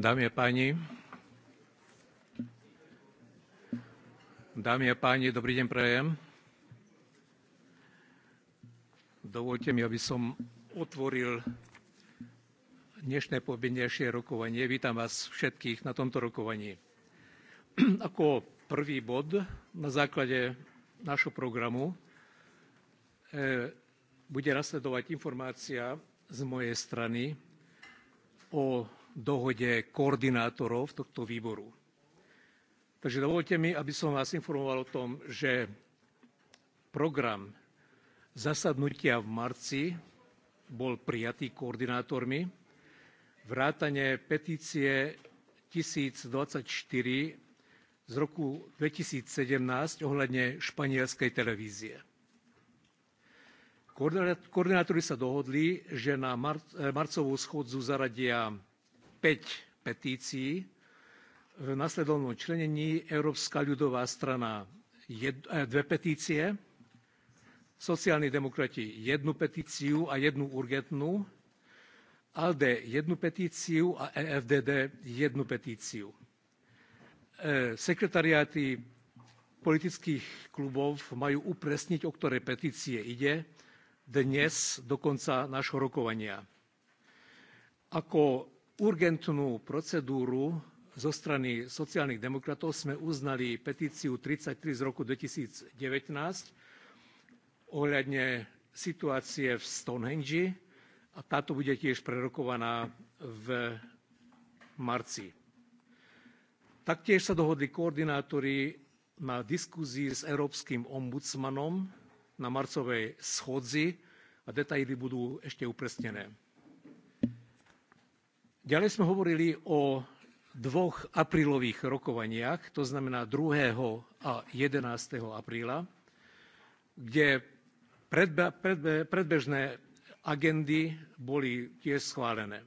Dámy a páni, dámy a páni, dobrý deň prajem. Dovolte mi, aby som otvoril dnešné povednejšie rokovanie. Vítam vás všetkých na tomto rokovaní. Ako prvý bod na základe nášho programu e, bude nasledovať informácia z mojej strany o dohode koordinátorov tohto výboru. Takže dovolte mi, aby som vás informoval o tom, že program zasadnutia v marci bol prijatý koordinátormi. vrátanie petície 1024 z roku 2017 ohľadne španielskej televízie. Koordinátori sa dohodli, že na marcovú schodzu zaradia 5 petícií v nasledovnom členení Európska ľudová strana e, dve petície, sociálni demokrati jednu petíciu a jednu urgentnú, ALDE jednu petíciu a EFDD jednu petíciu. E, sekretariáty politických klubov majú upresniť, o ktoré petície ide dnes do konca nášho rokovania. Ako urgentnú procedúru zo strany sociálnych demokratov sme uznali petíciu 33 z roku 2019 ohľadne situácie v Stonehenge a táto bude tiež prerokovaná v marci. Taktiež sa dohodli koordinátori na diskusii s Európskym ombudsmanom na marcovej schodzi a detaily budú ešte upresnené. Ďalej sme hovorili o dvoch aprílových rokovaniach, to znamená 2. a 11. apríla, kde predbe, predbe, predbežné agendy boli tiež schválené.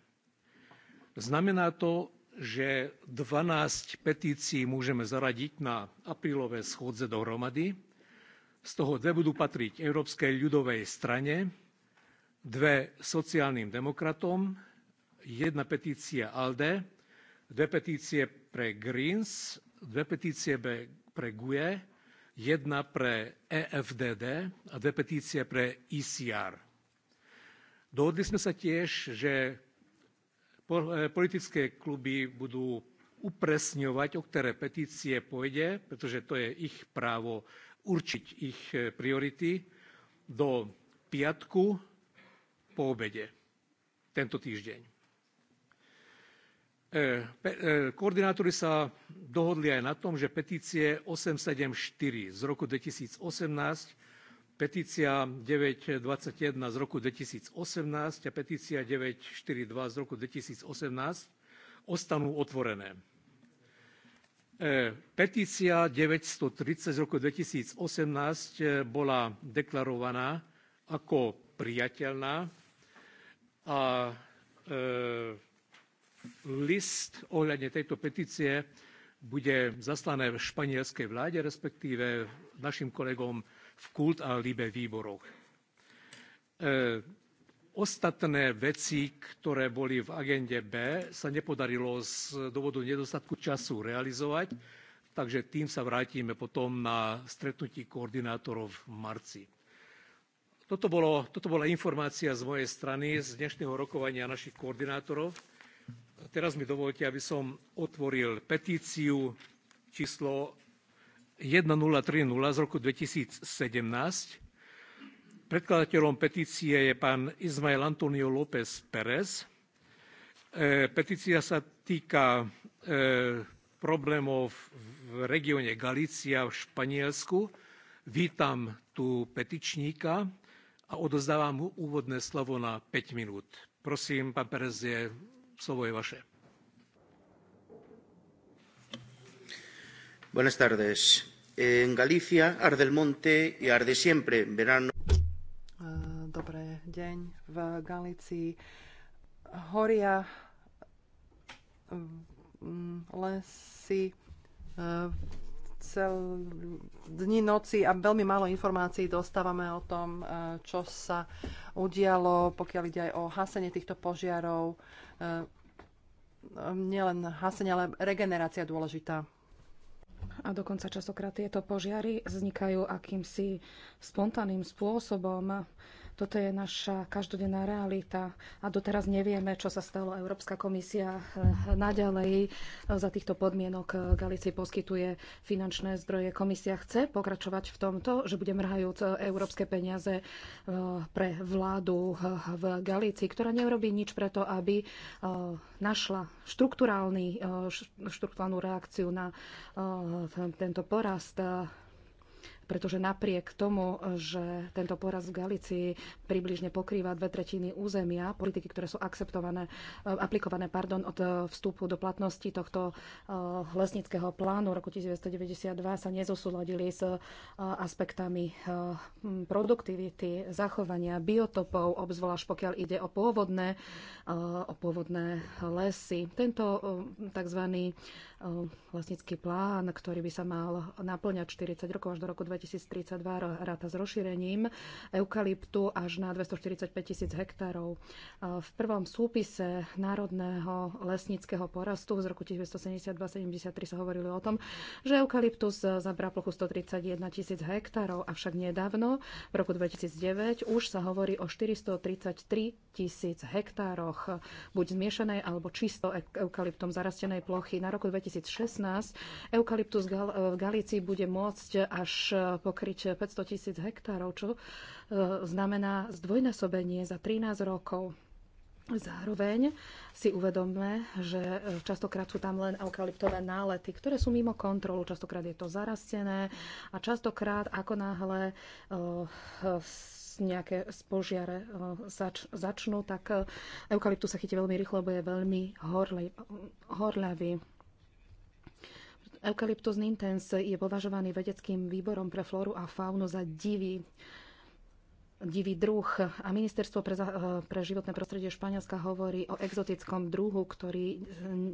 Znamená to, že 12 petícií môžeme zaradiť na aprílové schôdze dohromady. Z toho dve budú patriť Európskej ľudovej strane, dve sociálnym demokratom, jedna petícia ALDE, dve petície pre Greens, dve petície pre GUE, jedna pre EFDD a dve petície pre ECR. Dohodli sme sa tiež, že e, politické kluby budú upresňovať, o ktoré petície pôjde, pretože to je ich právo určiť ich e, priority do piatku po obede tento týždeň. E, e, koordinátori sa dohodli aj na tom, že petície 874 z roku 2018, petícia 921 z roku 2018 a petícia 942 z roku 2018 ostanú otvorené. E, petícia 930 z roku 2018 bola deklarovaná ako prijateľná a e, list ohľadne tejto petície bude zaslané v španielskej vláde, respektíve našim kolegom v Kult a Libe výboroch. E, ostatné veci, ktoré boli v agende B, sa nepodarilo z dôvodu nedostatku času realizovať, takže tým sa vrátime potom na stretnutí koordinátorov v marci. Toto, bolo, toto bola informácia z mojej strany z dnešného rokovania našich koordinátorov. A Teraz mi dovolte, aby som otvoril petíciu číslo 1030 z roku 2017. Predkladateľom petície je pán Izmael Antonio López Pérez. E, petícia sa týka e, problémov v regióne Galícia v Španielsku. Vítam tu petičníka a odozdávam mu úvodné slovo na 5 minút. Prosím, pán Pérez je Slovo je vaše. Buenas tardes. En Galicia arde el monte y arde siempre en verano. Eh, dobré deň. V Galicii horia eh, lesy eh, cel, dni, noci a veľmi málo informácií dostávame o tom, e, čo sa udialo, pokiaľ ide aj o hasenie týchto požiarov. E, nielen hasenie, ale regenerácia dôležitá. A dokonca častokrát tieto požiary vznikajú akýmsi spontánnym spôsobom toto je naša každodenná realita a doteraz nevieme, čo sa stalo. Európska komisia eh, naďalej eh, za týchto podmienok eh, Galicii poskytuje finančné zdroje. Komisia chce pokračovať v tomto, že bude mrhajúc európske peniaze pre vládu v Galícii, ktorá neurobí nič preto, aby našla štruktúrálnu reakciu na tento porast pretože napriek tomu, že tento poraz v Galicii približne pokrýva dve tretiny územia, politiky, ktoré sú akceptované, eh, aplikované pardon, od eh, vstupu do platnosti tohto eh, lesnického plánu roku 1992 sa nezosúladili s aspektami produktivity, zachovania biotopov, obzvlášť pokiaľ ide o pôvodné, o pôvodné lesy. Tento tzv. Eh, Lesnický plán, ktorý by sa mal naplňať 40 rokov až do roku 2032, ráta s rozšírením eukalyptu až na 245 tisíc hektárov. Eh, v prvom súpise Národného lesníckého porastu z roku 1972-73 sa hovorili o tom, že eukalyptus zabrá plochu 131 tisíc hektárov, avšak nedávno, v roku 2009, už sa hovorí o 433 tisíc hektároch buď zmiešanej alebo čisto e- eukalyptom zarastenej plochy. Na roku 2016 eukalyptus e, v Galícii bude môcť až e, pokryť 500 tisíc hektárov, čo znamená zdvojnásobenie za 13 rokov. Zároveň si uvedomme, že častokrát sú tam len eukalyptové nálety, ktoré sú mimo kontrolu, častokrát je to zarastené a častokrát ako náhle uh, nejaké spožiare e, zač, začnú, tak e, eukalyptus sa chytí veľmi rýchlo, lebo je veľmi horli, horľavý. Eukalyptus nintens je považovaný vedeckým výborom pre flóru a faunu za divý divý druh a ministerstvo pre, e, pre životné prostredie Španielska hovorí o exotickom druhu, ktorý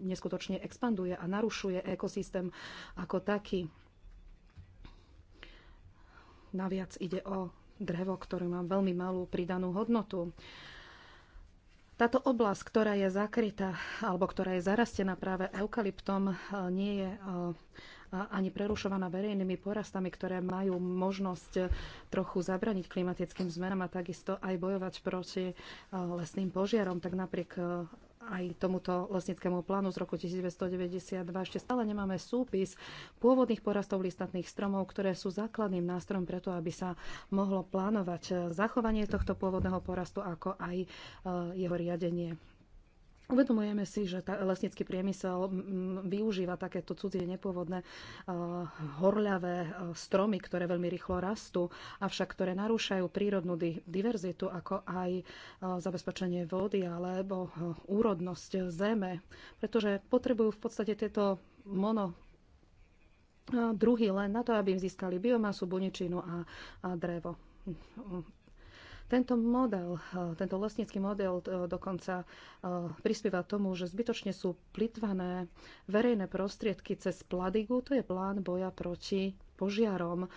neskutočne expanduje a narušuje ekosystém ako taký. Naviac ide o drevo, ktoré má veľmi malú pridanú hodnotu. Táto oblasť, ktorá je zakrytá alebo ktorá je zarastená práve eukalyptom, e, nie je e, ani prerušovaná verejnými porastami, ktoré majú možnosť trochu zabraniť klimatickým zmenám a takisto aj bojovať proti e, lesným požiarom, tak napriek aj tomuto lesnickému plánu z roku 1992 ešte stále nemáme súpis pôvodných porastov listatných stromov, ktoré sú základným nástrojom preto, aby sa mohlo plánovať zachovanie tohto pôvodného porastu, ako aj e, jeho riadenie. Uvedomujeme si, že tá lesnický priemysel využíva takéto cudzie nepôvodné uh, horľavé uh, stromy, ktoré veľmi rýchlo rastú, avšak ktoré narúšajú prírodnú di diverzitu, ako aj uh, zabezpečenie vody alebo uh, úrodnosť zeme, pretože potrebujú v podstate tieto mono druhy len na to, aby im získali biomasu, buničinu a, a drevo tento model, eh, tento lesnícky model eh, dokonca eh, prispieva tomu, že zbytočne sú plitvané verejné prostriedky cez Pladigu, to je plán boja proti požiarom,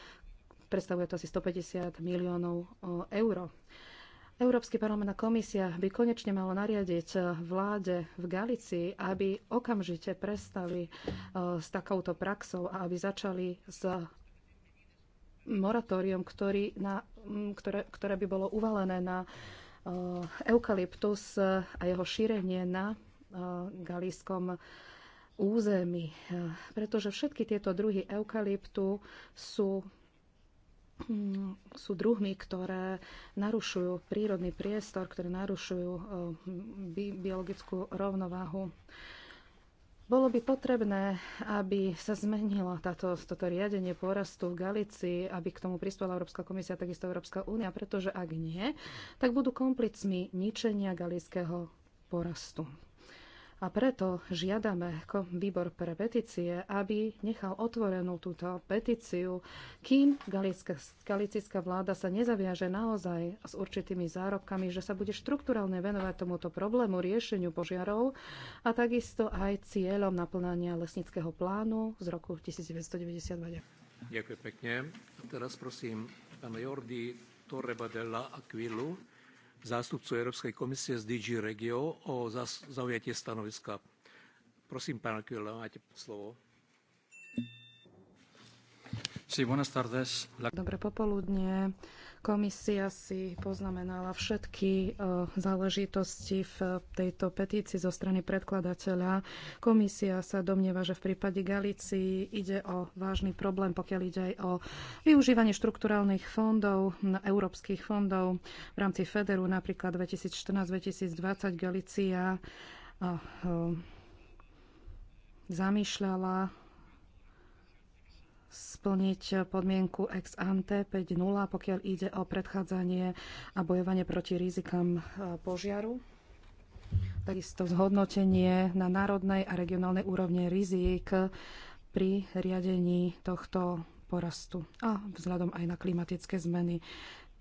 predstavuje to asi 150 miliónov eur. Európsky parlament a komisia by konečne malo nariadiť vláde v Galicii, aby okamžite prestali s takouto praxou a aby začali s moratórium, ktorý na, ktoré, ktoré by bolo uvalené na uh, eukalyptus a jeho šírenie na uh, e, galískom území. E, pretože všetky tieto druhy eukalyptu sú sú druhmi, ktoré narušujú prírodný priestor, ktoré narušujú uh, bi biologickú rovnováhu. Uh, bolo by potrebné, aby sa zmenilo táto, toto riadenie porastu v Galicii, aby k tomu prispela Európska komisia, takisto Európska únia, pretože ak nie, tak budú komplicmi ničenia galického porastu. A preto žiadame výbor pre petície, aby nechal otvorenú túto petíciu, kým galicická vláda sa nezaviaže naozaj s určitými zárobkami, že sa bude štruktúralne venovať tomuto problému riešeniu požiarov a takisto aj cieľom naplnania lesnického plánu z roku 1992. Ďakujem pekne. A teraz prosím pána Jordi Torreba della Aquilu, zástupcu Európskej komisie z DG Regio o zaujatie stanoviska. Prosím, pán Kjula, máte slovo. Sí, buenas tardes. Dobré popoludne. Komisia si poznamenala všetky e, záležitosti v tejto petícii zo strany predkladateľa. Komisia sa domnieva, že v prípade Galícii ide o vážny problém, pokiaľ ide aj o využívanie štrukturálnych fondov, európskych fondov v rámci Federu, napríklad 2014-2020 Galícia e, e, zamýšľala splniť podmienku ex ante 5.0, pokiaľ ide o predchádzanie a bojovanie proti rizikám e, požiaru. Takisto zhodnotenie na národnej a regionálnej úrovne rizik pri riadení tohto porastu a vzhľadom aj na klimatické zmeny.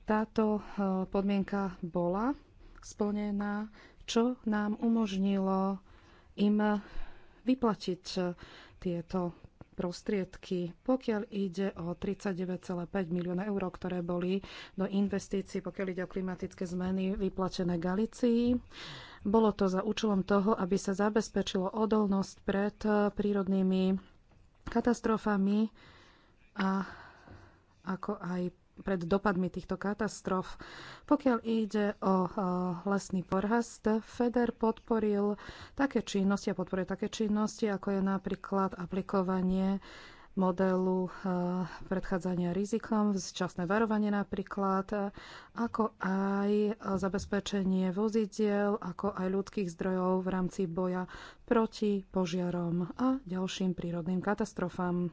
Táto e, podmienka bola splnená, čo nám umožnilo im vyplatiť tieto prostriedky. Pokiaľ ide o 39,5 milióna eur, ktoré boli do investícií, pokiaľ ide o klimatické zmeny vyplačené Galicii, bolo to za účelom toho, aby sa zabezpečilo odolnosť pred eh, prírodnými katastrofami a ako aj pred dopadmi týchto katastrof. Pokiaľ ide o lesný porast, FEDER podporil také činnosti a podporuje také činnosti, ako je napríklad aplikovanie modelu e, predchádzania rizikom, včasné varovanie napríklad, ako aj zabezpečenie vozidiel, ako aj ľudských zdrojov v rámci boja proti požiarom a ďalším prírodným katastrofám.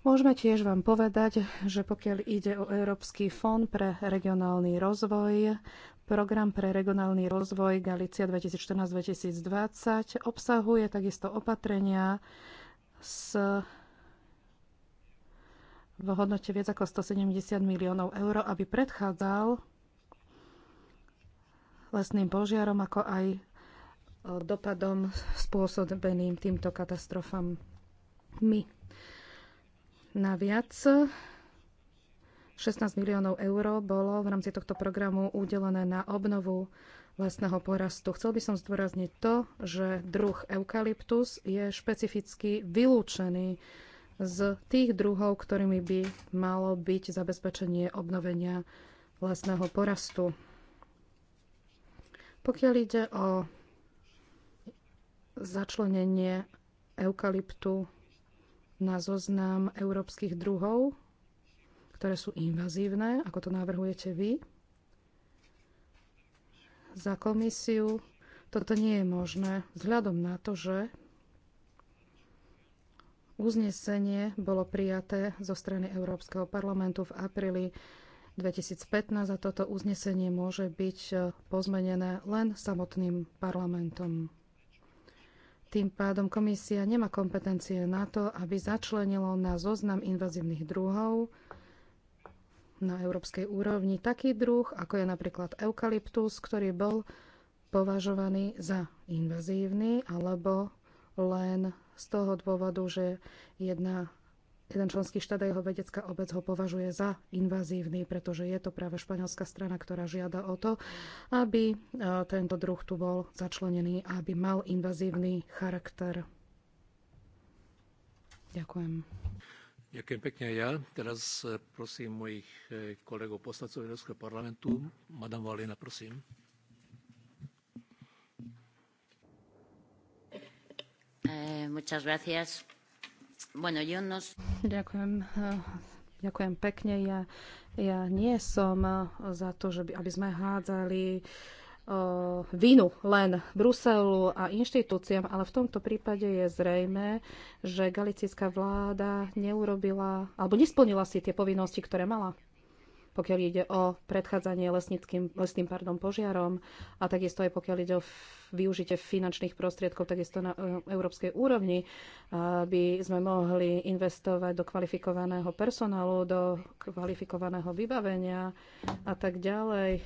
Môžeme tiež vám povedať, že pokiaľ ide o Európsky fond pre regionálny rozvoj, Program pre regionálny rozvoj Galícia 2014-2020 obsahuje takisto opatrenia s v hodnote viac ako 170 miliónov eur, aby predchádzal lesným požiarom, ako aj e, dopadom spôsobeným týmto My. Naviac 16 miliónov eur bolo v rámci tohto programu udelené na obnovu vlastného porastu. Chcel by som zdôrazniť to, že druh eukalyptus je špecificky vylúčený z tých druhov, ktorými by malo byť zabezpečenie obnovenia vlastného porastu. Pokiaľ ide o začlenenie eukalyptu na zoznam európskych druhov, ktoré sú invazívne, ako to navrhujete vy, za komisiu. Toto nie je možné vzhľadom na to, že uznesenie bolo prijaté zo strany Európskeho parlamentu v apríli 2015 a toto uznesenie môže byť pozmenené len samotným parlamentom. Tým pádom komisia nemá kompetencie na to, aby začlenilo na zoznam invazívnych druhov na európskej úrovni taký druh, ako je napríklad eukalyptus, ktorý bol považovaný za invazívny alebo len z toho dôvodu, že jedna jeden členský štát a jeho vedecká obec ho považuje za invazívny, pretože je to práve španielská strana, ktorá žiada o to, aby e, tento druh tu bol začlenený, a aby mal invazívny charakter. Ďakujem. Ďakujem pekne ja. Teraz e, prosím mojich e, kolegov poslancov Európskeho parlamentu. Madame Valina, prosím. Eh, muchas gracias. No ďakujem. Eh, ďakujem pekne. Ja, ja nie som eh, za to, že by, aby sme hádzali uh, vinu len Bruselu a inštitúciám, ale v tomto prípade je zrejme, že galicická vláda neurobila alebo nesplnila si tie povinnosti, ktoré mala pokiaľ ide o predchádzanie lesnickým, lesným pardon, požiarom a takisto aj pokiaľ ide o využitie finančných prostriedkov, takisto na e, európskej úrovni, aby sme mohli investovať do kvalifikovaného personálu, do kvalifikovaného vybavenia a tak ďalej.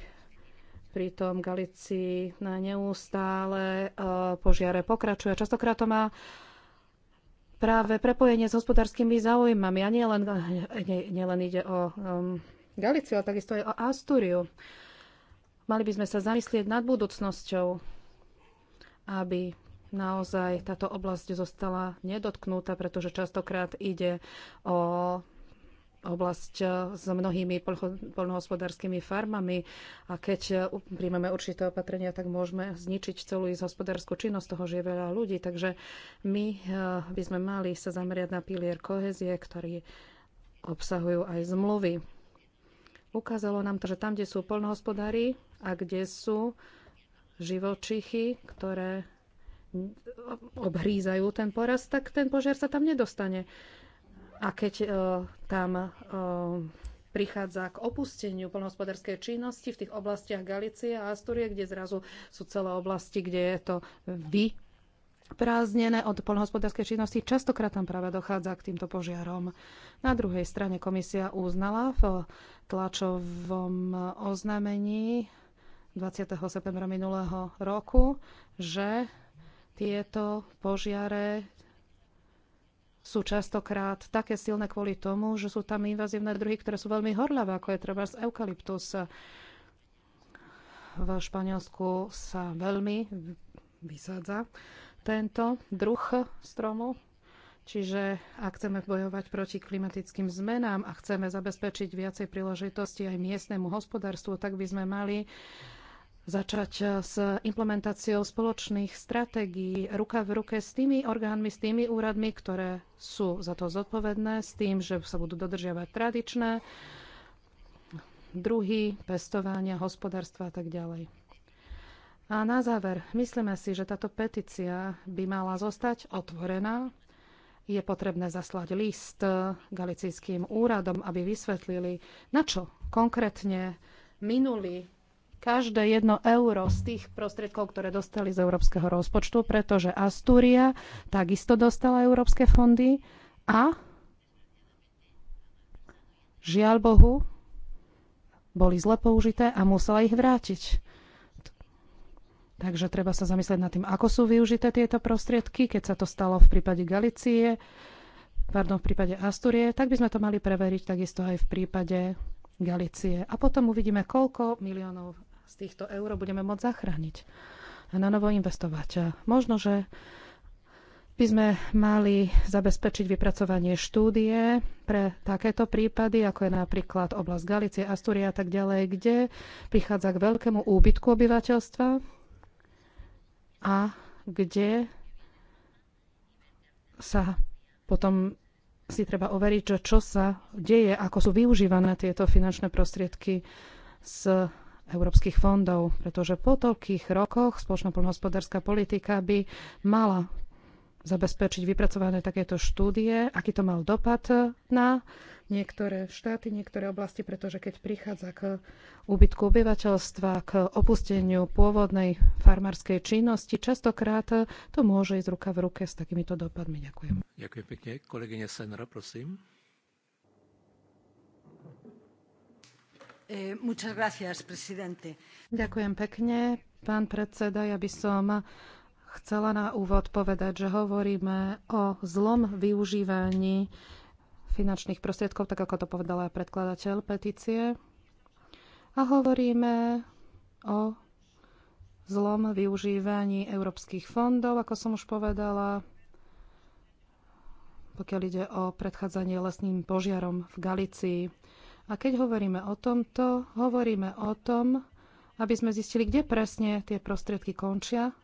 Pritom Galicii na neustále e, požiare pokračuje. Častokrát to má práve prepojenie s hospodárskymi záujmami a nielen e, nie, nie len ide o um, Galiciu ale takisto aj Astúriu. Mali by sme sa zamyslieť nad budúcnosťou, aby naozaj táto oblasť zostala nedotknutá, pretože častokrát ide o oblasť s mnohými poľnohospodárskymi farmami a keď príjmeme určité opatrenia, tak môžeme zničiť celú ich hospodárskú činnosť, toho žije veľa ľudí. Takže my eh, by sme mali sa zamerať na pilier kohezie, ktorý obsahujú aj zmluvy Ukázalo nám to, že tam, kde sú polnohospodári a kde sú živočichy, ktoré obhrízajú ten porast, tak ten požiar sa tam nedostane. A keď e, tam e, prichádza k opusteniu polnohospodárskej činnosti v tých oblastiach Galície a Astúrie, kde zrazu sú celé oblasti, kde je to vy prázdnené od polnohospodárskej činnosti. Častokrát tam práve dochádza k týmto požiarom. Na druhej strane komisia uznala v tlačovom oznámení 20. septembra minulého roku, že tieto požiare sú častokrát také silné kvôli tomu, že sú tam invazívne druhy, ktoré sú veľmi horľavé, ako je treba z eukalyptus. V Španielsku sa veľmi vysádza tento druh stromu. Čiže ak chceme bojovať proti klimatickým zmenám a chceme zabezpečiť viacej príležitosti aj miestnemu hospodárstvu, tak by sme mali začať s implementáciou spoločných stratégií ruka v ruke s tými orgánmi, s tými úradmi, ktoré sú za to zodpovedné, s tým, že sa budú dodržiavať tradičné druhy pestovania, hospodárstva a tak ďalej. A na záver, myslíme si, že táto petícia by mala zostať otvorená. Je potrebné zaslať list galicijským úradom, aby vysvetlili, na čo konkrétne minuli každé jedno euro z tých prostriedkov, ktoré dostali z európskeho rozpočtu, pretože Astúria takisto dostala európske fondy a žiaľ Bohu, boli zle použité a musela ich vrátiť. Takže treba sa zamyslieť nad tým, ako sú využité tieto prostriedky, keď sa to stalo v prípade Galície, pardon, v prípade Asturie, tak by sme to mali preveriť takisto aj v prípade Galície. A potom uvidíme, koľko miliónov z týchto eur budeme môcť zachrániť a na novo investovať. Možno, že by sme mali zabezpečiť vypracovanie štúdie pre takéto prípady, ako je napríklad oblasť Galície, Asturia a tak ďalej, kde prichádza k veľkému úbytku obyvateľstva a kde sa potom si treba overiť, že čo sa deje, ako sú využívané tieto finančné prostriedky z európskych fondov, pretože po toľkých rokoch spoločná poľnohospodárska politika by mala zabezpečiť vypracované takéto štúdie, aký to mal dopad na niektoré štáty, niektoré oblasti, pretože keď prichádza k úbytku obyvateľstva, k opusteniu pôvodnej farmárskej činnosti, častokrát to môže ísť ruka v ruke s takýmito dopadmi. Ďakujem. Ďakujem pekne. Senra, prosím. Eh, Ďakujem pekne, pán predseda. Ja by som chcela na úvod povedať, že hovoríme o zlom využívaní finančných prostriedkov, tak ako to povedal aj predkladateľ petície. A hovoríme o zlom využívaní európskych fondov, ako som už povedala, pokiaľ ide o predchádzanie lesným požiarom v Galicii. A keď hovoríme o tomto, hovoríme o tom, aby sme zistili, kde presne tie prostriedky končia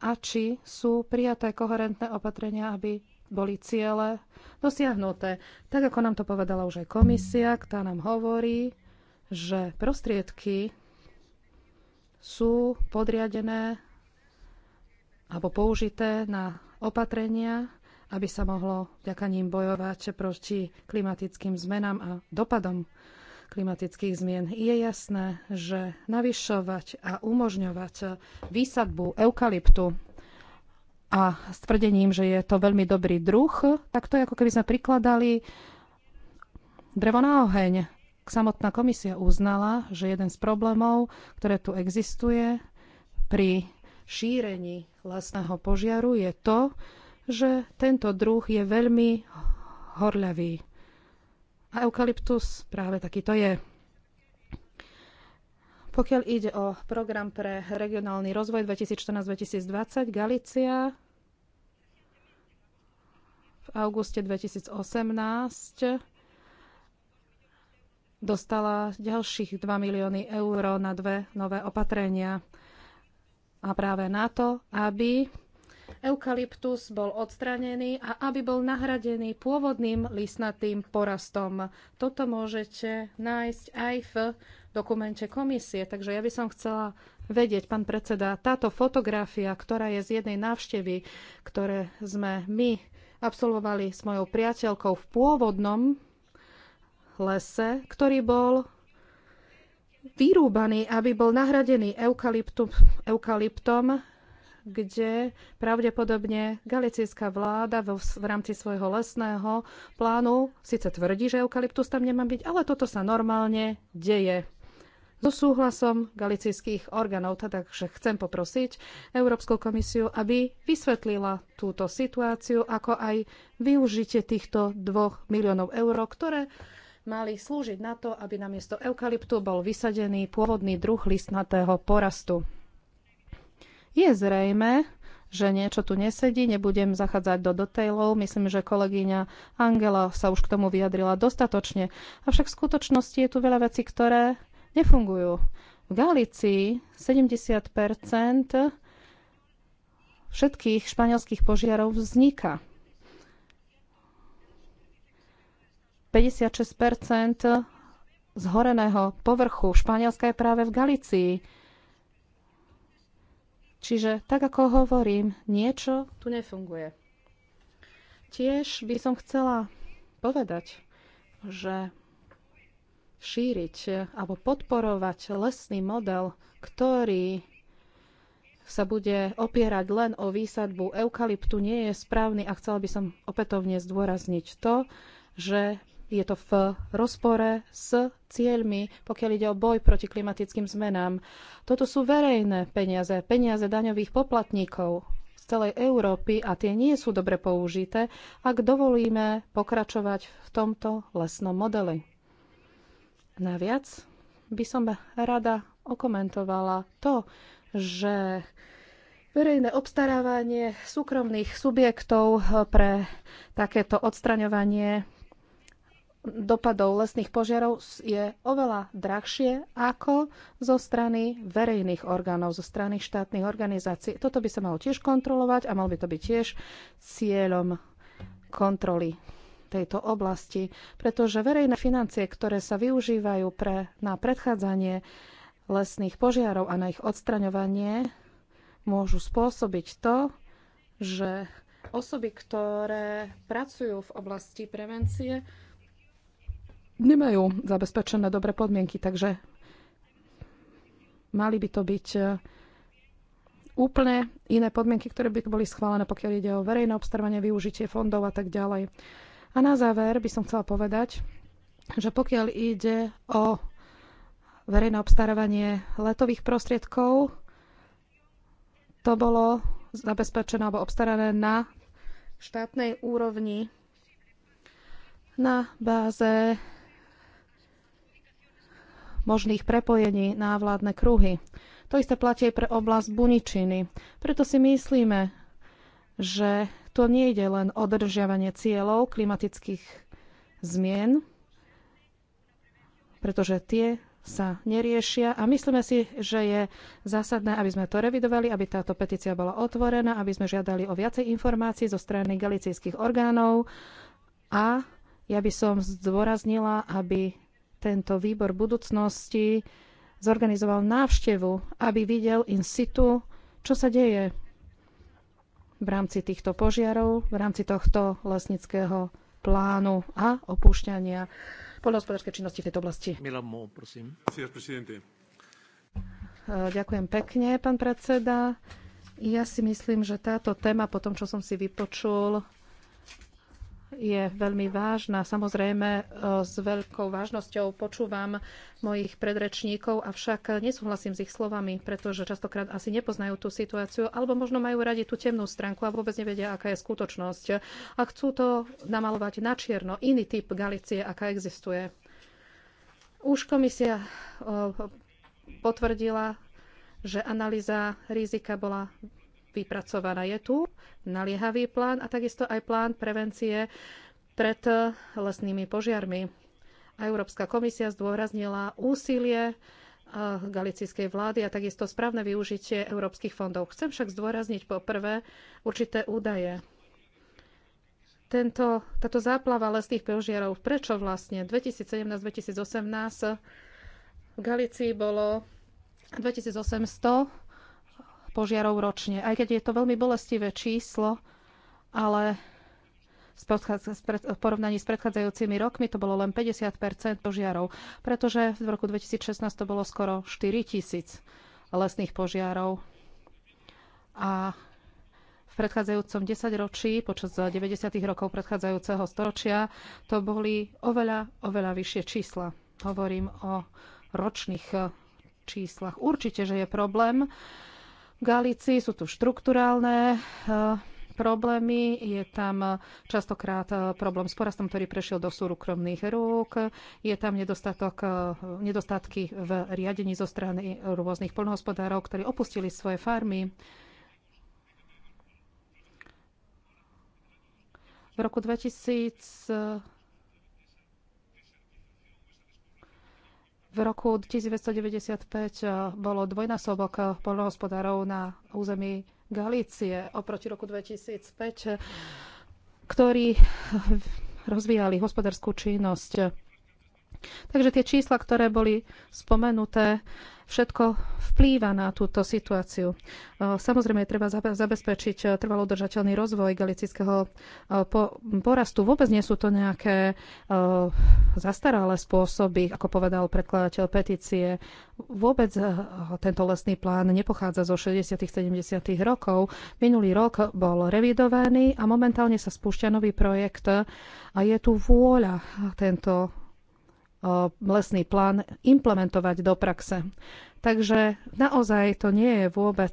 a či sú prijaté koherentné opatrenia, aby boli ciele dosiahnuté. Tak ako nám to povedala už aj komisia, tá nám hovorí, že prostriedky sú podriadené alebo použité na opatrenia, aby sa mohlo vďaka ním bojovať proti klimatickým zmenám a dopadom klimatických zmien. Je jasné, že navyšovať a umožňovať výsadbu eukalyptu a s tvrdením, že je to veľmi dobrý druh, tak to je ako keby sme prikladali drevo na oheň. Samotná komisia uznala, že jeden z problémov, ktoré tu existuje pri šírení lesného požiaru je to, že tento druh je veľmi horľavý. A eukalyptus práve takýto je. Pokiaľ ide o program pre regionálny rozvoj 2014-2020, Galícia v auguste 2018 dostala ďalších 2 milióny eur na dve nové opatrenia. A práve na to, aby eukalyptus bol odstranený a aby bol nahradený pôvodným lisnatým porastom. Toto môžete nájsť aj v dokumente komisie. Takže ja by som chcela vedieť, pán predseda, táto fotografia, ktorá je z jednej návštevy, ktoré sme my absolvovali s mojou priateľkou v pôvodnom lese, ktorý bol vyrúbaný, aby bol nahradený eukalyptum, eukalyptom, kde pravdepodobne galicijská vláda v, v rámci svojho lesného plánu síce tvrdí, že eukalyptus tam nemá byť, ale toto sa normálne deje so súhlasom galicijských orgánov. Takže teda, chcem poprosiť Európsku komisiu, aby vysvetlila túto situáciu, ako aj využitie týchto dvoch miliónov eur, ktoré mali slúžiť na to, aby namiesto eukalyptu bol vysadený pôvodný druh listnatého porastu. Je zrejme, že niečo tu nesedí, nebudem zachádzať do detailov. Myslím, že kolegyňa Angela sa už k tomu vyjadrila dostatočne. Avšak v skutočnosti je tu veľa vecí, ktoré nefungujú. V Galícii 70 všetkých španielských požiarov vzniká. 56 zhoreného povrchu Španielska je práve v Galícii. Čiže, tak ako hovorím, niečo tu nefunguje. Tiež by som chcela povedať, že šíriť eh, alebo podporovať lesný model, ktorý sa bude opierať len o výsadbu eukalyptu, nie je správny a chcela by som opätovne zdôrazniť to, že je to v rozpore s cieľmi, pokiaľ ide o boj proti klimatickým zmenám. Toto sú verejné peniaze, peniaze daňových poplatníkov z celej Európy a tie nie sú dobre použité, ak dovolíme pokračovať v tomto lesnom modeli. Naviac by som rada okomentovala to, že verejné obstarávanie súkromných subjektov pre takéto odstraňovanie dopadov lesných požiarov je oveľa drahšie ako zo strany verejných orgánov, zo strany štátnych organizácií. Toto by sa malo tiež kontrolovať a mal by to byť tiež cieľom kontroly tejto oblasti, pretože verejné financie, ktoré sa využívajú pre, na predchádzanie lesných požiarov a na ich odstraňovanie, môžu spôsobiť to, že osoby, ktoré pracujú v oblasti prevencie, nemajú zabezpečené dobré podmienky, takže mali by to byť e, úplne iné podmienky, ktoré by boli schválené, pokiaľ ide o verejné obstarávanie, využitie fondov a tak ďalej. A na záver by som chcela povedať, že pokiaľ ide o verejné obstarávanie letových prostriedkov, to bolo zabezpečené alebo obstarané na štátnej úrovni na báze možných prepojení na vládne kruhy. To isté platí aj pre oblasť Buničiny. Preto si myslíme, že to nie ide len o dodržiavanie cieľov klimatických zmien, pretože tie sa neriešia a myslíme si, že je zásadné, aby sme to revidovali, aby táto petícia bola otvorená, aby sme žiadali o viacej informácií zo strany galicijských orgánov a ja by som zdôraznila, aby tento výbor budúcnosti zorganizoval návštevu, aby videl in situ, čo sa deje v rámci týchto požiarov, v rámci tohto lesnického plánu a opúšťania poľnohospodárskej činnosti v tejto oblasti. Milamo, prosím. E, ďakujem pekne, pán predseda. Ja si myslím, že táto téma, po tom, čo som si vypočul je veľmi vážna. Samozrejme, e, s veľkou vážnosťou počúvam mojich predrečníkov, avšak nesúhlasím s ich slovami, pretože častokrát asi nepoznajú tú situáciu, alebo možno majú radi tú temnú stránku a vôbec nevedia, aká je skutočnosť. A chcú to namalovať na čierno, iný typ Galície, aká existuje. Už komisia e, potvrdila, že analýza rizika bola vypracovaná. Je tu naliehavý plán a takisto aj plán prevencie pred lesnými požiarmi. A Európska komisia zdôraznila úsilie eh, galicijskej vlády a takisto správne využitie európskych fondov. Chcem však zdôrazniť poprvé určité údaje. Tento, táto záplava lesných požiarov, prečo vlastne 2017-2018 v Galicii bolo 2800 požiarov ročne. Aj keď je to veľmi bolestivé číslo, ale v porovnaní s predchádzajúcimi rokmi to bolo len 50 požiarov, pretože v roku 2016 to bolo skoro 4 tisíc lesných požiarov. A v predchádzajúcom desaťročí, počas 90. rokov predchádzajúceho storočia, to boli oveľa, oveľa vyššie čísla. Hovorím o ročných eh, číslach. Určite, že je problém Galícii. Sú tu štruktúrálne eh, problémy. Je tam eh, častokrát eh, problém s porastom, ktorý prešiel do súkromných rúk. Je tam nedostatok, nedostatky v riadení zo strany rôznych polnohospodárov, ktorí opustili svoje farmy. V roku 2000 V roku 1995 eh, bolo dvojnásobok eh, poľnohospodárov na území Galície oproti roku 2005, eh, ktorí rozvíjali hospodárskú činnosť. Takže tie čísla, ktoré boli spomenuté, všetko vplýva na túto situáciu. E, samozrejme, treba zabezpečiť e, trvalo rozvoj galicického e, porastu. Vôbec nie sú to nejaké zastaralé spôsoby, ako povedal predkladateľ petície. Vôbec tento lesný plán nepochádza zo 60. 70. rokov. Minulý rok bol revidovaný a momentálne sa spúšťa nový projekt a je tu vôľa tento lesný plán implementovať do praxe. Takže naozaj to nie je vôbec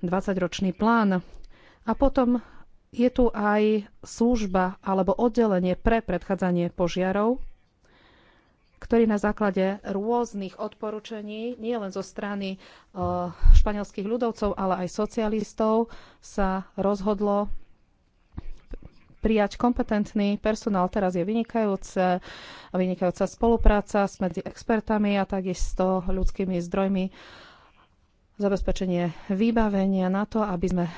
20-ročný e, plán. A potom je tu aj služba alebo oddelenie pre predchádzanie požiarov, ktorý na základe rôznych odporúčení, nielen zo strany e, španielských ľudovcov, ale aj socialistov, sa rozhodlo prijať kompetentný personál. Teraz je vynikajúce, vynikajúca spolupráca s medzi expertami a takisto ľudskými zdrojmi zabezpečenie vybavenia na to, aby sme eh,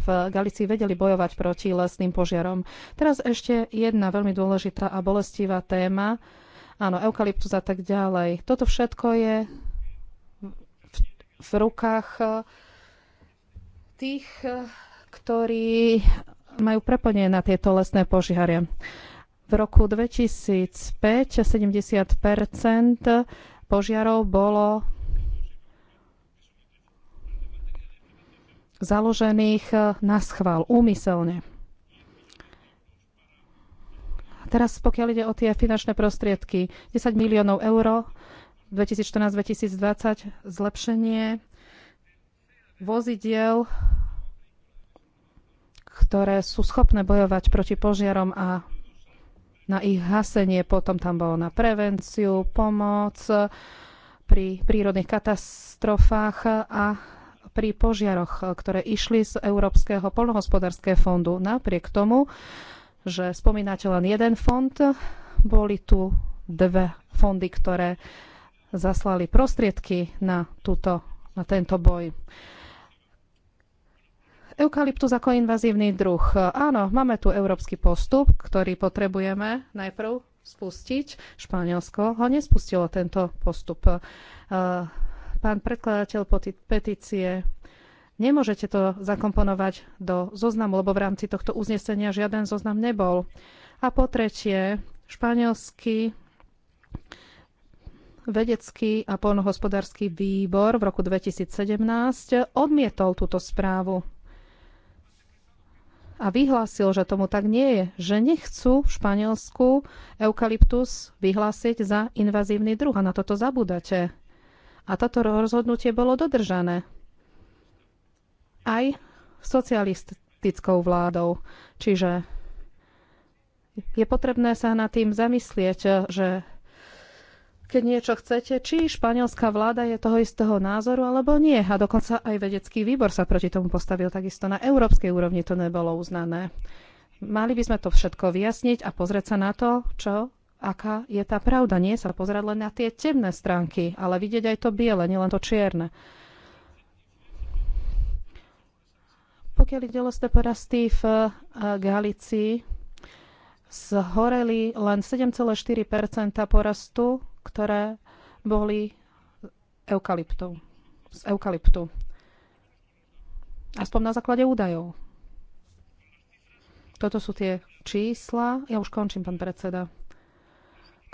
v Galicii vedeli bojovať proti lesným požiarom. Teraz ešte jedna veľmi dôležitá a bolestivá téma. Áno, eukalyptus a tak ďalej. Toto všetko je v, v rukách eh, tých, eh, ktorí majú prepojenie na tieto lesné požiare. V roku 2005 70 požiarov bolo založených na schvál, úmyselne. teraz pokiaľ ide o tie finančné prostriedky, 10 miliónov eur 2014-2020 zlepšenie vozidiel ktoré sú schopné bojovať proti požiarom a na ich hasenie. Potom tam bolo na prevenciu, pomoc pri prírodných katastrofách a pri požiaroch, ktoré išli z Európskeho polnohospodárskeho fondu. Napriek tomu, že spomínate len jeden fond, boli tu dve fondy, ktoré zaslali prostriedky na, túto, na tento boj. Eukalyptus ako invazívny druh. Áno, máme tu európsky postup, ktorý potrebujeme najprv spustiť. Španielsko ho nespustilo tento postup. Eh, pán predkladateľ petície, nemôžete to zakomponovať do zoznamu, lebo v rámci tohto uznesenia žiaden zoznam nebol. A po tretie, španielský vedecký a polnohospodársky výbor v roku 2017 odmietol túto správu a vyhlásil, že tomu tak nie je, že nechcú v Španielsku eukalyptus vyhlásiť za invazívny druh a na toto zabúdate. A toto rozhodnutie bolo dodržané aj socialistickou vládou. Čiže je potrebné sa nad tým zamyslieť, že keď niečo chcete, či španielská vláda je toho istého názoru alebo nie. A dokonca aj vedecký výbor sa proti tomu postavil takisto. Na európskej úrovni to nebolo uznané. Mali by sme to všetko vyjasniť a pozrieť sa na to, čo aká je tá pravda. Nie sa pozerať len na tie temné stránky, ale vidieť aj to biele, nielen to čierne. Pokiaľ ide o porasty v e, Galicii, zhoreli len 7,4 porastu ktoré boli eukalyptu, z eukalyptu. Aspoň na základe údajov. Toto sú tie čísla, ja už končím, pán predseda,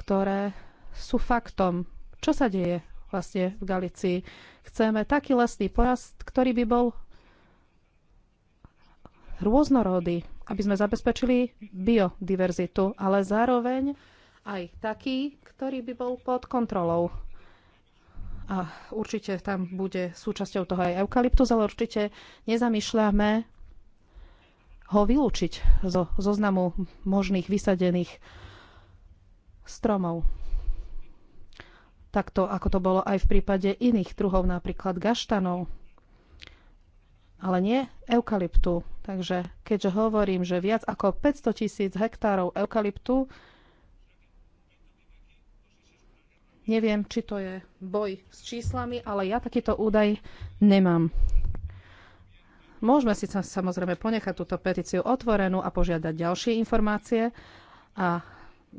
ktoré sú faktom. Čo sa deje vlastne v Galicii? Chceme taký lesný porast, ktorý by bol rôznorodý, aby sme zabezpečili biodiverzitu, ale zároveň aj taký, ktorý by bol pod kontrolou. A určite tam bude súčasťou toho aj eukalyptus, ale určite nezamýšľame ho vylúčiť zo zoznamu možných vysadených stromov. Takto, ako to bolo aj v prípade iných druhov, napríklad gaštanov, ale nie eukalyptu. Takže keďže hovorím, že viac ako 500 tisíc hektárov eukalyptu Neviem, či to je boj s číslami, ale ja takýto údaj nemám. Môžeme si samozrejme ponechať túto petíciu otvorenú a požiadať ďalšie informácie a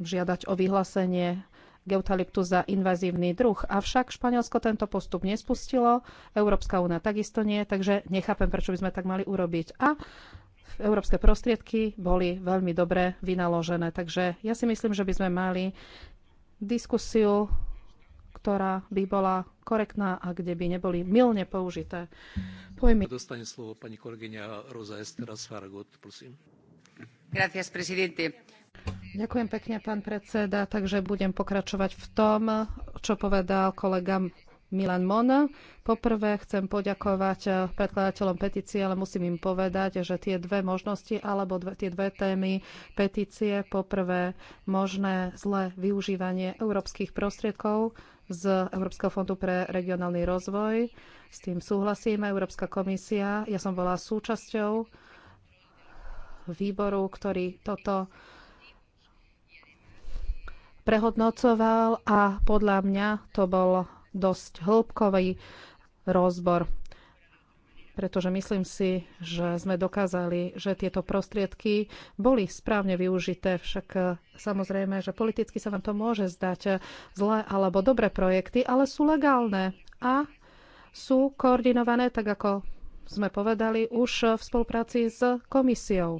žiadať o vyhlásenie Geutaliptu za invazívny druh. Avšak Španielsko tento postup nespustilo, Európska únia takisto nie, takže nechápem, prečo by sme tak mali urobiť. A európske prostriedky boli veľmi dobre vynaložené, takže ja si myslím, že by sme mali diskusiu ktorá by bola korektná a kde by neboli milne použité pojmy. Dostane slovo pani kolegyňa Rosa Estera Sfaragot, prosím. Gracias, presidente. Ďakujem pekne, pán predseda. Takže budem pokračovať v tom, čo povedal kolega Milan Mon. Poprvé chcem poďakovať predkladateľom petície, ale musím im povedať, že tie dve možnosti alebo dve, tie dve témy petície, poprvé možné zlé využívanie európskych prostriedkov z Európskeho fondu pre regionálny rozvoj. S tým súhlasím. Európska komisia, ja som bola súčasťou výboru, ktorý toto prehodnocoval a podľa mňa to bol dosť hĺbkový rozbor pretože myslím si, že sme dokázali, že tieto prostriedky boli správne využité. Však e, samozrejme, že politicky sa vám to môže zdať e, zlé alebo dobré projekty, ale sú legálne a sú koordinované, tak ako sme povedali, už v spolupráci s komisiou.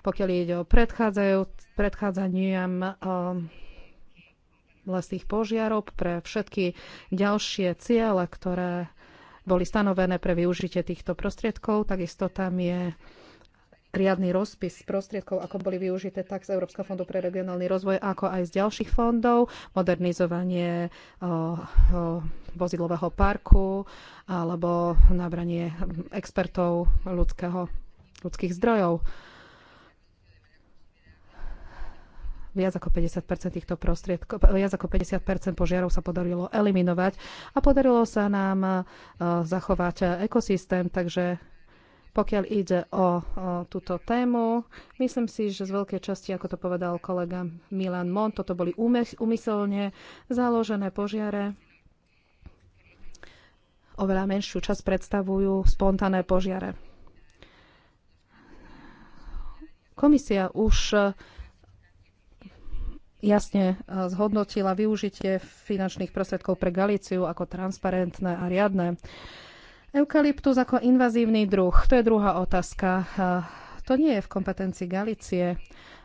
Pokiaľ ide o predchádzaniam e, lesných požiarov pre všetky ďalšie ciele, ktoré boli stanovené pre využitie týchto prostriedkov. Takisto tam je riadny rozpis prostriedkov, ako boli využité tak z Európskeho fondu pre regionálny rozvoj, ako aj z ďalších fondov, modernizovanie o, o, vozidlového parku alebo nabranie expertov ľudského, ľudských zdrojov. viac ako 50 týchto prostriedkov, viac ako 50 požiarov sa podarilo eliminovať a podarilo sa nám e, zachovať ekosystém, takže pokiaľ ide o, o túto tému, myslím si, že z veľkej časti, ako to povedal kolega Milan Mont, toto boli úmyselne založené požiare, oveľa menšiu časť predstavujú spontánne požiare. Komisia už jasne e, zhodnotila využitie finančných prostriedkov pre Galíciu ako transparentné a riadne. Eukalyptus ako invazívny druh, to je druhá otázka. E, to nie je v kompetencii Galície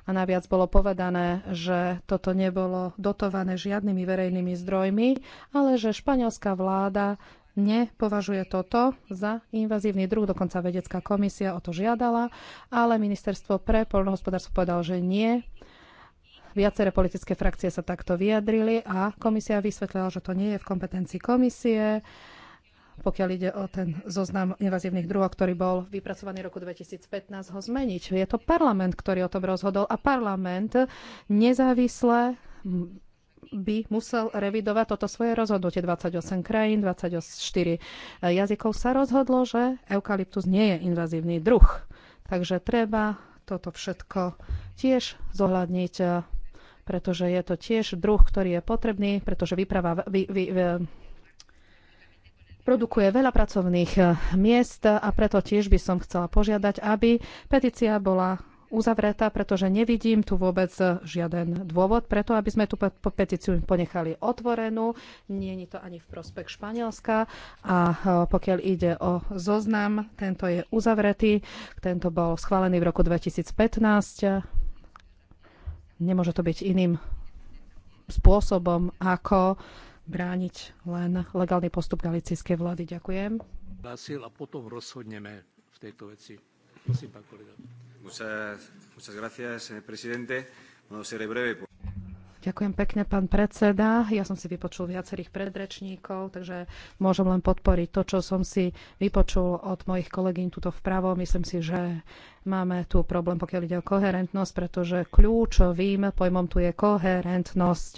a naviac bolo povedané, že toto nebolo dotované žiadnymi verejnými zdrojmi, ale že španielská vláda nepovažuje toto za invazívny druh. Dokonca vedecká komisia o to žiadala, ale ministerstvo pre poľnohospodárstvo povedalo, že nie, Viaceré politické frakcie sa takto vyjadrili a komisia vysvetlila, že to nie je v kompetencii komisie pokiaľ ide o ten zoznam invazívnych druhov, ktorý bol vypracovaný roku 2015, ho zmeniť. Je to parlament, ktorý o tom rozhodol a parlament nezávisle by musel revidovať toto svoje rozhodnutie. 28 krajín, 24 jazykov sa rozhodlo, že eukalyptus nie je invazívny druh. Takže treba toto všetko tiež zohľadniť pretože je to tiež druh, ktorý je potrebný, pretože vyprava, vy, vy, vy, produkuje veľa pracovných e, miest a preto tiež by som chcela požiadať, aby petícia bola uzavretá, pretože nevidím tu vôbec e, žiaden dôvod preto, aby sme tú petíciu ponechali otvorenú. Nie je to ani v prospech Španielska. A e, pokiaľ ide o zoznam, tento je uzavretý. Tento bol schválený v roku 2015 Nemôže to byť iným spôsobom, ako brániť len legálny postup galicijskej vlády. Ďakujem. Hlásil a potom rozhodneme v tejto veci. Prosím, pán kolega. Muchas, muchas gracias, presidente. No, seré breve. Ďakujem pekne, pán predseda. Ja som si vypočul viacerých predrečníkov, takže môžem len podporiť to, čo som si vypočul od mojich kolegyň tuto vpravo. Myslím si, že máme tu problém, pokiaľ ide o koherentnosť, pretože kľúčovým pojmom tu je koherentnosť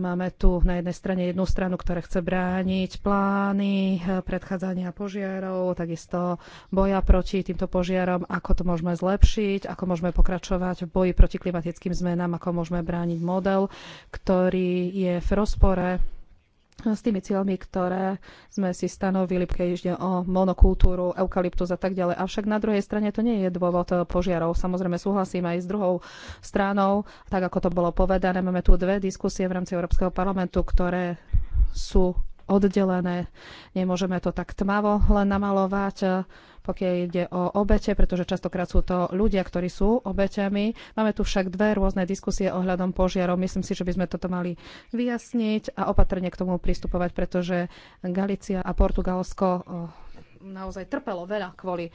Máme tu na jednej strane jednu stranu, ktorá chce brániť plány eh, predchádzania požiarov, takisto boja proti týmto požiarom, ako to môžeme zlepšiť, ako môžeme pokračovať v boji proti klimatickým zmenám, ako môžeme brániť model, ktorý je v rozpore s tými cieľmi, ktoré sme si stanovili, keď ide o monokultúru, eukalyptus a tak ďalej. Avšak na druhej strane to nie je dôvod eh, požiarov. Samozrejme súhlasím aj s druhou stranou, tak ako to bolo povedané. Máme tu dve diskusie v rámci Európskeho parlamentu, ktoré sú oddelené. Nemôžeme to tak tmavo len namalovať. Eh, pokiaľ ide o obete, pretože častokrát sú to ľudia, ktorí sú obeťami. Máme tu však dve rôzne diskusie ohľadom požiarov. Myslím si, že by sme toto mali vyjasniť a opatrne k tomu pristupovať, pretože Galícia a Portugalsko eh, naozaj trpelo veľa kvôli eh,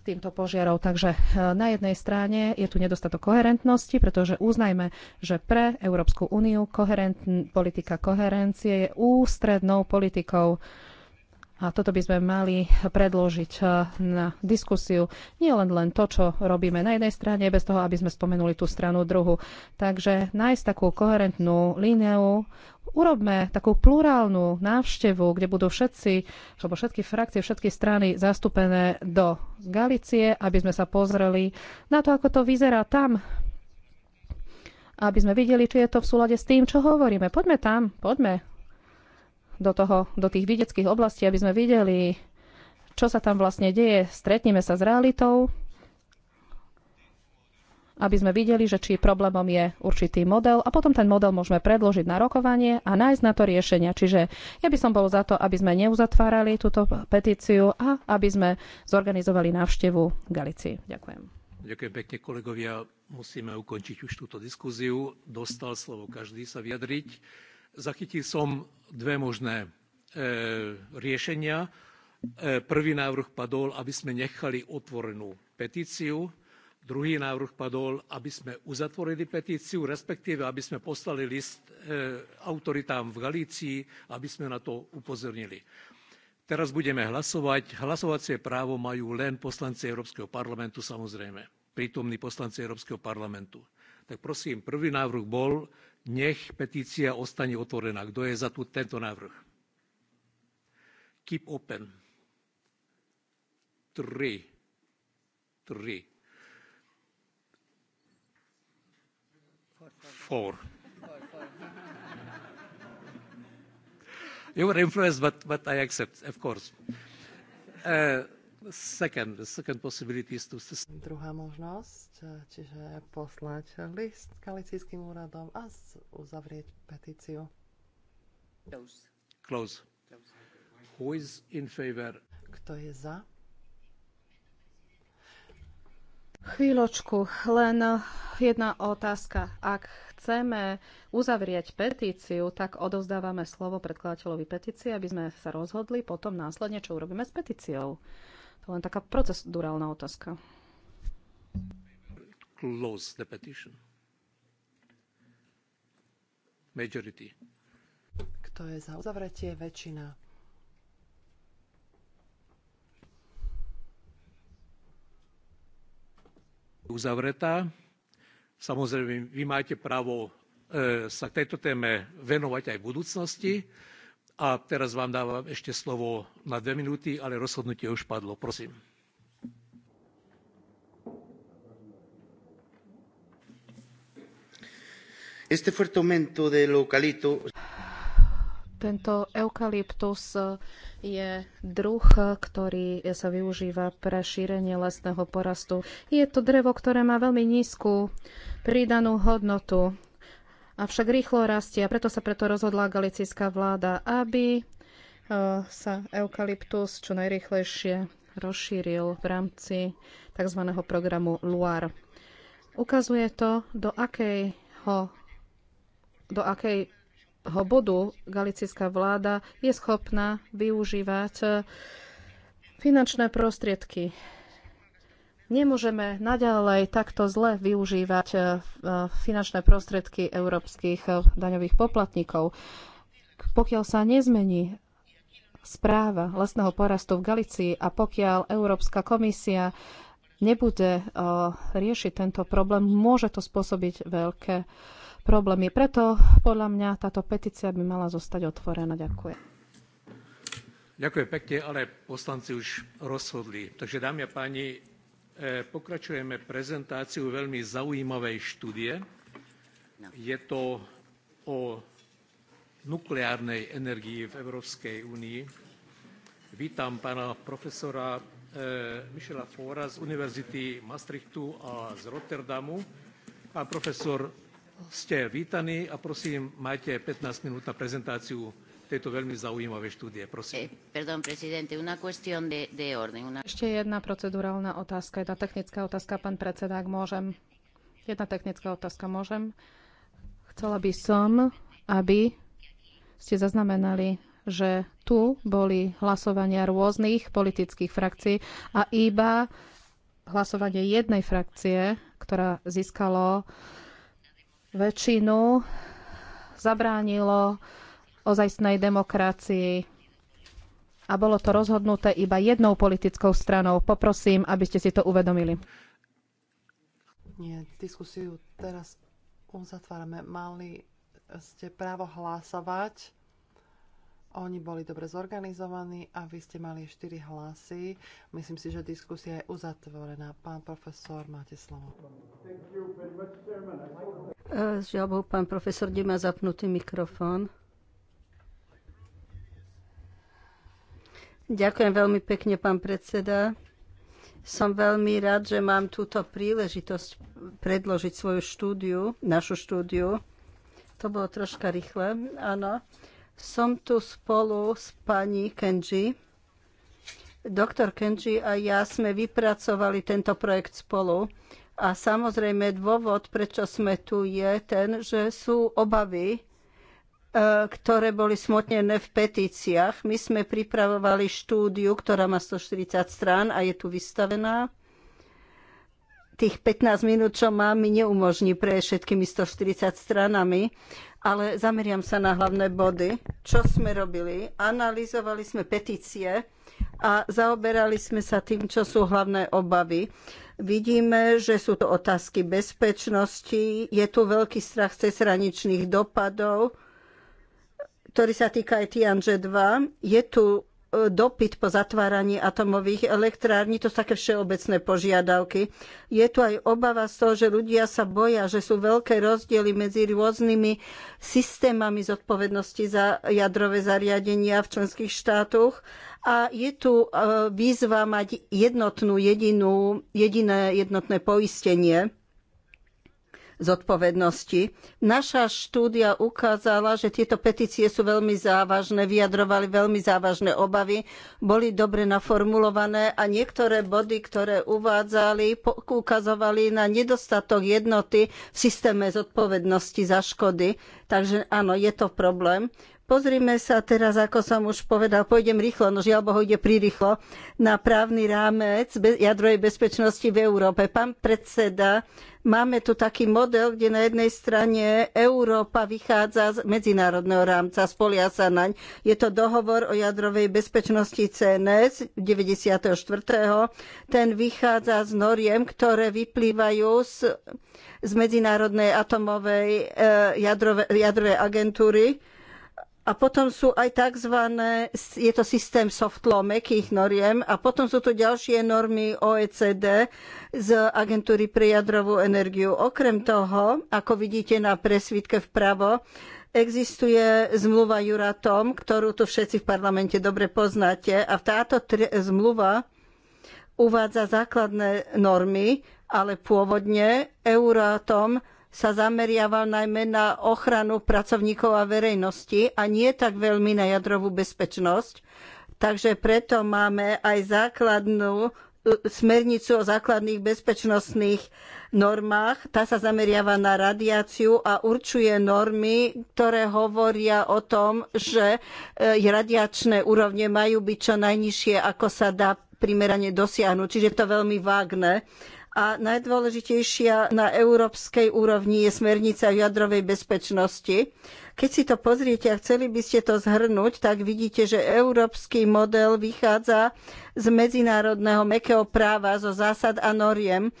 týmto požiarov. Takže eh, na jednej strane je tu nedostatok koherentnosti, pretože uznajme, že pre Európsku úniu politika koherencie je ústrednou politikou a toto by sme mali predložiť e, na diskusiu. Nie len, len to, čo robíme na jednej strane, bez toho, aby sme spomenuli tú stranu druhu. Takže nájsť takú koherentnú líniu, urobme takú plurálnu návštevu, kde budú všetci, alebo všetky frakcie, všetky strany zastúpené do Galície, aby sme sa pozreli na to, ako to vyzerá tam, aby sme videli, či je to v súlade s tým, čo hovoríme. Poďme tam, poďme do, toho, do tých videckých oblastí, aby sme videli, čo sa tam vlastne deje. Stretneme sa s realitou, aby sme videli, že či problémom je určitý model a potom ten model môžeme predložiť na rokovanie a nájsť na to riešenia. Čiže ja by som bol za to, aby sme neuzatvárali túto petíciu a aby sme zorganizovali návštevu Galicii. Ďakujem. Ďakujem pekne kolegovia. Musíme ukončiť už túto diskuziu. Dostal slovo každý sa vyjadriť. Zachytil som dve možné e, riešenia. E, prvý návrh padol, aby sme nechali otvorenú petíciu. Druhý návrh padol, aby sme uzatvorili petíciu, respektíve aby sme poslali list e, autoritám v Galícii, aby sme na to upozornili. Teraz budeme hlasovať. Hlasovacie právo majú len poslanci Európskeho parlamentu, samozrejme. Prítomní poslanci Európskeho parlamentu. Tak prosím, prvý návrh bol, nech petícia ostane otvorená. Kto je za tú, tento návrh? Keep open. 3. 3. Four. You were influenced, but, but I accept, of course. Uh, Second, the second possibility is to... Druhá možnosť, eh, čiže poslať list kalicijským úradom a uzavrieť petíciu. Close. Close. Who is in favor? Kto je za? Chvíľočku, len eh, jedna otázka. Ak chceme uzavrieť petíciu, tak odovzdávame slovo predkladateľovi petície, aby sme sa rozhodli potom následne, čo urobíme s petíciou len taká procedurálna otázka. Close the petition. Majority. Kto je za uzavretie? Väčšina. Uzavretá. Samozrejme, vy máte právo e, sa k tejto téme venovať aj v budúcnosti. Mm a teraz vám dávam ešte slovo na dve minúty, ale rozhodnutie už padlo. Prosím. Este tento eukalyptus je druh, ktorý sa využíva pre šírenie lesného porastu. Je to drevo, ktoré má veľmi nízku pridanú hodnotu avšak rýchlo rastie a preto sa preto rozhodla galicijská vláda, aby e, sa eukalyptus čo najrýchlejšie rozšíril v rámci tzv. programu Luar. Ukazuje to, do akejho, do akejho bodu galicická vláda je schopná využívať e, finančné prostriedky Nemôžeme naďalej takto zle využívať e, e, finančné prostriedky európskych e, daňových poplatníkov. Pokiaľ sa nezmení správa lesného porastu v Galicii a pokiaľ Európska komisia nebude riešiť tento problém, môže to spôsobiť veľké problémy. Preto podľa mňa táto petícia by mala zostať otvorená. Ďakujem. Ďakujem pekne, ale poslanci už rozhodli. Takže dámy a páni, E, pokračujeme prezentáciu veľmi zaujímavej štúdie. No. Je to o nukleárnej energii v Európskej únii. Vítam pána profesora e, Michela Fóra z Univerzity Maastrichtu a z Rotterdamu. Pán profesor, ste vítaní a prosím, majte 15 minút na prezentáciu tejto veľmi zaujímavej štúdie. Prosím. Eh, perdón, prezidente, una cuestión de, de orden. Una... Ešte jedna procedurálna otázka, jedna technická otázka, pán predseda, ak môžem. Jedna technická otázka, môžem. Chcela by som, aby ste zaznamenali, že tu boli hlasovania rôznych politických frakcií a iba hlasovanie jednej frakcie, ktorá získalo väčšinu, zabránilo ozajstnej demokracii. A bolo to rozhodnuté iba jednou politickou stranou. Poprosím, aby ste si to uvedomili. Nie, diskusiu teraz uzatvárame. Mali ste právo hlasovať. Oni boli dobre zorganizovaní a vy ste mali 4 hlasy. Myslím si, že diskusia je uzatvorená. Pán profesor, máte slovo. Žiaľ pán profesor má zapnutý mikrofón. Ďakujem veľmi pekne, pán predseda. Som veľmi rád, že mám túto príležitosť predložiť svoju štúdiu, našu štúdiu. To bolo troška rýchle, áno. Som tu spolu s pani Kenji. Doktor Kenji a ja sme vypracovali tento projekt spolu. A samozrejme dôvod, prečo sme tu, je ten, že sú obavy E, ktoré boli smotnené v petíciách. My sme pripravovali štúdiu, ktorá má 140 strán a je tu vystavená. Tých 15 minút, čo mám, mi neumožní pre všetkými 140 stranami, ale zameriam sa na hlavné body. Čo sme robili? Analizovali sme petície a zaoberali sme sa tým, čo sú hlavné obavy. Vidíme, že sú to otázky bezpečnosti, je tu veľký strach cezhraničných dopadov, ktorý sa týka aj Tianže 2. Je tu e, dopyt po zatváraní atomových elektrární, to sú také všeobecné požiadavky. Je tu aj obava z toho, že ľudia sa boja, že sú veľké rozdiely medzi rôznymi systémami zodpovednosti za jadrové zariadenia v členských štátoch a je tu e, výzva mať jednotnú, jedinú, jediné jednotné poistenie zodpovednosti. Naša štúdia ukázala, že tieto petície sú veľmi závažné, vyjadrovali veľmi závažné obavy, boli dobre naformulované a niektoré body, ktoré uvádzali, ukazovali na nedostatok jednoty v systéme zodpovednosti za škody. Takže áno, je to problém. Pozrime sa teraz, ako som už povedal, pôjdem rýchlo, no žiaľ Bohu ide prirýchlo, na právny rámec jadrovej bezpečnosti v Európe. Pán predseda Máme tu taký model, kde na jednej strane Európa vychádza z medzinárodného rámca, spolia sa naň. Je to dohovor o jadrovej bezpečnosti CNS 94. Ten vychádza z noriem, ktoré vyplývajú z, z medzinárodnej atomovej eh, jadrove, jadrovej agentúry a potom sú aj tzv. je to systém soft law, mekých noriem a potom sú tu ďalšie normy OECD z agentúry pre jadrovú energiu. Okrem toho, ako vidíte na presvítke vpravo, existuje zmluva Juratom, ktorú tu všetci v parlamente dobre poznáte a táto zmluva uvádza základné normy, ale pôvodne Euratom sa zameriaval najmä na ochranu pracovníkov a verejnosti a nie tak veľmi na jadrovú bezpečnosť. Takže preto máme aj základnú e, smernicu o základných bezpečnostných normách. Tá sa zameriava na radiáciu a určuje normy, ktoré hovoria o tom, že e, radiačné úrovne majú byť čo najnižšie, ako sa dá primerane dosiahnuť. Čiže je to veľmi vágne. A najdôležitejšia na európskej úrovni je smernica v jadrovej bezpečnosti. Keď si to pozriete a chceli by ste to zhrnúť, tak vidíte, že európsky model vychádza z medzinárodného mekého práva, zo zásad a noriem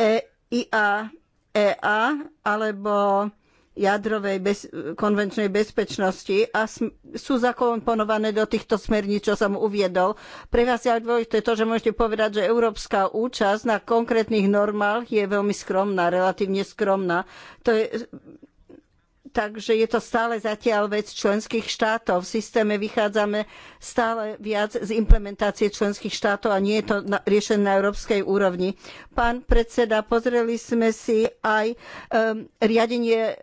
EIA, EA alebo jadrovej bez, konvenčnej bezpečnosti a sm, sú zakomponované do týchto smerníc, čo som uviedol. Pre vás je dôležité to, že môžete povedať, že európska účasť na konkrétnych normách je veľmi skromná, relatívne skromná. To je takže je to stále zatiaľ vec členských štátov. V systéme vychádzame stále viac z implementácie členských štátov a nie je to riešené na európskej úrovni. Pán predseda, pozreli sme si aj ehm, riadenie ehm,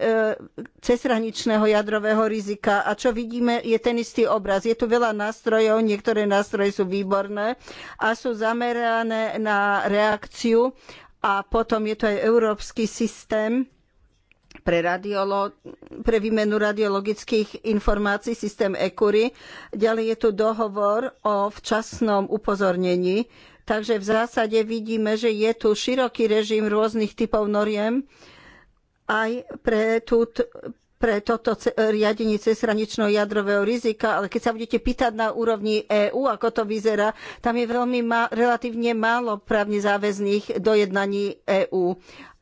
cezhraničného jadrového rizika a čo vidíme je ten istý obraz. Je tu veľa nástrojov, niektoré nástroje sú výborné a sú zamerané na reakciu a potom je tu aj európsky systém pre, radiolo- pre výmenu radiologických informácií systém ECURI. Ďalej je tu dohovor o včasnom upozornení. Takže v zásade vidíme, že je tu široký režim rôznych typov noriem aj pre, pre toto riadenie cezhraničného jadrového rizika, ale keď sa budete pýtať na úrovni EÚ, ako to vyzerá, tam je veľmi ma- relatívne málo právne záväzných dojednaní EÚ.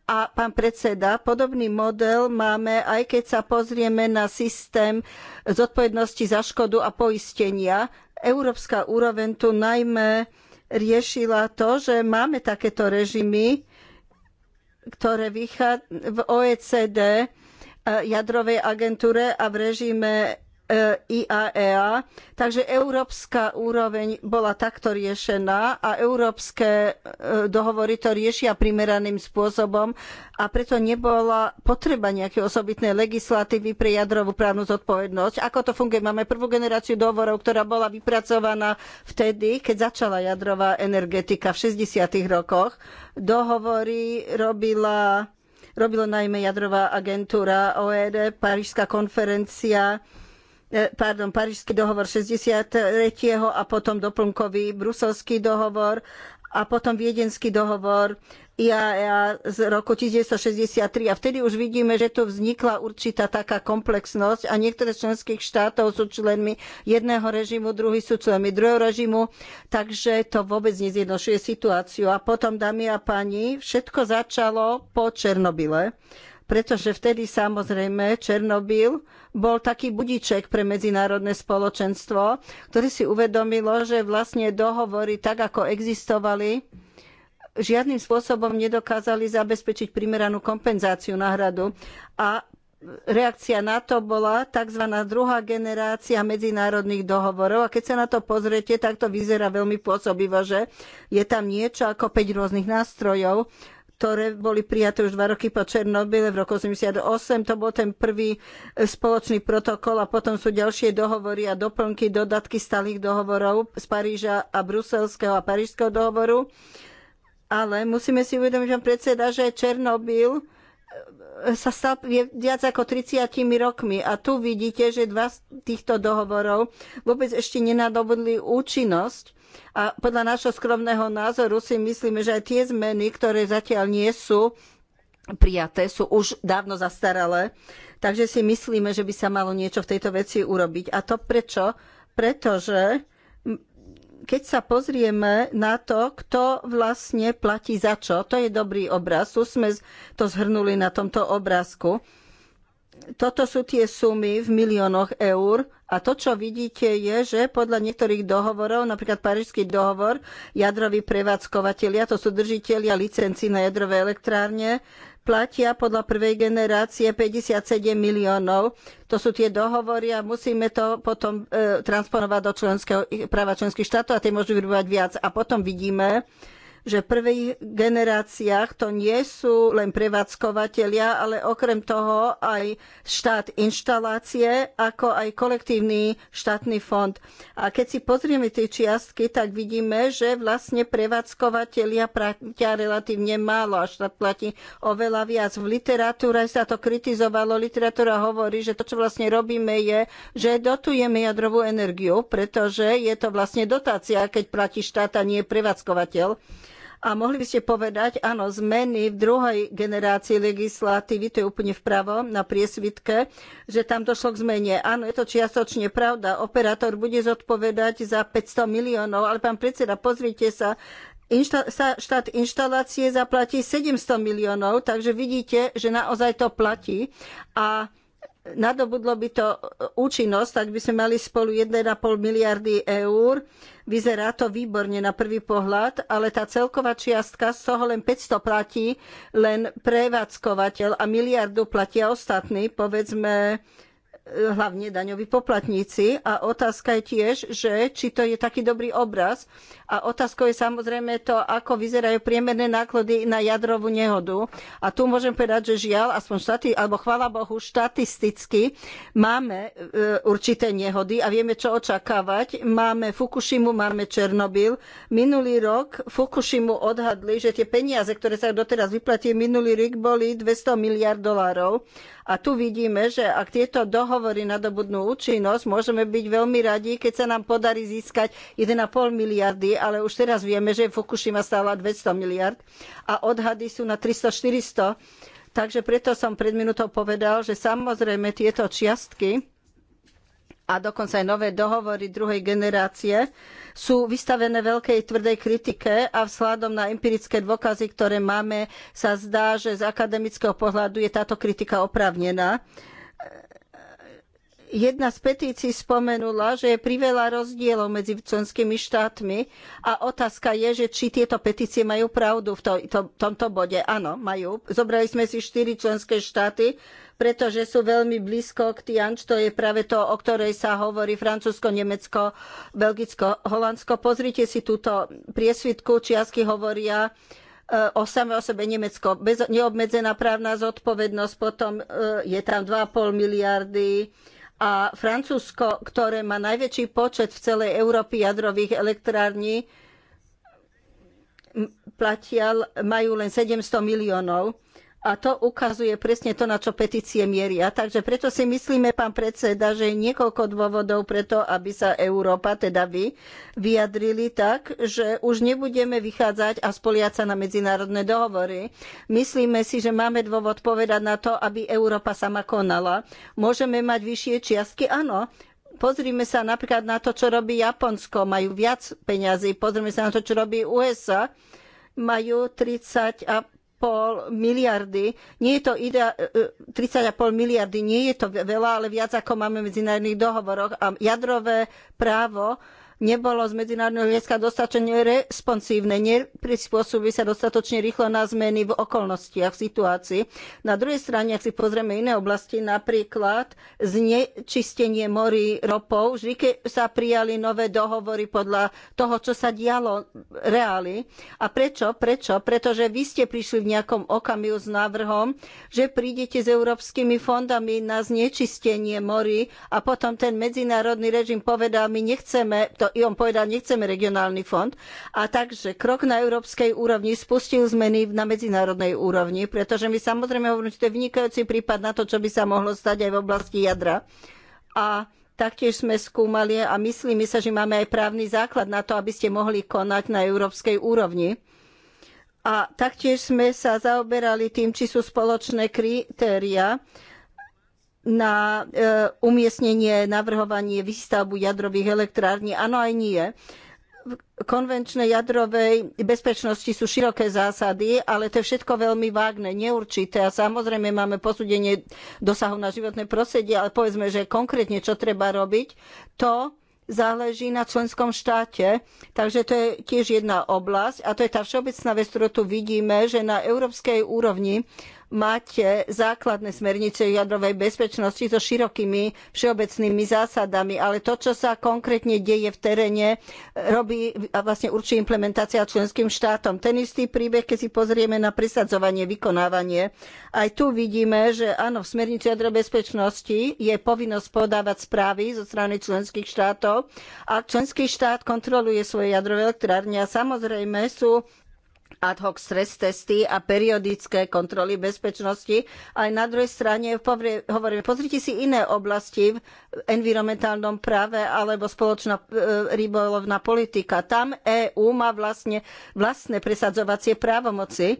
A pán predseda, podobný model máme, aj keď sa pozrieme na systém zodpovednosti za škodu a poistenia. Európska úroveň tu najmä riešila to, že máme takéto režimy, ktoré vychádzajú v OECD, eh, jadrovej agentúre a v režime E, IAEA. E Takže európska úroveň bola takto riešená a európske e, dohovory to riešia primeraným spôsobom a preto nebola potreba nejakej osobitnej legislatívy pre jadrovú právnu zodpovednosť. Ako to funguje? Máme prvú generáciu dohovorov, ktorá bola vypracovaná vtedy, keď začala jadrová energetika v 60. rokoch. Dohovory robila najmä jadrová agentúra OED, Parížska konferencia, E, pardon, Parížský dohovor 63. a potom doplnkový Bruselský dohovor a potom Viedenský dohovor IAEA e z roku 1963. A vtedy už vidíme, že tu vznikla určitá taká komplexnosť a niektoré z členských štátov sú členmi jedného režimu, druhý sú členmi druhého režimu, takže to vôbec nezjednošuje situáciu. A potom, dámy a páni, všetko začalo po Černobyle pretože vtedy samozrejme Černobyl bol taký budiček pre medzinárodné spoločenstvo, ktoré si uvedomilo, že vlastne dohovory tak, ako existovali, žiadnym spôsobom nedokázali zabezpečiť primeranú kompenzáciu náhradu. A reakcia na to bola tzv. druhá generácia medzinárodných dohovorov. A keď sa na to pozriete, tak to vyzerá veľmi pôsobivo, že je tam niečo ako 5 rôznych nástrojov, ktoré boli prijaté už dva roky po Černobyle v roku 1988. To bol ten prvý e, spoločný protokol a potom sú ďalšie dohovory a doplnky, dodatky stálych dohovorov z Paríža a Bruselského a Parížského dohovoru. Ale musíme si uvedomiť, pán predseda, že Černobyl sa stal viac ako 30 rokmi a tu vidíte, že dva z týchto dohovorov vôbec ešte nenadobudli účinnosť a podľa našho skromného názoru si myslíme, že aj tie zmeny, ktoré zatiaľ nie sú prijaté, sú už dávno zastaralé, takže si myslíme, že by sa malo niečo v tejto veci urobiť. A to prečo? Pretože keď sa pozrieme na to, kto vlastne platí za čo, to je dobrý obraz. Tu sme to zhrnuli na tomto obrázku toto sú tie sumy v miliónoch eur a to, čo vidíte, je, že podľa niektorých dohovorov, napríklad Parížský dohovor, jadroví prevádzkovateľia, to sú držitelia licencií na jadrové elektrárne, platia podľa prvej generácie 57 miliónov. To sú tie dohovory a musíme to potom e, transponovať do členského, práva členských štátov a tie môžu vyrúbať viac. A potom vidíme, že v prvých generáciách to nie sú len prevádzkovateľia, ale okrem toho aj štát inštalácie, ako aj kolektívny štátny fond. A keď si pozrieme tie čiastky, tak vidíme, že vlastne prevádzkovateľia platia relatívne málo a štát platí oveľa viac. V literatúre sa to kritizovalo, literatúra hovorí, že to, čo vlastne robíme, je, že dotujeme jadrovú energiu, pretože je to vlastne dotácia, keď platí štát a nie prevádzkovateľ. A mohli by ste povedať, áno, zmeny v druhej generácii legislatívy, to je úplne vpravo na priesvitke, že tam došlo k zmene. Áno, je to čiastočne pravda. Operátor bude zodpovedať za 500 miliónov, ale pán predseda, pozrite sa, Inšta, štát inštalácie zaplatí 700 miliónov, takže vidíte, že naozaj to platí. A nadobudlo by to účinnosť, tak by sme mali spolu 1,5 miliardy eur Vyzerá to výborne na prvý pohľad, ale tá celková čiastka, z toho len 500 platí len prevádzkovateľ a miliardu platia ostatní, povedzme hlavne daňoví poplatníci. A otázka je tiež, že či to je taký dobrý obraz. A otázkou je samozrejme to, ako vyzerajú priemerné náklady na jadrovú nehodu. A tu môžem povedať, že žiaľ, aspoň štati, alebo chvála Bohu, štatisticky máme e, určité nehody a vieme, čo očakávať. Máme Fukushimu, máme Černobyl. Minulý rok Fukushimu odhadli, že tie peniaze, ktoré sa doteraz vyplatili minulý rok, boli 200 miliard dolárov a tu vidíme, že ak tieto dohovory nadobudnú účinnosť, môžeme byť veľmi radi, keď sa nám podarí získať 1,5 miliardy, ale už teraz vieme, že Fukushima stála 200 miliard a odhady sú na 300-400. Takže preto som pred minútou povedal, že samozrejme tieto čiastky a dokonca aj nové dohovory druhej generácie sú vystavené veľkej tvrdej kritike a vzhľadom na empirické dôkazy, ktoré máme, sa zdá, že z akademického pohľadu je táto kritika oprávnená. Jedna z petícií spomenula, že je priveľa rozdielov medzi členskými štátmi a otázka je, že či tieto petície majú pravdu v to, to, tomto bode. Áno, majú. Zobrali sme si štyri členské štáty, pretože sú veľmi blízko k Tianč, to je práve to, o ktorej sa hovorí Francúzsko, Nemecko, Belgicko, Holandsko. Pozrite si túto priesvitku, čiasky hovoria e, o same o sebe Nemecko. Bez, neobmedzená právna zodpovednosť, potom e, je tam 2,5 miliardy a Francúzsko, ktoré má najväčší počet v celej Európy jadrových elektrární, platia, majú len 700 miliónov. A to ukazuje presne to, na čo petície mieria. Takže preto si myslíme, pán predseda, že je niekoľko dôvodov preto, aby sa Európa, teda vy, vyjadrili tak, že už nebudeme vychádzať a spoliať sa na medzinárodné dohovory. Myslíme si, že máme dôvod povedať na to, aby Európa sama konala. Môžeme mať vyššie čiastky? Áno. Pozrime sa napríklad na to, čo robí Japonsko. Majú viac peňazí. Pozrime sa na to, čo robí USA. Majú 30 a 30,5 miliardy. Nie je to idea, e, e, 30,5 miliardy, nie je to veľa, ale viac ako máme v medzinárodných dohovoroch. A jadrové právo nebolo z medzinárodného hľadiska dostatočne responsívne, neprispôsobí sa dostatočne rýchlo na zmeny v okolnostiach, v situácii. Na druhej strane, ak si pozrieme iné oblasti, napríklad znečistenie morí ropou, vždy keď sa prijali nové dohovory podľa toho, čo sa dialo reáli. A prečo? Prečo? Pretože vy ste prišli v nejakom okamihu s návrhom, že prídete s európskymi fondami na znečistenie morí a potom ten medzinárodný režim povedal, my nechceme to i on povedal, nechceme regionálny fond. A takže krok na európskej úrovni spustil zmeny na medzinárodnej úrovni, pretože my samozrejme hovoríme, že to je vynikajúci prípad na to, čo by sa mohlo stať aj v oblasti jadra. A taktiež sme skúmali a myslíme sa, že máme aj právny základ na to, aby ste mohli konať na európskej úrovni. A taktiež sme sa zaoberali tým, či sú spoločné kritéria na e, umiestnenie, navrhovanie, výstavbu jadrových elektrární. Áno aj nie. V konvenčnej jadrovej bezpečnosti sú široké zásady, ale to je všetko veľmi vágne, neurčité a samozrejme máme posúdenie dosahu na životné prostredie, ale povedzme, že konkrétne čo treba robiť, to záleží na členskom štáte. Takže to je tiež jedna oblasť a to je tá všeobecná vec, ktorú tu vidíme, že na európskej úrovni máte základné smernice jadrovej bezpečnosti so širokými všeobecnými zásadami, ale to, čo sa konkrétne deje v teréne, robí a vlastne určí implementácia členským štátom. Ten istý príbeh, keď si pozrieme na presadzovanie, vykonávanie, aj tu vidíme, že áno, v smernici jadrovej bezpečnosti je povinnosť podávať správy zo strany členských štátov a členský štát kontroluje svoje jadrové elektrárne a samozrejme sú ad hoc stres testy a periodické kontroly bezpečnosti. Aj na druhej strane hovoríme, pozrite si iné oblasti v environmentálnom práve alebo spoločná e, rybolovná politika. Tam EÚ má vlastne vlastné presadzovacie právomoci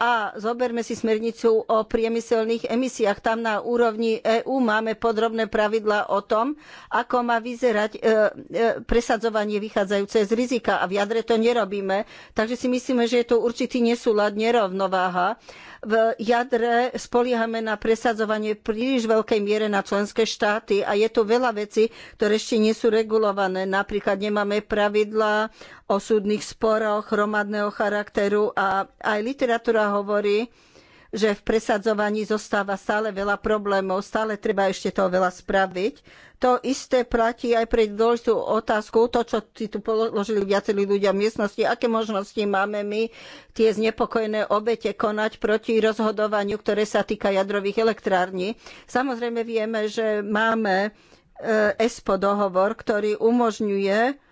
a zoberme si smernicu o priemyselných emisiách. Tam na úrovni EÚ máme podrobné pravidlá o tom, ako má vyzerať e, e, presadzovanie vychádzajúce z rizika. A v jadre to nerobíme. Takže si myslíme, že je to určitý nesúlad, nerovnováha. V jadre spoliehame na presadzovanie príliš veľkej miere na členské štáty a je tu veľa vecí, ktoré ešte nie sú regulované. Napríklad nemáme pravidlá o súdnych sporoch hromadného charakteru a aj literatúra hovorí, že v presadzovaní zostáva stále veľa problémov, stále treba ešte toho veľa spraviť. To isté platí aj pre dôležitú otázku, to, čo si tu položili viacerí ľudia v miestnosti, aké možnosti máme my tie znepokojené obete konať proti rozhodovaniu, ktoré sa týka jadrových elektrární. Samozrejme vieme, že máme e, ESPO dohovor, ktorý umožňuje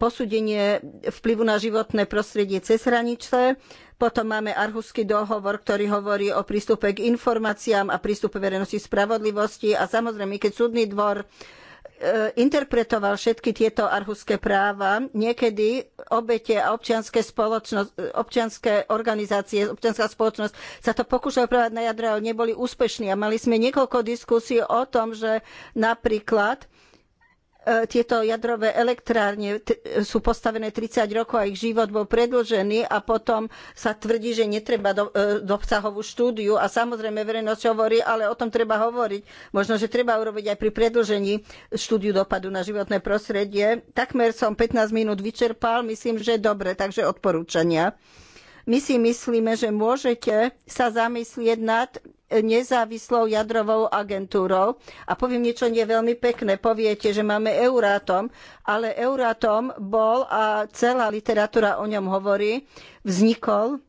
posúdenie vplyvu na životné prostredie cez hranice. Potom máme Arhusský dohovor, ktorý hovorí o prístupe k informáciám a prístupe verejnosti spravodlivosti. A samozrejme, keď súdny dvor e, interpretoval všetky tieto arhuské práva. Niekedy obete a občianske, občianske organizácie, občianska spoločnosť sa to pokúšajú prvať na jadro, ale neboli úspešní. A mali sme niekoľko diskusí o tom, že napríklad E, tieto jadrové elektrárne sú postavené 30 rokov a ich život bol predĺžený a potom sa tvrdí, že netreba e, do, obsahovú štúdiu a samozrejme verejnosť hovorí, ale o tom treba hovoriť. Možno, že treba urobiť aj pri predĺžení štúdiu dopadu na životné prostredie. Takmer som 15 minút vyčerpal, myslím, že dobre, takže odporúčania. My si myslíme, že môžete sa zamyslieť nad nezávislou jadrovou agentúrou. A poviem niečo nie veľmi pekné. Poviete, že máme Euratom, ale Euratom bol a celá literatúra o ňom hovorí, vznikol,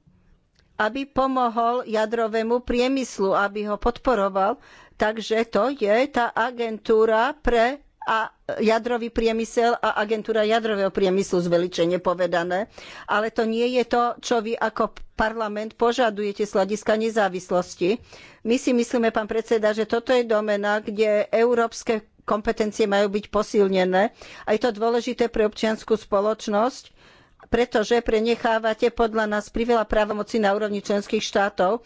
aby pomohol jadrovému priemyslu, aby ho podporoval. Takže to je tá agentúra pre a jadrový priemysel a agentúra jadrového priemyslu zveličenie povedané. Ale to nie je to, čo vy ako parlament požadujete z hľadiska nezávislosti. My si myslíme, pán predseda, že toto je domena, kde európske kompetencie majú byť posilnené a je to dôležité pre občiansku spoločnosť, pretože prenechávate podľa nás priveľa právomoci na úrovni členských štátov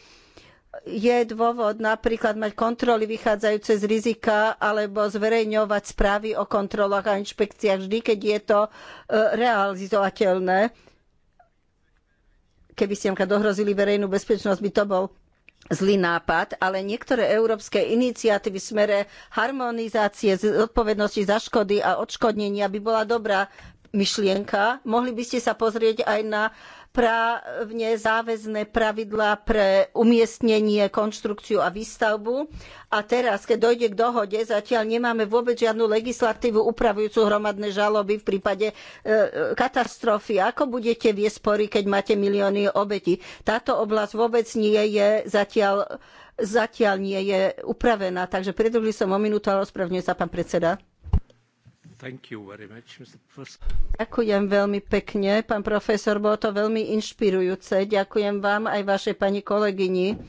je dôvod napríklad mať kontroly vychádzajúce z rizika alebo zverejňovať správy o kontrolách a inšpekciách vždy, keď je to e, realizovateľné. Keby ste dohrozili verejnú bezpečnosť, by to bol zlý nápad, ale niektoré európske iniciatívy v smere harmonizácie zodpovednosti za škody a odškodnenia by bola dobrá myšlienka. Mohli by ste sa pozrieť aj na právne záväzné pravidlá pre umiestnenie, konštrukciu a výstavbu. A teraz, keď dojde k dohode, zatiaľ nemáme vôbec žiadnu legislatívu upravujúcu hromadné žaloby v prípade e, katastrofy. Ako budete viesť spory, keď máte milióny obetí? Táto oblasť vôbec nie je zatiaľ, zatiaľ nie je upravená. Takže predlžili som o minútu, ale ospravňuje sa pán predseda. Ďakujem veľmi pekne, pán profesor, bolo to veľmi inšpirujúce. Ďakujem vám aj vašej pani kolegyni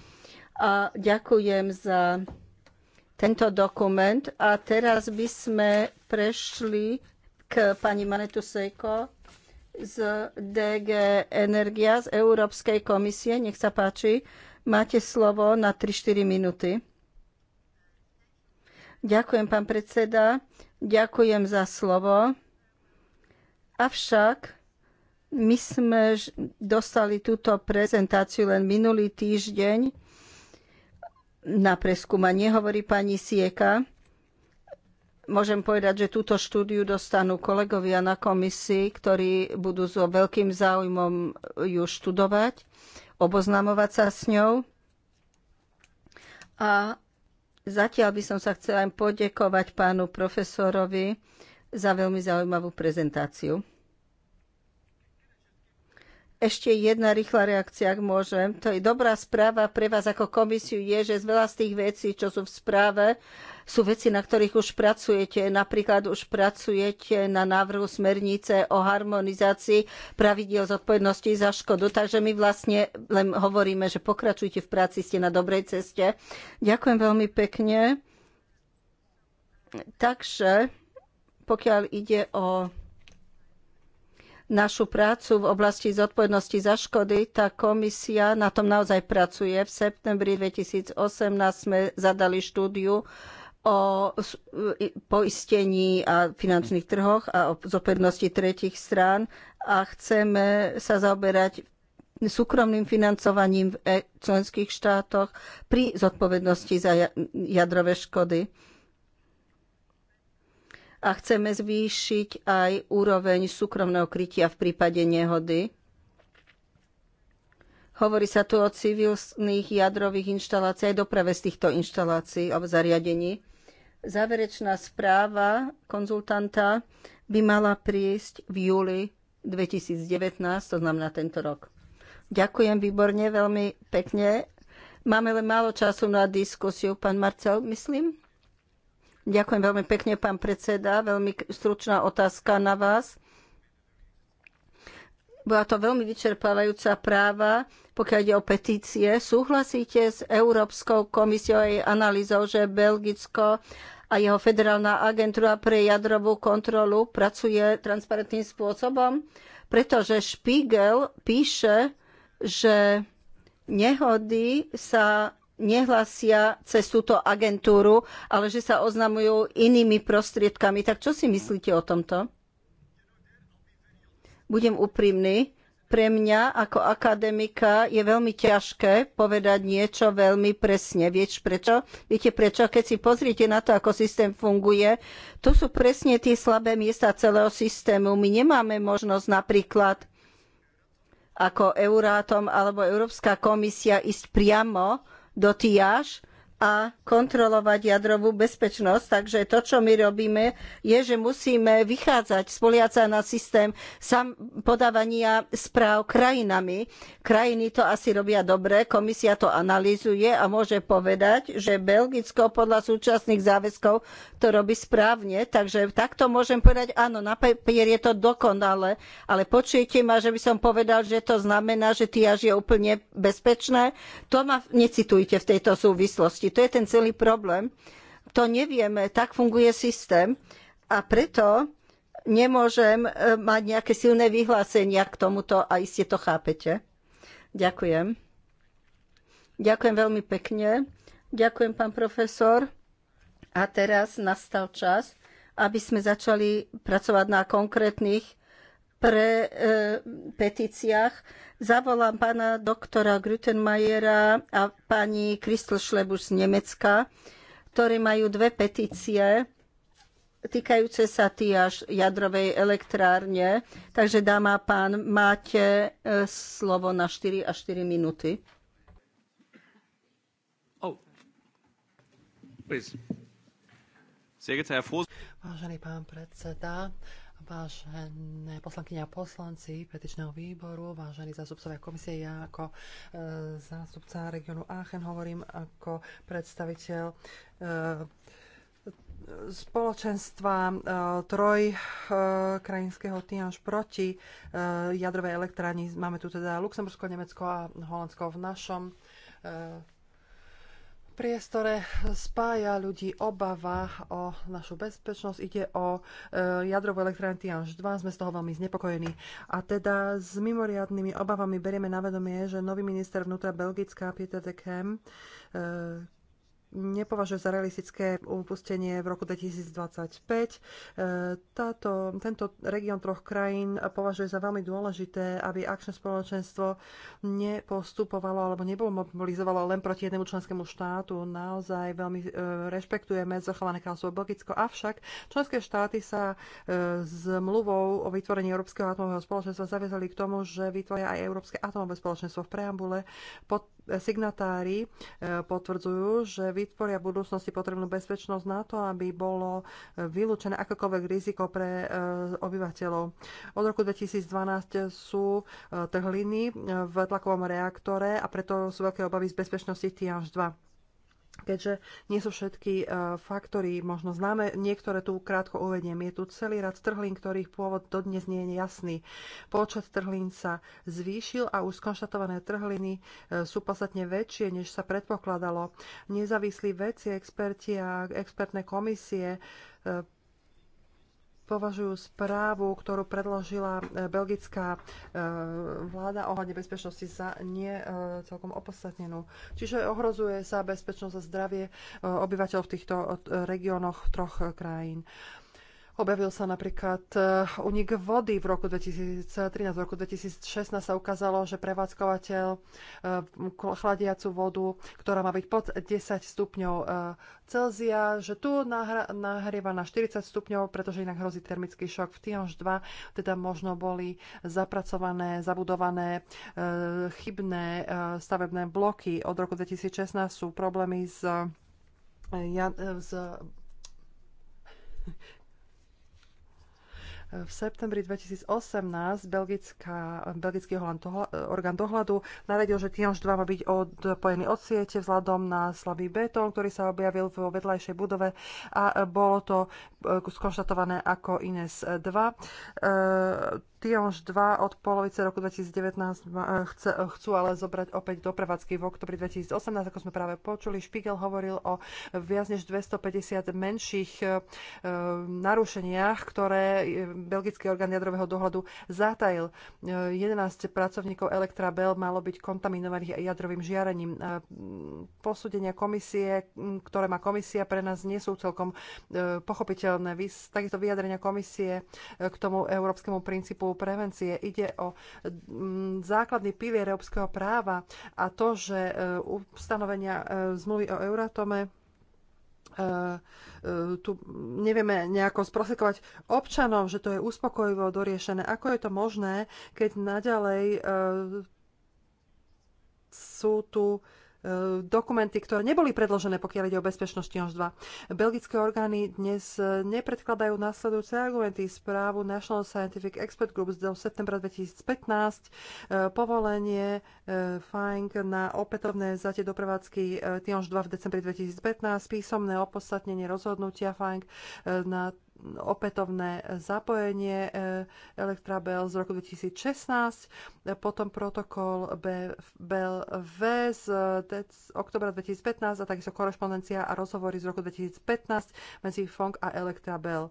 a ďakujem za tento dokument. A teraz by sme prešli k pani Manetu Sejko z DG Energia z Európskej komisie. Nech sa páči, máte slovo na 3-4 minúty. Ďakujem, pán predseda. Ďakujem za slovo. Avšak my sme dostali túto prezentáciu len minulý týždeň na preskúmanie, hovorí pani Sieka. Môžem povedať, že túto štúdiu dostanú kolegovia na komisii, ktorí budú so veľkým záujmom ju študovať, oboznamovať sa s ňou. A Zatiaľ by som sa chcela im podekovať pánu profesorovi za veľmi zaujímavú prezentáciu. Ešte jedna rýchla reakcia, ak môžem. To je dobrá správa pre vás ako komisiu je, že z veľa z tých vecí, čo sú v správe, sú veci, na ktorých už pracujete. Napríklad už pracujete na návrhu smernice o harmonizácii pravidiel zodpovednosti za škodu. Takže my vlastne len hovoríme, že pokračujte v práci, ste na dobrej ceste. Ďakujem veľmi pekne. Takže pokiaľ ide o našu prácu v oblasti zodpovednosti za škody, tá komisia na tom naozaj pracuje. V septembri 2018 sme zadali štúdiu o poistení a finančných trhoch a o zodpovednosti tretich strán a chceme sa zaoberať súkromným financovaním v e, členských štátoch pri zodpovednosti za jadrové škody. A chceme zvýšiť aj úroveň súkromného krytia v prípade nehody. Hovorí sa tu o civilných jadrových inštaláciách, aj doprave z týchto inštalácií alebo zariadení. Záverečná správa konzultanta by mala prísť v júli 2019, to znamená tento rok. Ďakujem výborne, veľmi pekne. Máme len málo času na diskusiu, pán Marcel, myslím. Ďakujem veľmi pekne, pán predseda. Veľmi stručná otázka na vás. Bola to veľmi vyčerpávajúca práva, pokiaľ ide o petície. Súhlasíte s Európskou komisiou a jej analýzou, že Belgicko a jeho federálna agentúra pre jadrovú kontrolu pracuje transparentným spôsobom, pretože Spiegel píše, že nehody sa nehlasia cez túto agentúru, ale že sa oznamujú inými prostriedkami. Tak čo si myslíte o tomto? Budem úprimný. Pre mňa ako akademika je veľmi ťažké povedať niečo veľmi presne. Vieš prečo? Viete prečo? Keď si pozriete na to, ako systém funguje, to sú presne tie slabé miesta celého systému. My nemáme možnosť napríklad ako Eurátom alebo Európska komisia ísť priamo do TIAŽ, a kontrolovať jadrovú bezpečnosť. Takže to, čo my robíme, je, že musíme vychádzať, spoliať sa na systém sam podávania správ krajinami. Krajiny to asi robia dobre, komisia to analýzuje a môže povedať, že Belgicko podľa súčasných záväzkov to robí správne, takže takto môžem povedať, áno, na papier je to dokonale, ale počujete ma, že by som povedal, že to znamená, že tiaž je úplne bezpečné. To ma necitujte v tejto súvislosti. To je ten celý problém. To nevieme, tak funguje systém a preto nemôžem e, mať nejaké silné vyhlásenia k tomuto a iste to chápete. Ďakujem. Ďakujem veľmi pekne. Ďakujem, pán profesor. A teraz nastal čas, aby sme začali pracovať na konkrétnych pre e, petíciách. Zavolám pána doktora Grütenmajera a pani Kristel Šlebuš z Nemecka, ktorí majú dve petície týkajúce sa tiaž jadrovej elektrárne. Takže dáma a pán, máte e, slovo na 4 až 4 minúty. Oh. Please. Vážený pán predseda, vážené poslankyne a poslanci petičného výboru, vážení zástupcovia komisie, ja ako e, zástupca regionu Aachen hovorím ako predstaviteľ e, spoločenstva e, troj e, krajinského proti e, jadrovej elektrárni. Máme tu teda Luxembursko, Nemecko a Holandsko v našom e, priestore spája ľudí obava o našu bezpečnosť. Ide o e, jadrovú elektrárnu Tianž 2, sme z toho veľmi znepokojení. A teda s mimoriadnými obavami berieme na vedomie, že nový minister vnútra Belgická Peter de Kem, e, nepovažuje za realistické upustenie v roku 2025. E, táto, tento región troch krajín považuje za veľmi dôležité, aby akčné spoločenstvo nepostupovalo alebo nebolo mobilizovalo len proti jednému členskému štátu. Naozaj veľmi e, rešpektujeme zachované kráľstvo Belgicko, avšak členské štáty sa e, s mluvou o vytvorení Európskeho atomového spoločenstva zaviazali k tomu, že vytvoria aj Európske atomové spoločenstvo v preambule. Pod signatári e, potvrdzujú, že vytvoria v budúcnosti potrebnú bezpečnosť na to, aby bolo e, vylúčené akokoľvek riziko pre e, obyvateľov. Od roku 2012 sú trhliny v tlakovom reaktore a preto sú veľké obavy z bezpečnosti TIAŽ 2 keďže nie sú všetky e, faktory možno známe. Niektoré tu krátko uvediem. Je tu celý rad trhlín, ktorých pôvod dodnes nie je jasný. Počet trhlín sa zvýšil a už skonštatované trhliny e, sú podstatne väčšie, než sa predpokladalo. Nezávislí vedci, experti a expertné komisie e, považujú správu, ktorú predložila e, belgická e, vláda ohľadne bezpečnosti za nie e, celkom opodstatnenú. Čiže ohrozuje sa bezpečnosť a zdravie obyvateľov v týchto regiónoch troch krajín. Objavil sa napríklad e, unik vody v roku 2013. V roku 2016 sa ukázalo, že prevádzkovateľ e, chladiacu vodu, ktorá má byť pod 10 stupňov e, Celzia, že tu nahrieva na 40 stupňov, pretože inak hrozí termický šok. V Tianž 2 teda možno boli zapracované, zabudované chybné stavebné bloky. Od roku 2016 sú problémy s, s v septembri 2018 belgická, belgický Holand orgán dohľadu naredil, že Tianž 2 má byť odpojený od siete vzhľadom na slabý betón, ktorý sa objavil vo vedľajšej budove a bolo to e, skonštatované ako Ines 2 už 2 od polovice roku 2019 eh, eh, chcú ale zobrať opäť do prevádzky v oktobri 2018, ako sme práve počuli. Špigel hovoril o viac než 250 menších eh, narušeniach, ktoré belgický orgán jadrového dohľadu zatajil. 11 pracovníkov Elektra Bell malo byť kontaminovaných jadrovým žiarením. Posúdenia komisie, hm, ktoré má komisia, pre nás nie sú celkom pochopiteľné. Takisto vyjadrenia komisie k tomu európskemu princípu prevencie. Ide o mm, základný pilier európskeho práva a to, že e, ustanovenia e, zmluvy o Euratome e, tu nevieme nejako sprosekovať občanom, že to je uspokojivo doriešené. Ako je to možné, keď naďalej sú tu E, dokumenty, ktoré neboli predložené, pokiaľ ide o bezpečnosť Tionž 2. Belgické orgány dnes e, nepredkladajú následujúce argumenty. Správu National Scientific Expert Group z septembra 2015 e, povolenie FANG na opätovné vzatie do prevádzky Tionž 2 v decembri 2015, písomné opodstatnenie rozhodnutia fang na opätovné zapojenie e, Elektrabel z roku 2016, potom protokol BLV z oktobra 2015 a takisto korešpondencia a rozhovory z roku 2015 medzi FONG a Elektrabel. E,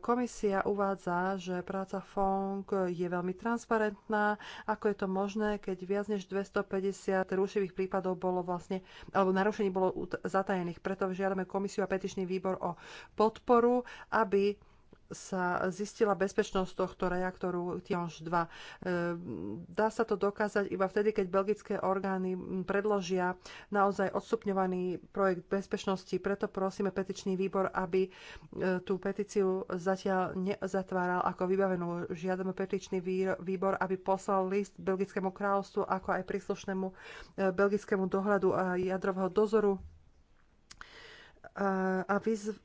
komisia uvádza, že práca FONG je veľmi transparentná, ako je to možné, keď viac než 250 rušivých prípadov bolo vlastne, alebo narušení bolo zatajených. Preto žiadame komisiu a petičný výbor o podporu, aby aby sa zistila bezpečnosť tohto reaktoru Tionž 2. E, dá sa to dokázať iba vtedy, keď belgické orgány predložia naozaj odstupňovaný projekt bezpečnosti. Preto prosíme petičný výbor, aby e, tú petíciu zatiaľ nezatváral ako vybavenú. Žiadame petičný výbor, aby poslal list Belgickému kráľovstvu ako aj príslušnému e, belgickému dohľadu a jadrového dozoru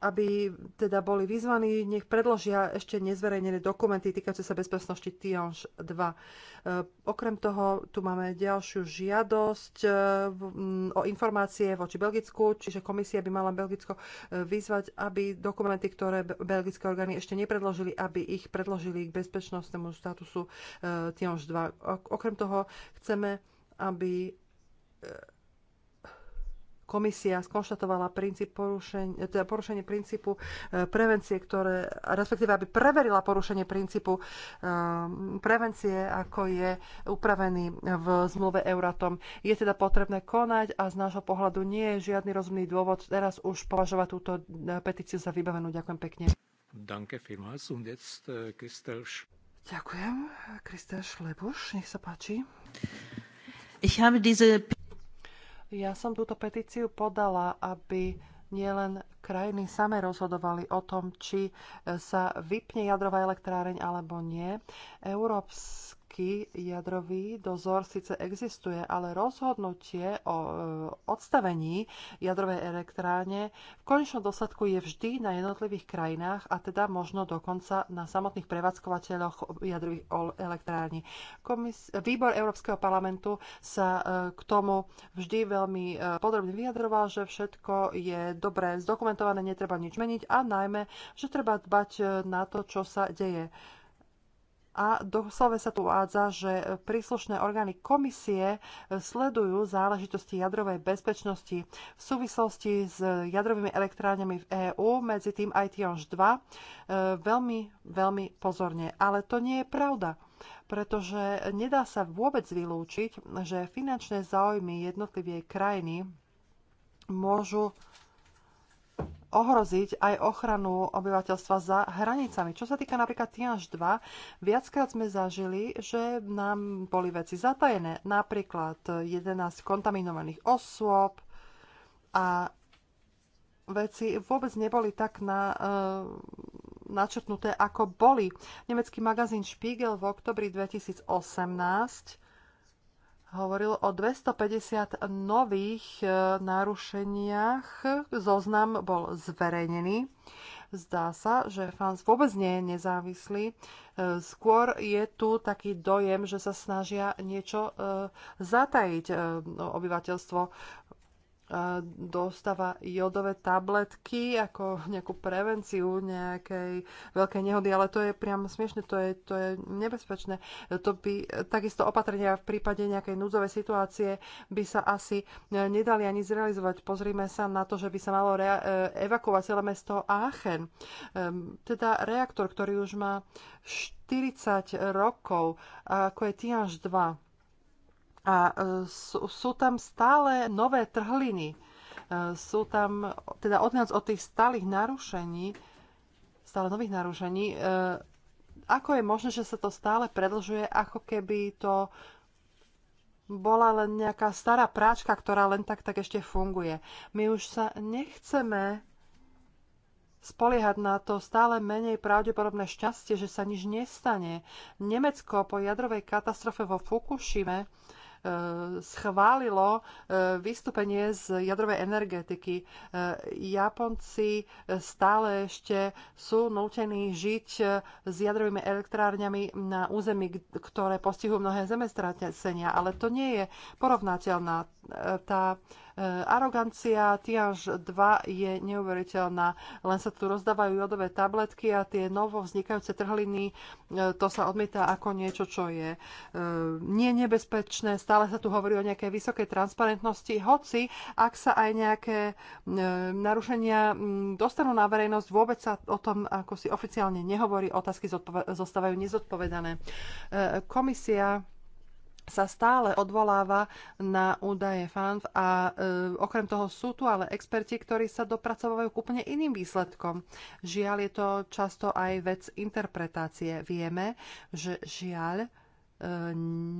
aby teda boli vyzvaní, nech predložia ešte nezverejnené dokumenty týkajúce sa bezpečnosti Tionž 2. E, okrem toho, tu máme ďalšiu žiadosť e, o informácie voči Belgicku, čiže komisia by mala Belgicko e, vyzvať, aby dokumenty, ktoré belgické orgány ešte nepredložili, aby ich predložili k bezpečnostnému statusu Tionž 2. Okrem toho, chceme, aby komisia skonštatovala princíp porušenie, teda porušenie princípu e, prevencie, ktoré, respektíve aby preverila porušenie princípu e, prevencie, ako je upravený v zmluve Euratom. Je teda potrebné konať a z nášho pohľadu nie je žiadny rozumný dôvod teraz už považovať túto e, petíciu za vybavenú. Ďakujem pekne. Danke vielmals und jetzt äh, Christel Ďakujem. Christel Schlebusch, nech sa páči. Ich habe diese ja som túto petíciu podala, aby nielen krajiny same rozhodovali o tom, či sa vypne jadrová elektráreň alebo nie. Európska roky jadrový dozor síce existuje, ale rozhodnutie o e, odstavení jadrovej elektráne v konečnom dôsledku je vždy na jednotlivých krajinách a teda možno dokonca na samotných prevádzkovateľoch jadrových elektrární. Komis- Výbor Európskeho parlamentu sa e, k tomu vždy veľmi e, podrobne vyjadroval, že všetko je dobre zdokumentované, netreba nič meniť a najmä, že treba dbať na to, čo sa deje a do sa tu uvádza, že príslušné orgány komisie sledujú záležitosti jadrovej bezpečnosti v súvislosti s jadrovými elektrárňami v EÚ, medzi tým aj Tionž 2, e, veľmi, veľmi pozorne. Ale to nie je pravda pretože nedá sa vôbec vylúčiť, že finančné záujmy jednotlivej krajiny môžu ohroziť aj ochranu obyvateľstva za hranicami. Čo sa týka napríklad Tianž 2, viackrát sme zažili, že nám boli veci zatajené, napríklad 11 kontaminovaných osôb a veci vôbec neboli tak na, e, načrtnuté, ako boli. Nemecký magazín Spiegel v oktobri 2018 hovoril o 250 nových e, narušeniach. Zoznam bol zverejnený. Zdá sa, že fans vôbec nie je nezávislý. E, skôr je tu taký dojem, že sa snažia niečo e, zatajiť no, obyvateľstvo dostáva jodové tabletky ako nejakú prevenciu nejakej veľkej nehody, ale to je priam smiešne, to je, to je nebezpečné. To by takisto opatrenia v prípade nejakej núdzovej situácie by sa asi e, nedali ani zrealizovať. Pozrime sa na to, že by sa malo e, evakuovať celé mesto Aachen. Ehm, teda reaktor, ktorý už má 40 rokov, ako je Tianž 2 a e, sú, tam stále nové trhliny. E, sú tam, teda odňac od tých stálych narušení, stále nových narušení, e, ako je možné, že sa to stále predlžuje, ako keby to bola len nejaká stará práčka, ktorá len tak, tak ešte funguje. My už sa nechceme spoliehať na to stále menej pravdepodobné šťastie, že sa nič nestane. Nemecko po jadrovej katastrofe vo Fukushime schválilo e, vystúpenie z jadrovej energetiky. E, Japonci stále ešte sú nútení žiť e, s jadrovými elektrárňami na území, ktoré postihujú mnohé zemestrátenia, ale to nie je porovnateľná tá Eh, arogancia Tianž 2 je neuveriteľná. Len sa tu rozdávajú jodové tabletky a tie novo vznikajúce trhliny, eh, to sa odmieta ako niečo, čo je eh, nie nebezpečné. Stále sa tu hovorí o nejakej vysokej transparentnosti, hoci ak sa aj nejaké narušenia mm, dostanú na verejnosť, vôbec sa o tom ako si oficiálne nehovorí, otázky zostávajú nezodpovedané. Komisia sa stále odvoláva na údaje FANF a e, okrem toho sú tu ale experti, ktorí sa dopracovajú k úplne iným výsledkom. Žiaľ je to často aj vec interpretácie. Vieme, že žiaľ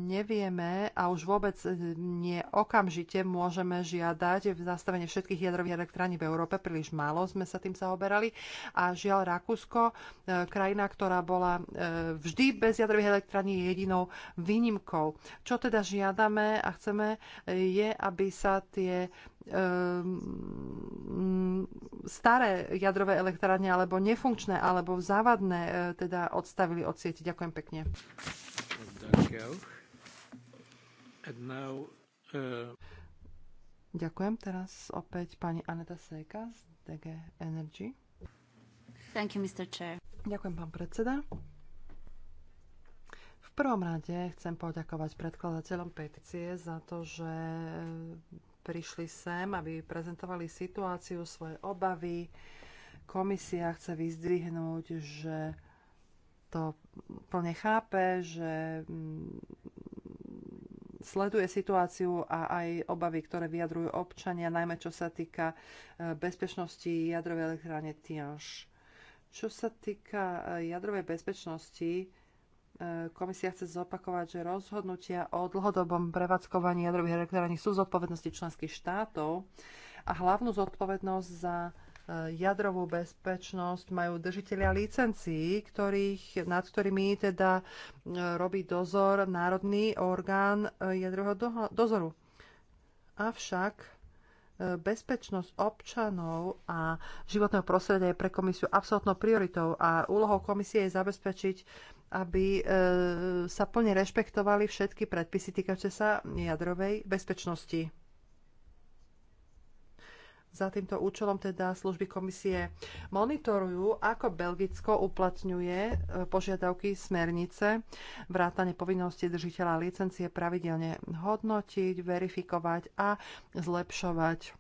nevieme a už vôbec nie okamžite môžeme žiadať v zastavenie všetkých jadrových elektrární v Európe. Príliš málo sme sa tým zaoberali. A žiaľ Rakúsko, e, krajina, ktorá bola e, vždy bez jadrových elektrární, je jedinou výnimkou. Čo teda žiadame a chceme, e, je, aby sa tie staré jadrové elektrárne alebo nefunkčné alebo závadné teda odstavili od siete. Ďakujem pekne. Ďakujem. Teraz opäť pani Aneta Sejka z DG Energy. Thank you, Mr. Chair. Ďakujem, pán predseda. V prvom rade chcem poďakovať predkladateľom petície za to, že prišli sem, aby prezentovali situáciu, svoje obavy. Komisia chce vyzdvihnúť, že to plne chápe, že mm, sleduje situáciu a aj obavy, ktoré vyjadrujú občania, najmä čo sa týka e, bezpečnosti jadrovej elektrárne Tianš. Čo sa týka e, jadrovej bezpečnosti, e, komisia chce zopakovať, že rozhodnutia o dlhodobom prevádzkovaní jadrových elektrární sú zodpovednosti členských štátov a hlavnú zodpovednosť za Eh, jadrovú bezpečnosť majú držiteľia licencií, ktorých, nad ktorými teda eh, robí dozor národný orgán eh, jadrového dozoru. Avšak bezpečnosť občanov a životného prostredia je pre komisiu absolútnou prioritou a úlohou komisie je zabezpečiť, aby sa plne rešpektovali všetky predpisy týkajúce sa jadrovej bezpečnosti. Za týmto účelom teda služby komisie monitorujú, ako Belgicko uplatňuje e, požiadavky smernice, vrátane povinnosti držiteľa licencie pravidelne hodnotiť, verifikovať a zlepšovať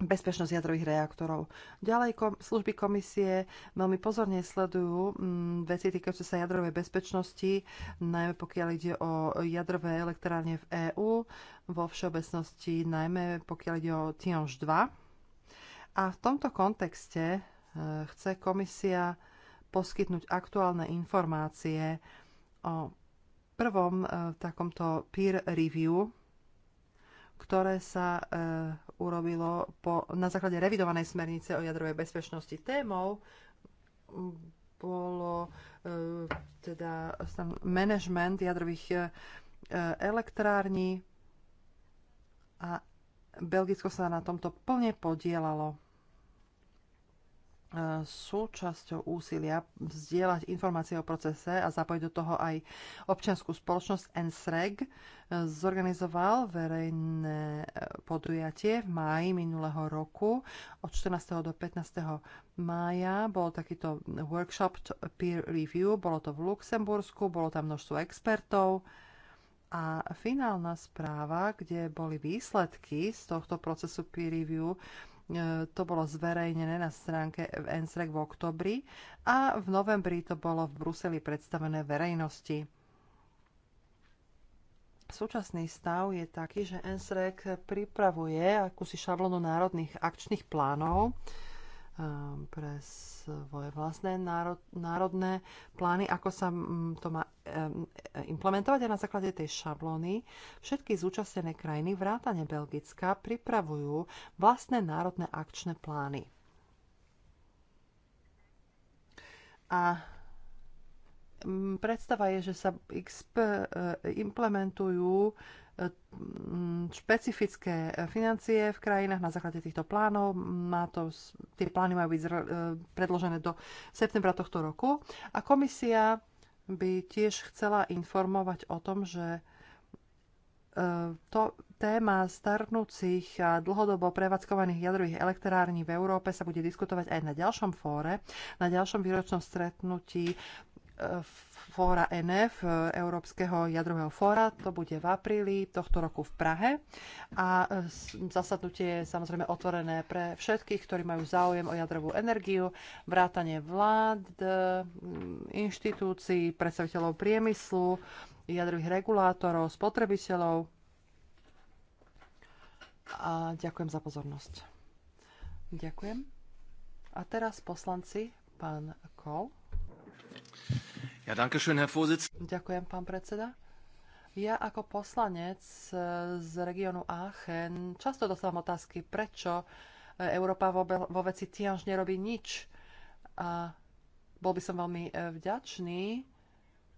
bezpečnosť jadrových reaktorov. Ďalej kom, služby komisie veľmi pozorne sledujú mm, veci týkajúce sa jadrovej bezpečnosti, najmä pokiaľ ide o jadrové elektrárne v EÚ, vo všeobecnosti najmä pokiaľ ide o Tionž 2 a v tomto kontexte e, chce komisia poskytnúť aktuálne informácie o prvom e, takomto peer review, ktoré sa e, urobilo po, na základe revidovanej smernice o jadrovej bezpečnosti. Témou bolo teda management jadrových elektrární a Belgicko sa na tomto plne podielalo. E, súčasťou úsilia vzdielať informácie o procese a zapojiť do toho aj občianskú spoločnosť NSREG e, zorganizoval verejné e, podujatie v máji minulého roku. Od 14. do 15. mája bol takýto workshop peer review. Bolo to v Luxembursku, bolo tam množstvo expertov. A finálna správa, kde boli výsledky z tohto procesu peer review, e, to bolo zverejnené na stránke v NSREC v oktobri a v novembri to bolo v Bruseli predstavené verejnosti. Súčasný stav je taký, že NSREC pripravuje akúsi šablonu národných akčných plánov e, pre svoje vlastné národ, národné plány, ako sa to má implementovať a na základe tej šablóny všetky zúčastnené krajiny vrátane Belgická pripravujú vlastné národné akčné plány. A predstava je, že sa e, implementujú e, špecifické financie v krajinách na základe týchto plánov. Má to, tie plány majú byť e, predložené do septembra tohto roku a komisia by tiež chcela informovať o tom, že e, to téma starnúcich a dlhodobo prevádzkovaných jadrových elektrární v Európe sa bude diskutovať aj na ďalšom fóre, na ďalšom výročnom stretnutí fóra NF, e, Európskeho jadrového fóra. To bude v apríli tohto roku v Prahe. A e, zasadnutie je samozrejme otvorené pre všetkých, ktorí majú záujem o jadrovú energiu, vrátanie vlád, e, inštitúcií, predstaviteľov priemyslu, jadrových regulátorov, spotrebiteľov. A ďakujem za pozornosť. Ďakujem. A teraz poslanci, pán Kol. Ja, danke schön, Herr Ďakujem, pán predseda. Ja ako poslanec eh, z regiónu Aachen často dostávam otázky, prečo eh, Európa vo, vo veci Tianž nerobí nič. A bol by som veľmi eh, vďačný,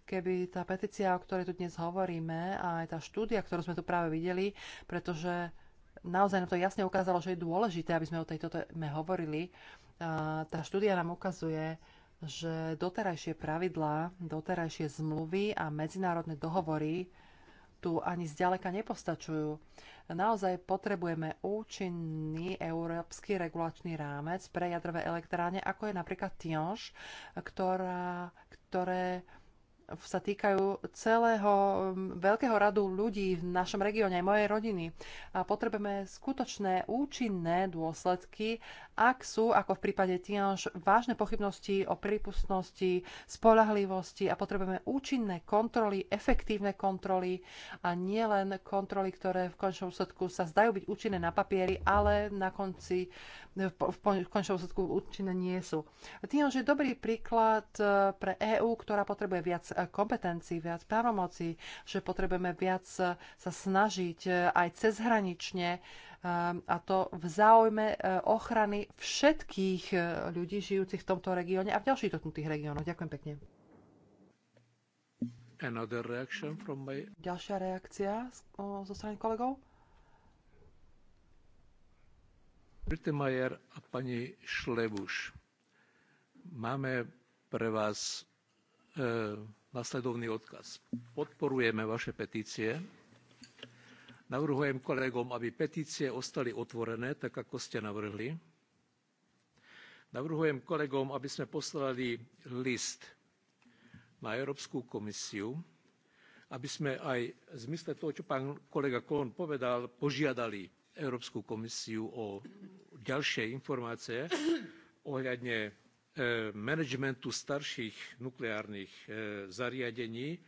keby tá petícia, o ktorej tu dnes hovoríme, a aj tá štúdia, ktorú sme tu práve videli, pretože naozaj nám to jasne ukázalo, že je dôležité, aby sme o tejto téme hovorili. A tá štúdia nám ukazuje, že doterajšie pravidlá, doterajšie zmluvy a medzinárodné dohovory tu ani zďaleka nepostačujú. Naozaj potrebujeme účinný európsky regulačný rámec pre jadrové elektráne, ako je napríklad Tionš, ktorá, ktoré sa týkajú celého um, veľkého radu ľudí v našom regióne, aj mojej rodiny. A potrebujeme skutočné účinné dôsledky ak sú, ako v prípade Tianš, vážne pochybnosti o prípustnosti, spolahlivosti a potrebujeme účinné kontroly, efektívne kontroly a nielen kontroly, ktoré v končnom úsledku sa zdajú byť účinné na papieri, ale na konci v končnom úsledku účinné nie sú. Tianš je dobrý príklad eh, pre EÚ, ktorá potrebuje viac eh, kompetencií, viac právomocí, že potrebujeme viac eh, sa snažiť aj cezhranične Ehm, a to v záujme e, ochrany všetkých e, ľudí žijúcich v tomto regióne a v ďalších dotknutých regiónoch. Ďakujem pekne. My... Ďalšia reakcia zo strany kolegov? Majer a pani Šlebuš, máme pre vás e, nasledovný odkaz. Podporujeme vaše petície, Navrhujem kolegom, aby petície ostali otvorené, tak ako ste navrhli. Navrhujem kolegom, aby sme poslali list na Európsku komisiu, aby sme aj v zmysle toho, čo pán kolega Kohn povedal, požiadali Európsku komisiu o ďalšie informácie ohľadne e, manažmentu starších nukleárnych e, zariadení,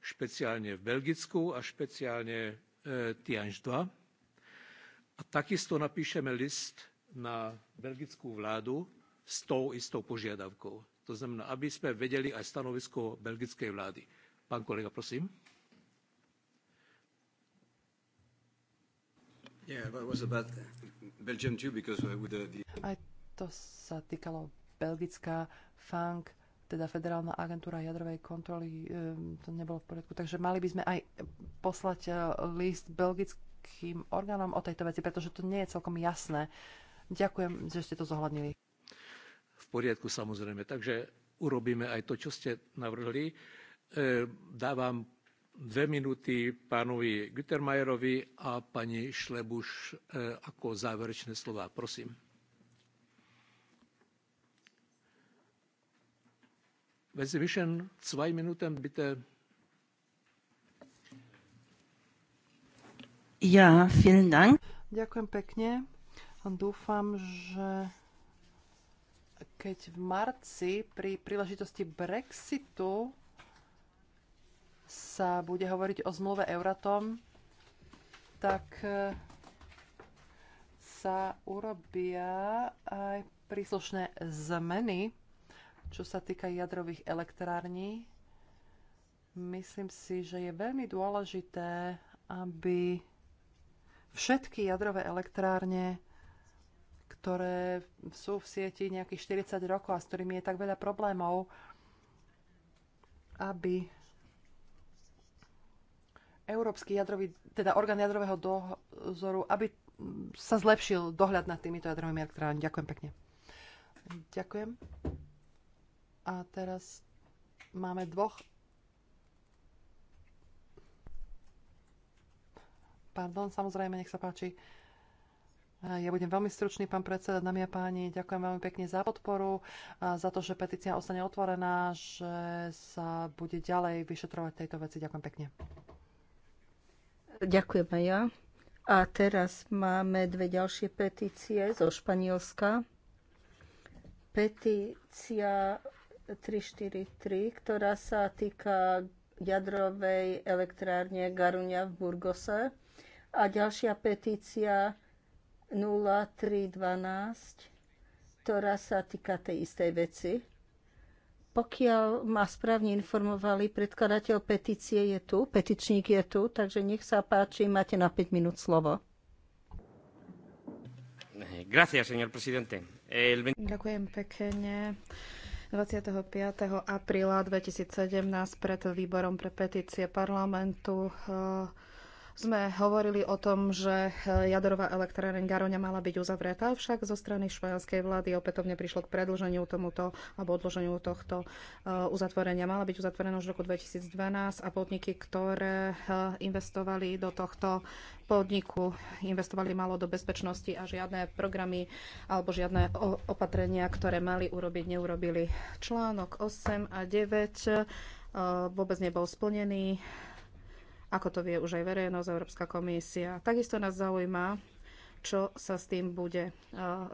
špeciálne v Belgicku a špeciálne E, Tianž 2. A takisto napíšeme list na belgickú vládu s tou istou požiadavkou. To znamená, aby sme vedeli aj stanovisko belgickej vlády. Pán kolega, prosím. Uh, aj to sa týkalo Belgická, Fang, teda Federálna agentúra jadrovej kontroly to nebolo v poriadku. Takže mali by sme aj poslať e, list belgickým orgánom o tejto veci, pretože to nie je celkom jasné. Ďakujem, že ste to zohľadnili. V poriadku samozrejme. Takže urobíme aj to, čo ste navrhli. E, dávam dve minúty pánovi Gütermajerovi a pani Šlebuš e, ako záverečné slova. Prosím. Bei zwischen zwei Minuten bitte. Ja, vielen Dank. Ďakujem pekne. Dúfam, že keď v marci pri príležitosti Brexitu sa bude hovoriť o zmluve Euratom, tak e, sa urobia aj príslušné zmeny čo sa týka jadrových elektrární, myslím si, že je veľmi dôležité, aby všetky jadrové elektrárne, ktoré sú v sieti nejakých 40 rokov a s ktorými je tak veľa problémov, aby Európsky jadrový, teda orgán jadrového dozoru, aby sa zlepšil dohľad nad týmito jadrovými elektrárnami. Ďakujem pekne. Ďakujem. A teraz máme dvoch Pardon, samozrejme, nech sa páči. Ja budem veľmi stručný, pán predseda, dámy a páni. Ďakujem veľmi pekne za podporu, za to, že petícia ostane otvorená, že sa bude ďalej vyšetrovať tejto veci. Ďakujem pekne. Ďakujem aj ja. A teraz máme dve ďalšie petície zo Španielska. Petícia 343, ktorá sa týka jadrovej elektrárne Garunia v Burgose a ďalšia petícia 0312, ktorá sa týka tej istej veci. Pokiaľ ma správne informovali, predkladateľ petície je tu, petičník je tu, takže nech sa páči, máte na 5 minút slovo. Gracias, señor presidente. El... Ďakujem pekne. 25. apríla 2017 pred výborom pre petície parlamentu eh, sme hovorili o tom, že eh, jadrová elektráreň Garoňa mala byť uzavretá, však zo strany španielskej vlády opätovne prišlo k predlženiu tomuto alebo odloženiu tohto eh, uzatvorenia. Mala byť uzatvorená už v roku 2012 a podniky, ktoré eh, investovali do tohto podniku, investovali malo do bezpečnosti a žiadne programy alebo žiadne opatrenia, ktoré mali urobiť, neurobili. Článok 8 a 9 vôbec nebol splnený ako to vie už aj verejnosť, Európska komisia. Takisto nás zaujíma, čo sa s tým bude e,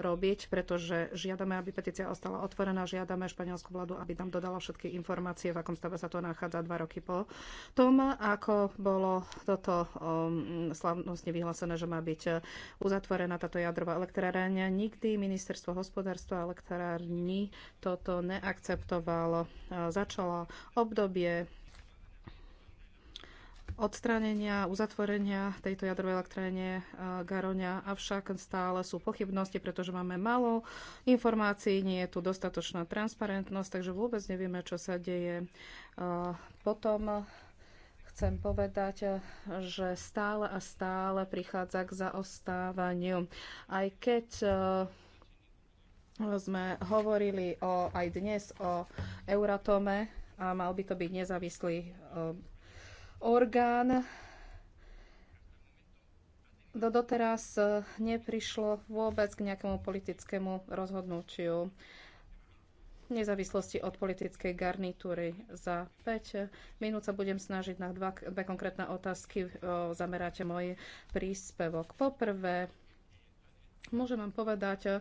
robiť, pretože žiadame, aby petícia ostala otvorená, žiadame španielskú vládu, aby nám dodala všetky informácie, v akom stave sa to nachádza dva roky po tom, ako bolo toto um, slavnostne vyhlásené, že má byť e, uzatvorená táto jadrová elektrárňa. Nikdy ministerstvo hospodárstva elektrárni toto neakceptovalo. E, začalo obdobie odstránenia, uzatvorenia tejto jadrovej elektrárne eh, Garoňa, avšak stále sú pochybnosti, pretože máme málo informácií, nie je tu dostatočná transparentnosť, takže vôbec nevieme, čo sa deje. Eh, potom chcem povedať, že stále a stále prichádza k zaostávaniu. Aj keď eh, sme hovorili o, aj dnes o Euratome, a mal by to byť nezávislý orgán. Do doteraz neprišlo vôbec k nejakému politickému rozhodnutiu nezávislosti od politickej garnitúry. Za 5 minút sa budem snažiť na dva, dve konkrétne otázky zamerať môj príspevok. Poprvé, Môžem vám povedať, eh,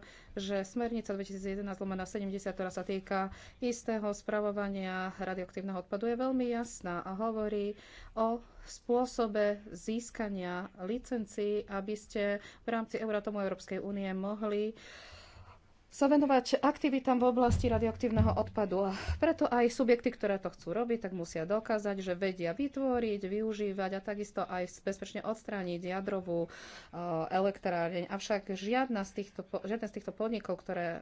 že smernica 2011-70, ktorá sa týka istého spravovania radioaktívneho odpadu, je veľmi jasná a hovorí o spôsobe získania licencií, aby ste v rámci Euratomu Európskej únie mohli uh, sa venovať aktivitám v oblasti radioaktívneho odpadu. A preto aj subjekty, ktoré to chcú robiť, tak musia dokázať, že vedia vytvoriť, využívať a takisto aj bezpečne odstrániť jadrovú uh, elektráreň. Avšak žiadna z týchto, žiadna z týchto podnikov, ktoré e, e,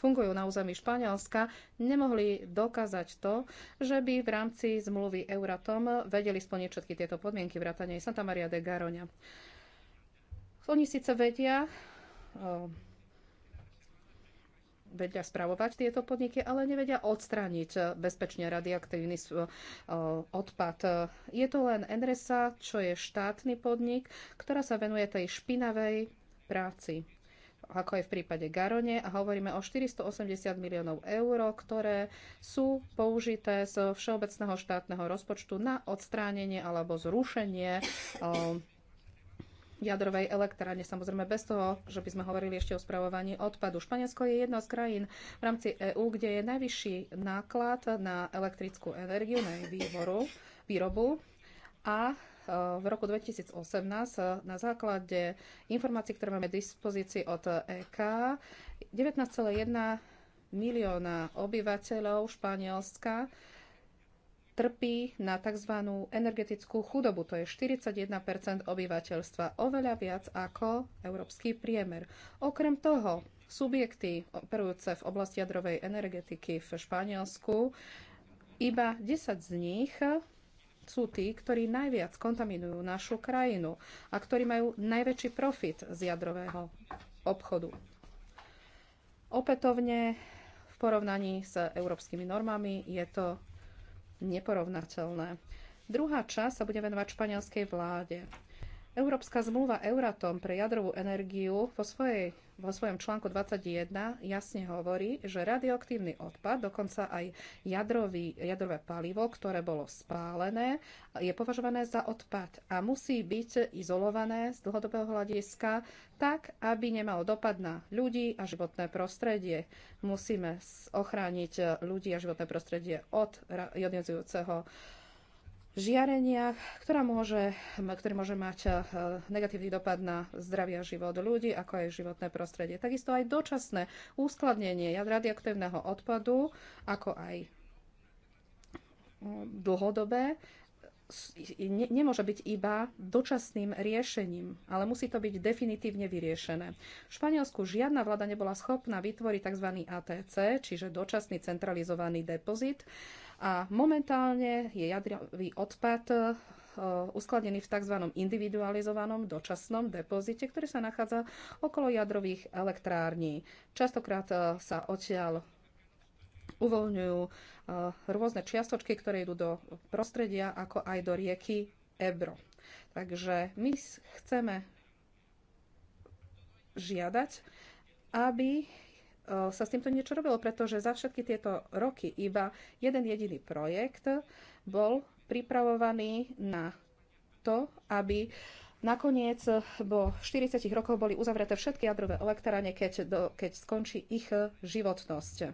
fungujú na území Španielska, nemohli dokázať to, že by v rámci zmluvy Euratom vedeli splniť všetky tieto podmienky vrátane Santa Maria de Garoňa. Oni síce vedia, vedia spravovať tieto podniky, ale nevedia odstrániť bezpečne radioaktívny odpad. Je to len NRSA, čo je štátny podnik, ktorá sa venuje tej špinavej práci ako aj v prípade Garone a hovoríme o 480 miliónov eur, ktoré sú použité z všeobecného štátneho rozpočtu na odstránenie alebo zrušenie jadrovej elektrárne, samozrejme bez toho, že by sme hovorili ešte o spravovaní odpadu. Španielsko je jedna z krajín v rámci EÚ, kde je najvyšší náklad na elektrickú energiu, na jej vývoru, výrobu a e, v roku 2018 e, na základe informácií, ktoré máme v dispozícii od EK, 19,1 milióna obyvateľov Španielska trpí na tzv. energetickú chudobu. To je 41 obyvateľstva, oveľa viac ako európsky priemer. Okrem toho, subjekty operujúce v oblasti jadrovej energetiky v Španielsku, iba 10 z nich sú tí, ktorí najviac kontaminujú našu krajinu a ktorí majú najväčší profit z jadrového obchodu. Opätovne v porovnaní s európskymi normami je to neporovnateľné. Druhá časť sa bude venovať španielskej vláde. Európska zmluva Euratom pre jadrovú energiu vo svojej vo svojom článku 21 jasne hovorí, že radioaktívny odpad, dokonca aj jadrový, jadrové palivo, ktoré bolo spálené, je považované za odpad a musí byť izolované z dlhodobého hľadiska tak, aby nemalo dopad na ľudí a životné prostredie. Musíme ochrániť ľudí a životné prostredie od jodionizujúceho žiarenia, ktorá môže, ktoré môže mať e, negatívny dopad na zdravie a život ľudí, ako aj životné prostredie. Takisto aj dočasné uskladnenie radioaktívneho odpadu, ako aj e, dlhodobé, ne, nemôže byť iba dočasným riešením, ale musí to byť definitívne vyriešené. V Španielsku žiadna vláda nebola schopná vytvoriť tzv. ATC, čiže dočasný centralizovaný depozit, a momentálne je jadrový odpad e, uskladený v tzv. individualizovanom dočasnom depozite, ktorý sa nachádza okolo jadrových elektrární. Častokrát e, sa odtiaľ uvoľňujú e, rôzne čiastočky, ktoré idú do prostredia, ako aj do rieky Ebro. Takže my chceme žiadať, aby E, sa s týmto niečo robilo, pretože za všetky tieto roky iba jeden jediný projekt bol pripravovaný na to, aby nakoniec po 40 rokoch boli uzavreté všetky jadrové elektrárne, keď, do, keď skončí ich životnosť. E,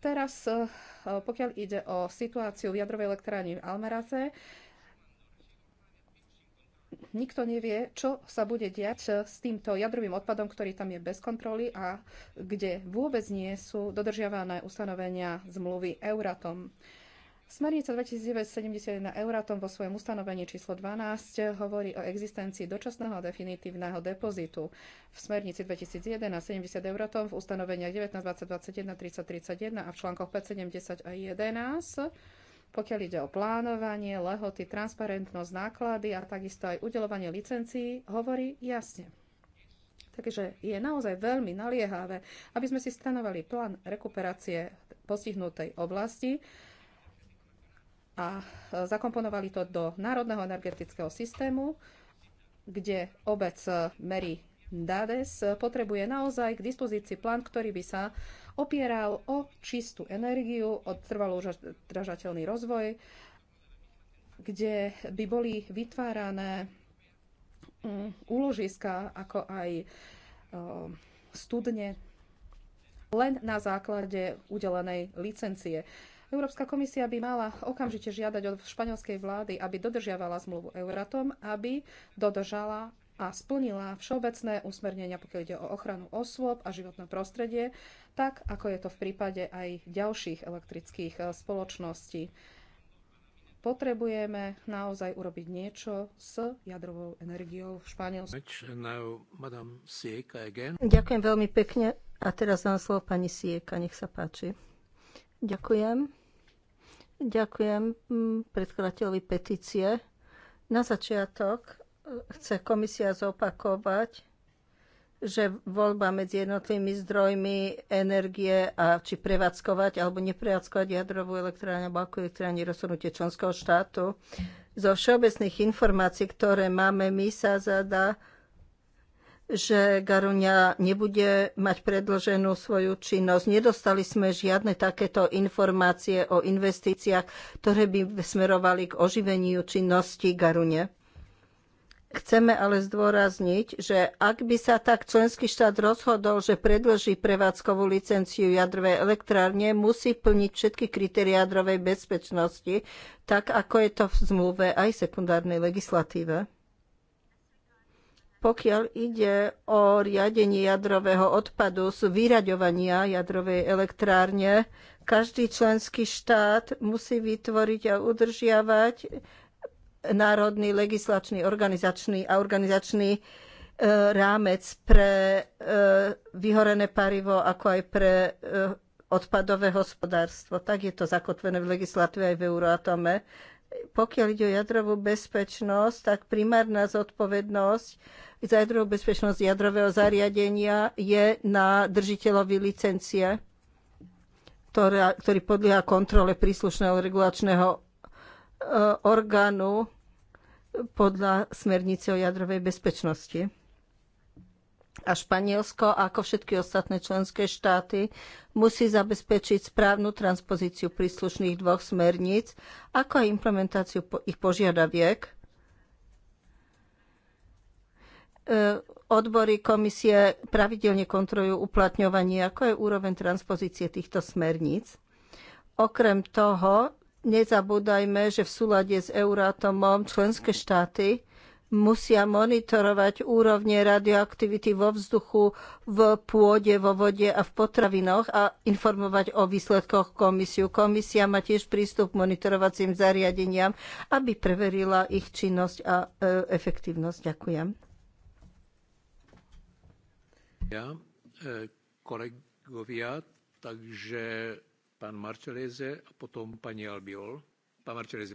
teraz, e, pokiaľ ide o situáciu v jadrovej elektrárni v Almeraze, nikto nevie, čo sa bude diať eh, s týmto jadrovým odpadom, ktorý tam je bez kontroly a kde vôbec nie sú dodržiavané ustanovenia zmluvy Euratom. Smernica 2971 Euratom vo svojom ustanovení číslo 12 hovorí o existencii dočasného a definitívneho depozitu. V smernici 2001 70 Euratom v ustanoveniach 19, 20, 21, 30, 31 a v článkoch 5, 70 a 11 pokiaľ ide o plánovanie, lehoty, transparentnosť, náklady a takisto aj udelovanie licencií, hovorí jasne. Takže je naozaj veľmi naliehavé, aby sme si stanovali plán rekuperácie postihnutej oblasti a zakomponovali to do národného energetického systému, kde obec merí DADES potrebuje naozaj k dispozícii plán, ktorý by sa opieral o čistú energiu, o trvalo udržateľný rozvoj, kde by boli vytvárané mm, úložiska, ako aj e, studne, len na základe udelenej licencie. Európska komisia by mala okamžite žiadať od španielskej vlády, aby dodržiavala zmluvu Euratom, aby dodržala a splnila všeobecné usmernenia, pokiaľ ide o ochranu osôb a životné prostredie, tak ako je to v prípade aj ďalších elektrických e, spoločností. Potrebujeme naozaj urobiť niečo s jadrovou energiou v Španielsku. Ďakujem veľmi pekne. A teraz dám slovo pani Sieka, nech sa páči. Ďakujem. Ďakujem predkladateľovi petície. Na začiatok chce komisia zopakovať, že voľba medzi jednotlivými zdrojmi energie a či prevádzkovať alebo neprevádzkovať jadrovú elektráň alebo akú elektrárne rozhodnutie členského štátu. Zo všeobecných informácií, ktoré máme, my sa zadá, že Garunia nebude mať predloženú svoju činnosť. Nedostali sme žiadne takéto informácie o investíciách, ktoré by smerovali k oživeniu činnosti Garune. Chceme ale zdôrazniť, že ak by sa tak členský štát rozhodol, že predlží prevádzkovú licenciu jadrovej elektrárne, musí plniť všetky kritéria jadrovej bezpečnosti, tak ako je to v zmluve aj v sekundárnej legislatíve. Pokiaľ ide o riadenie jadrového odpadu z vyraďovania jadrovej elektrárne, každý členský štát musí vytvoriť a udržiavať národný legislačný, organizačný a organizačný e, rámec pre e, vyhorené parivo, ako aj pre e, odpadové hospodárstvo. Tak je to zakotvené v legislatíve aj v Euroatome. Pokiaľ ide o jadrovú bezpečnosť, tak primárna zodpovednosť za jadrovú bezpečnosť jadrového zariadenia je na držiteľovi licencie, ktorá, ktorý podlieha kontrole príslušného regulačného orgánu podľa smernice o jadrovej bezpečnosti. A Španielsko, ako všetky ostatné členské štáty, musí zabezpečiť správnu transpozíciu príslušných dvoch smerníc, ako aj implementáciu ich požiadaviek. E, odbory komisie pravidelne kontrolujú uplatňovanie, ako je úroveň transpozície týchto smerníc. Okrem toho Nezabúdajme, že v súlade s Euratomom členské štáty musia monitorovať úrovne radioaktivity vo vzduchu, v pôde, vo vode a v potravinoch a informovať o výsledkoch komisiu. Komisia má tiež prístup k monitorovacím zariadeniam, aby preverila ich činnosť a e, efektívnosť. Ďakujem. Ja, e, kolegovia, takže pán Marčeleze a potom pani Albiol. Pán Marčeleze,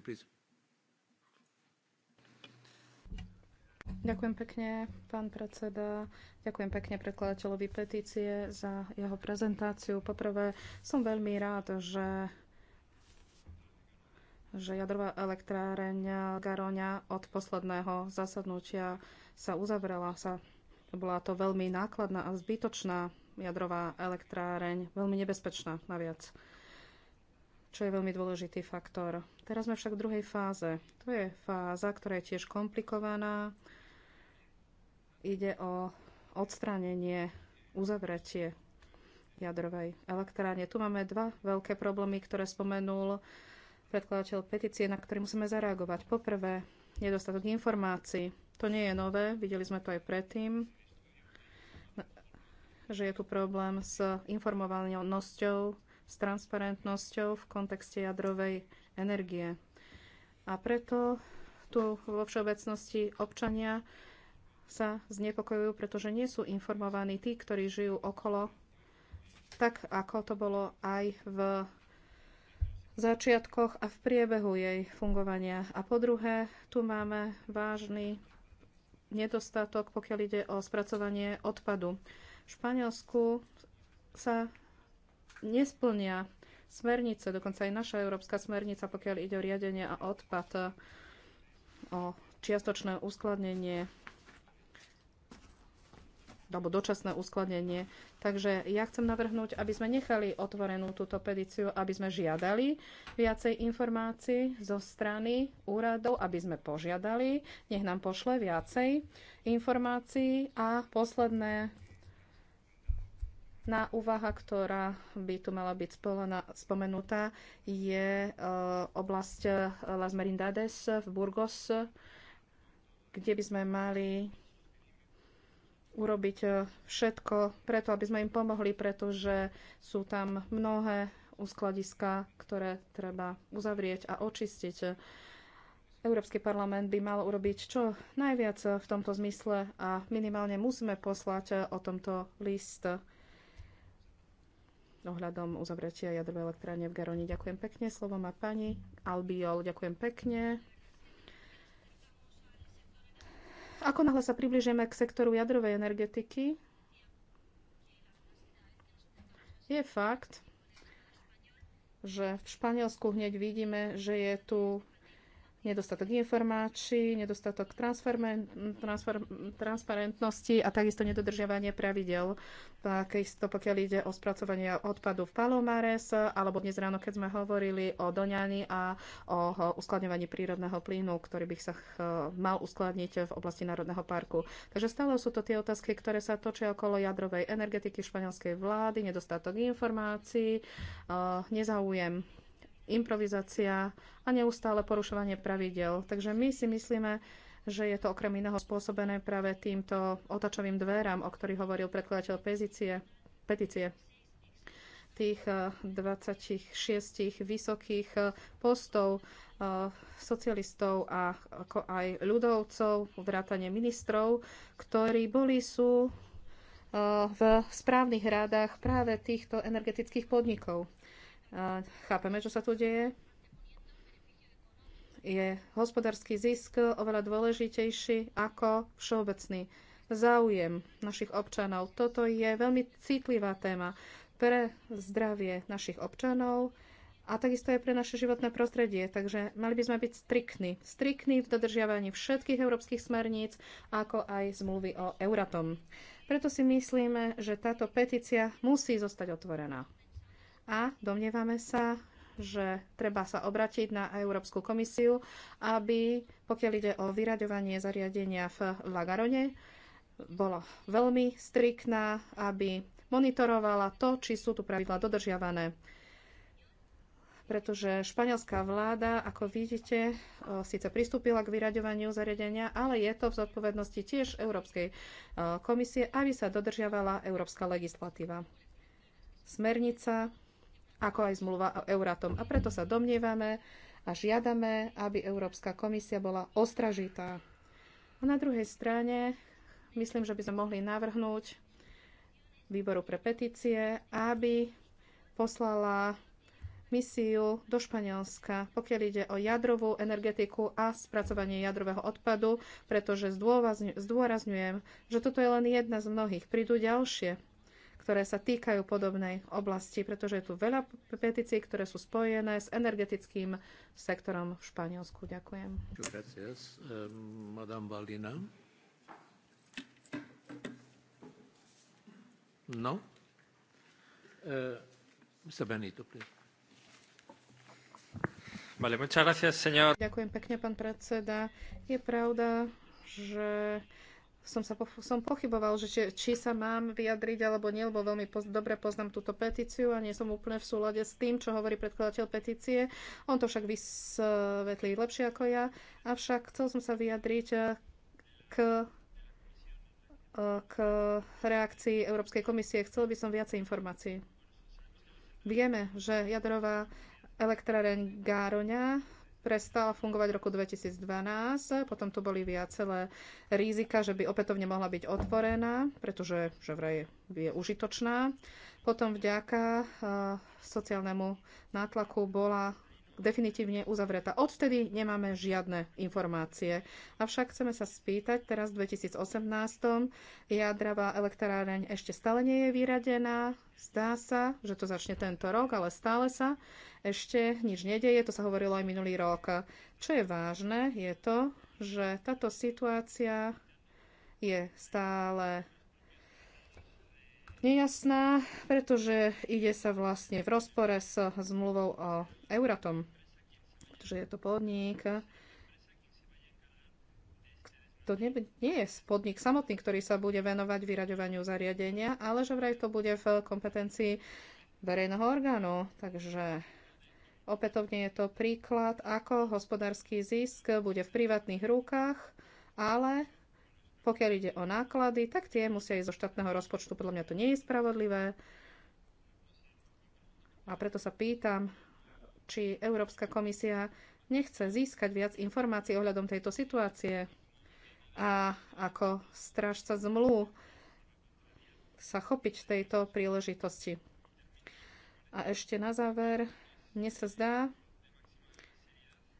Ďakujem pekne, pán predseda. Ďakujem pekne prekladateľovi petície za jeho prezentáciu. Poprvé, som veľmi rád, že že jadrová elektráreň Garoňa od posledného zasadnutia sa uzavrela. Sa, bola to veľmi nákladná a zbytočná jadrová elektráreň, veľmi nebezpečná naviac čo je veľmi dôležitý faktor. Teraz sme však v druhej fáze. To je fáza, ktorá je tiež komplikovaná. Ide o odstránenie, uzavretie jadrovej elektrárne. Tu máme dva veľké problémy, ktoré spomenul predkladateľ petície, na ktoré musíme zareagovať. Poprvé, nedostatok informácií. To nie je nové, videli sme to aj predtým, že je tu problém s informovanosťou s transparentnosťou v kontexte jadrovej energie. A preto tu vo všeobecnosti občania sa znepokojujú, pretože nie sú informovaní tí, ktorí žijú okolo, tak ako to bolo aj v začiatkoch a v priebehu jej fungovania. A po druhé, tu máme vážny nedostatok, pokiaľ ide o spracovanie odpadu. V Španielsku sa nesplnia smernice, dokonca aj naša európska smernica, pokiaľ ide o riadenie a odpad, e, o čiastočné uskladnenie alebo dočasné uskladnenie. Takže ja chcem navrhnúť, aby sme nechali otvorenú túto petíciu, aby sme žiadali viacej informácií zo strany úradov, aby sme požiadali, nech nám pošle viacej informácií a posledné Jedna úvaha, ktorá by tu mala byť spomenutá, je eh, oblasť eh, Las Merindades v Burgos, kde by sme mali urobiť eh, všetko preto, aby sme im pomohli, pretože sú tam mnohé uskladiska, ktoré treba uzavrieť a očistiť. Európsky parlament by mal urobiť čo najviac v tomto zmysle a minimálne musíme poslať o tomto list ohľadom uzavretia jadrovej elektrárne v Garoni. Ďakujem pekne. Slovo má pani Albiol. Ďakujem pekne. Ako náhle sa približujeme k sektoru jadrovej energetiky, je fakt, že v Španielsku hneď vidíme, že je tu nedostatok informácií, nedostatok transfer, transparentnosti a takisto nedodržiavanie pravidel. Takisto pokiaľ ide o spracovanie odpadu v Palomares, alebo dnes ráno, keď sme hovorili o Doňani a o uskladňovaní prírodného plynu, ktorý by sa mal uskladniť v oblasti Národného parku. Takže stále sú to tie otázky, ktoré sa točia okolo jadrovej energetiky španielskej vlády, nedostatok informácií, eh, nezaujem improvizácia a neustále porušovanie pravidel. Takže my si myslíme, že je to okrem iného spôsobené práve týmto otačovým dverám, o ktorých hovoril predkladateľ petície. petície tých 26 eh, vysokých eh, postov eh, socialistov a ako aj ľudovcov, vrátane ministrov, ktorí boli sú v správnych rádach práve týchto energetických podnikov. Chápeme, čo sa tu deje? Je hospodársky zisk oveľa dôležitejší ako všeobecný záujem našich občanov. Toto je veľmi citlivá téma pre zdravie našich občanov a takisto aj pre naše životné prostredie. Takže mali by sme byť striktní. Striktní v dodržiavaní všetkých európskych smerníc, ako aj zmluvy o Euratom. Preto si myslíme, že táto petícia musí zostať otvorená a domnievame sa, že treba sa obratiť na Európsku komisiu, aby, pokiaľ ide o vyraďovanie zariadenia v Lagarone, bola veľmi striktná, aby monitorovala to, či sú tu pravidla dodržiavané. Pretože španielská vláda, ako vidíte, síce pristúpila k vyraďovaniu zariadenia, ale je to v zodpovednosti tiež Európskej komisie, aby sa dodržiavala európska legislatíva. Smernica ako aj zmluva o Euratom. A preto sa domnievame a žiadame, aby Európska komisia bola ostražitá. A na druhej strane, myslím, že by sme mohli navrhnúť výboru pre petície, aby poslala misiu do Španielska, pokiaľ ide o jadrovú energetiku a spracovanie jadrového odpadu, pretože zdôrazňujem, že toto je len jedna z mnohých. Prídu ďalšie ktoré sa týkajú podobnej oblasti, pretože je tu veľa petícií, ktoré sú spojené s energetickým sektorom v Španielsku. Ďakujem. Gracias. Eh, Madame Valina. No. Uh, Mr. Benito, please. Vale, muchas gracias, señor. Ďakujem pekne, pán predseda. Je pravda, že som, sa, som pochyboval, že či, či sa mám vyjadriť alebo nie, lebo veľmi poz, dobre poznám túto petíciu a nie som úplne v súlade s tým, čo hovorí predkladateľ petície. On to však vysvetlí lepšie ako ja. Avšak chcel som sa vyjadriť eh, k eh, k reakcii Európskej komisie. Chcel by som viacej informácií. Vieme, že jadrová elektráreň Gároňa prestala fungovať v roku 2012. Potom tu boli viacelé rizika, že by opätovne mohla byť otvorená, pretože že vraj je užitočná. Potom vďaka eh, sociálnemu nátlaku bola definitívne uzavretá. Odvtedy nemáme žiadne informácie. Avšak chceme sa spýtať, teraz v 2018. jadravá elektráreň ešte stále nie je vyradená. Zdá sa, že to začne tento rok, ale stále sa ešte nič nedeje, to sa hovorilo aj minulý rok. Čo je vážne, je to, že táto situácia je stále nejasná, pretože ide sa vlastne v rozpore s zmluvou o Euratom, pretože je to podnik, to nie, nie je podnik samotný, ktorý sa bude venovať vyraďovaniu zariadenia, ale že vraj to bude v kompetencii verejného orgánu. Takže Opätovne je to príklad, ako hospodársky zisk bude v privátnych rukách, ale pokiaľ ide o náklady, tak tie musia ísť zo štátneho rozpočtu. Podľa mňa to nie je spravodlivé. A preto sa pýtam, či Európska komisia nechce získať viac informácií ohľadom tejto situácie. A ako strážca zmluv sa chopiť tejto príležitosti. A ešte na záver mne sa zdá,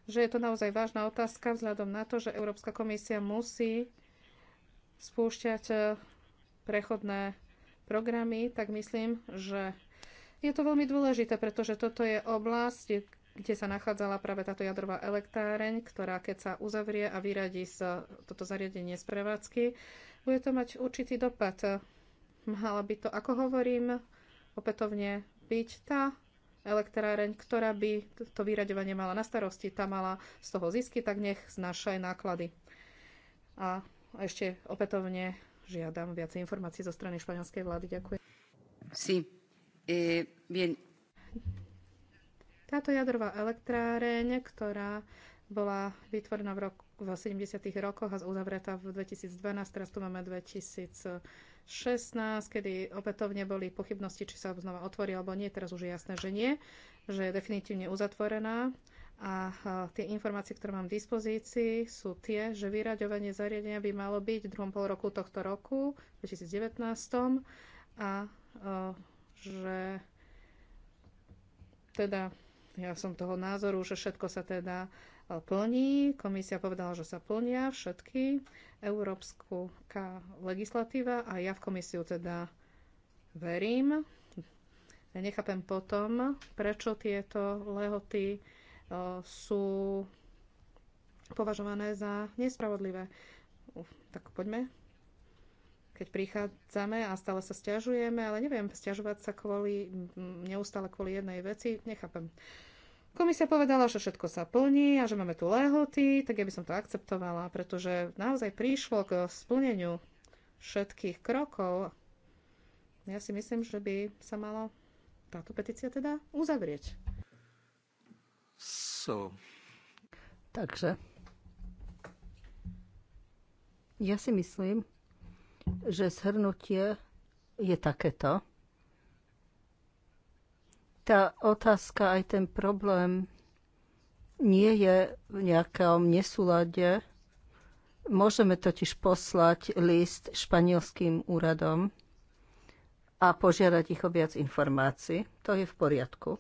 že je to naozaj vážna otázka vzhľadom na to, že Európska komisia musí spúšťať eh, prechodné programy, tak myslím, že je to veľmi dôležité, pretože toto je oblasť, kde sa nachádzala práve táto jadrová elektáreň, ktorá keď sa uzavrie a vyradí sa eh, toto zariadenie z prevádzky, bude to mať určitý dopad. Mala by to, ako hovorím, opätovne byť tá elektráreň, ktorá by to vyraďovanie mala na starosti, tá mala z toho zisky, tak nech znáša aj náklady. A ešte opätovne žiadam viacej informácií zo strany španielskej vlády. Ďakujem. Sí. Eh, bien. Táto jadrová elektráreň, ktorá bola vytvorená v, roku, v 70. rokoch a uzavretá v 2012, teraz tu máme 2000 16, kedy opätovne boli pochybnosti, či sa znova otvorí alebo nie. Teraz už je jasné, že nie, že je definitívne uzatvorená. A tie informácie, ktoré mám v dispozícii, sú tie, že vyraďovanie zariadenia by malo byť v druhom pol roku tohto roku, 2019, a že teda ja som toho názoru, že všetko sa teda plní. Komisia povedala, že sa plnia všetky európska legislatíva a ja v komisiu teda verím. Nechápem potom, prečo tieto lehoty e, sú považované za nespravodlivé. Uf, tak poďme. Keď prichádzame a stále sa stiažujeme, ale neviem, stiažovať sa kvôli, neustále kvôli jednej veci, nechápem. Uh, Komisia povedala, že všetko sa plní a že máme tu lehoty, tak ja by som to akceptovala, pretože naozaj prišlo k splneniu všetkých krokov. Ja si myslím, že by sa malo táto petícia teda uzavrieť. So. Takže. Ja si myslím, že shrnutie je takéto tá otázka, aj ten problém nie je v nejakom nesúlade. Môžeme totiž poslať list španielským úradom a požiadať ich o viac informácií. To je v poriadku.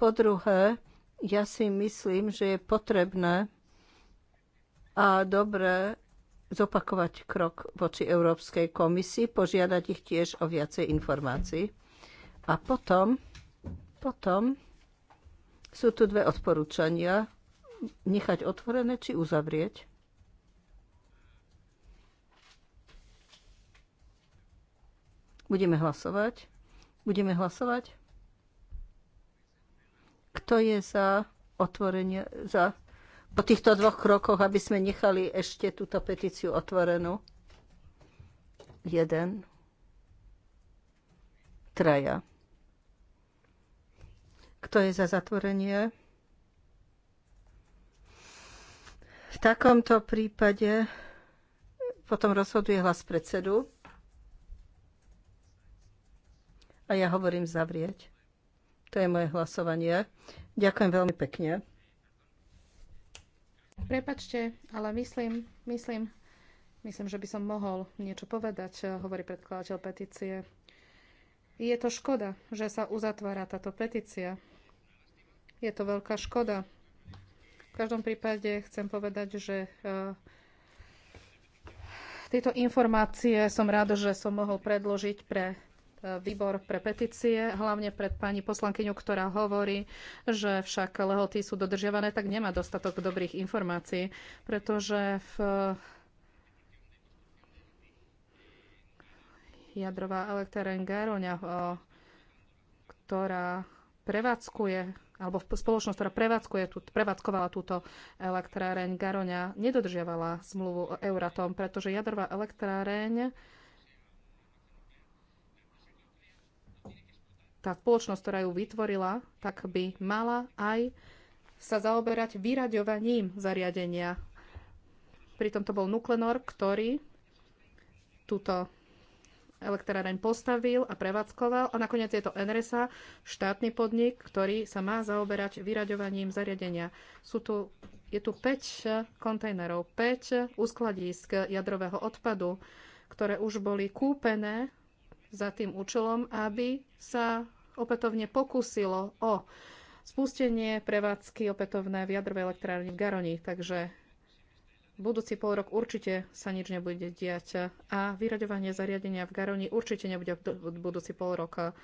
Po druhé, ja si myslím, že je potrebné a dobré zopakovať krok voči Európskej komisii, požiadať ich tiež o viacej informácií. A potom potom sú tu dve odporúčania. Nechať otvorené či uzavrieť. Budeme hlasovať. Budeme hlasovať. Kto je za otvorenie, za po týchto dvoch krokoch, aby sme nechali ešte túto petíciu otvorenú? Jeden. Traja. Kto je za zatvorenie? V takomto prípade potom rozhoduje hlas predsedu. A ja hovorím zavrieť. To je moje hlasovanie. Ďakujem veľmi pekne. Prepačte, ale myslím, myslím, myslím, že by som mohol niečo povedať, hovorí predkladateľ petície. Je to škoda, že sa uzatvára táto petícia. Je to veľká škoda. V každom prípade chcem povedať, že eh, tieto informácie som rád, že som mohol predložiť pre eh, výbor pre petície, hlavne pred pani poslankyňu, ktorá hovorí, že však lehoty sú dodržiavané, tak nemá dostatok dobrých informácií, pretože v eh, jadrová elektráreň Garoňa, ktorá prevádzkuje alebo spoločnosť, ktorá prevádzkuje, tú, prevádzkovala túto elektráreň Garoňa, nedodržiavala zmluvu o Euratom, pretože jadrová elektráreň tá spoločnosť, ktorá ju vytvorila, tak by mala aj sa zaoberať vyraďovaním zariadenia. Pritom to bol Nuklenor, ktorý túto elektráreň postavil a prevádzkoval a nakoniec je to NRSA, štátny podnik, ktorý sa má zaoberať vyraďovaním zariadenia. Sú tu, je tu 5 kontajnerov, 5 uskladísk jadrového odpadu, ktoré už boli kúpené za tým účelom, aby sa opätovne pokusilo o spustenie prevádzky opätovné v jadrovej elektrárni v Garoni. Takže budúci pol rok určite sa nič nebude diať a vyraďovanie zariadenia v Garoni určite nebude budúci pol rok.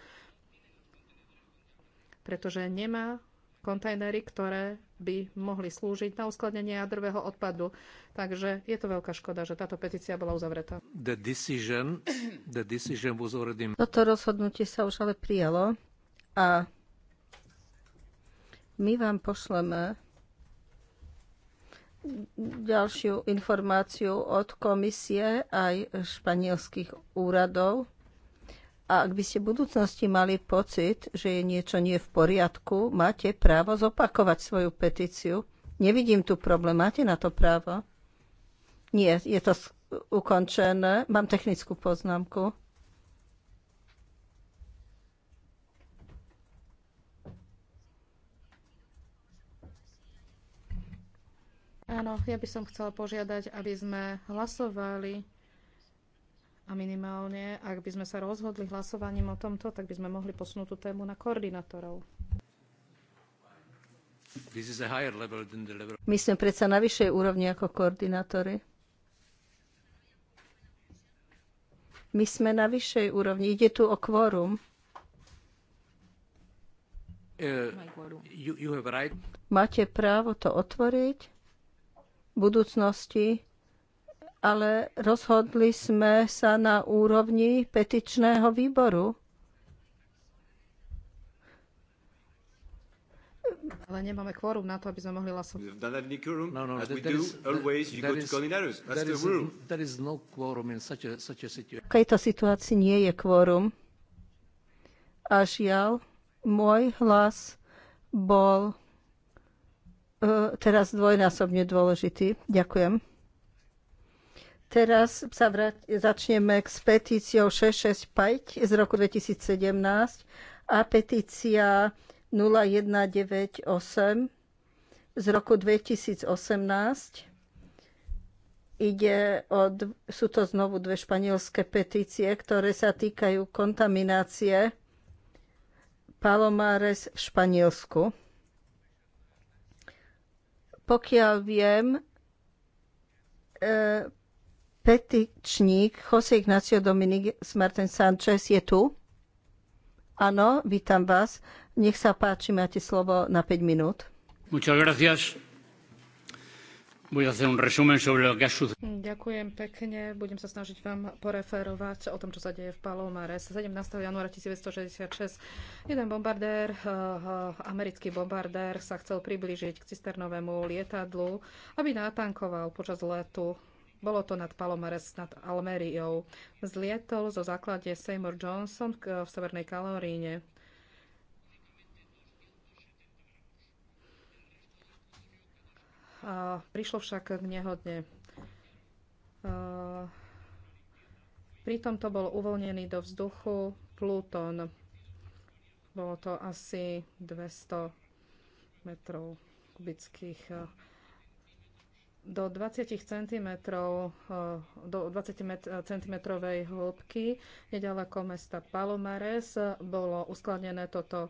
pretože nemá kontajnery, ktoré by mohli slúžiť na uskladnenie jadrového odpadu. Takže je to veľká škoda, že táto petícia bola uzavretá. The decision, the decision was already... Toto rozhodnutie sa už ale prijalo a my vám pošleme ďalšiu informáciu od komisie aj španielských úradov. A ak by ste v budúcnosti mali pocit, že je niečo nie v poriadku, máte právo zopakovať svoju petíciu. Nevidím tu problém. Máte na to právo? Nie, je to ukončené. Mám technickú poznámku. Áno, ja by som chcela požiadať, aby sme hlasovali a minimálne, ak by sme sa rozhodli hlasovaním o tomto, tak by sme mohli posunúť tú tému na koordinátorov. My sme predsa na vyššej úrovni ako koordinátory. My sme na vyššej úrovni. Ide tu o kvórum. Uh, you, you right. Máte právo to otvoriť budúcnosti, ale rozhodli sme sa na úrovni petičného výboru. Ale nemáme kvórum na to, aby sme mohli hlasovať. No, no, v tejto situácii nie je kvórum. A žiaľ, môj hlas bol E, teraz dvojnásobne dôležitý. Ďakujem. Teraz sa vrát, začneme k s petíciou 665 z roku 2017 a petícia 0198 z roku 2018. Ide o, sú to znovu dve španielské petície, ktoré sa týkajú kontaminácie Palomares v Španielsku. Pokiaľ viem, e, petičník Jose Ignacio Dominik Martin Sanchez je tu. Áno, vítam vás. Nech sa páči, máte slovo na 5 minút. Muchas gracias. Ďakujem pekne. Budem sa snažiť vám poreferovať o tom, čo sa deje v Palomares. 17. januára 1966 jeden bombardér, eh, eh, americký bombardér, sa chcel priblížiť k cisternovému lietadlu, aby natankoval počas letu. Bolo to nad Palomares, nad Almeriou. Zlietol zo základe Seymour Johnson eh, v Severnej Kaloríne A prišlo však k nehodne. Pritom to bol uvoľnený do vzduchu Plutón. Bolo to asi 200 metrov kubických do 20 cm, eh, do 20 cm hĺbky nedaleko mesta Palomares bolo uskladnené toto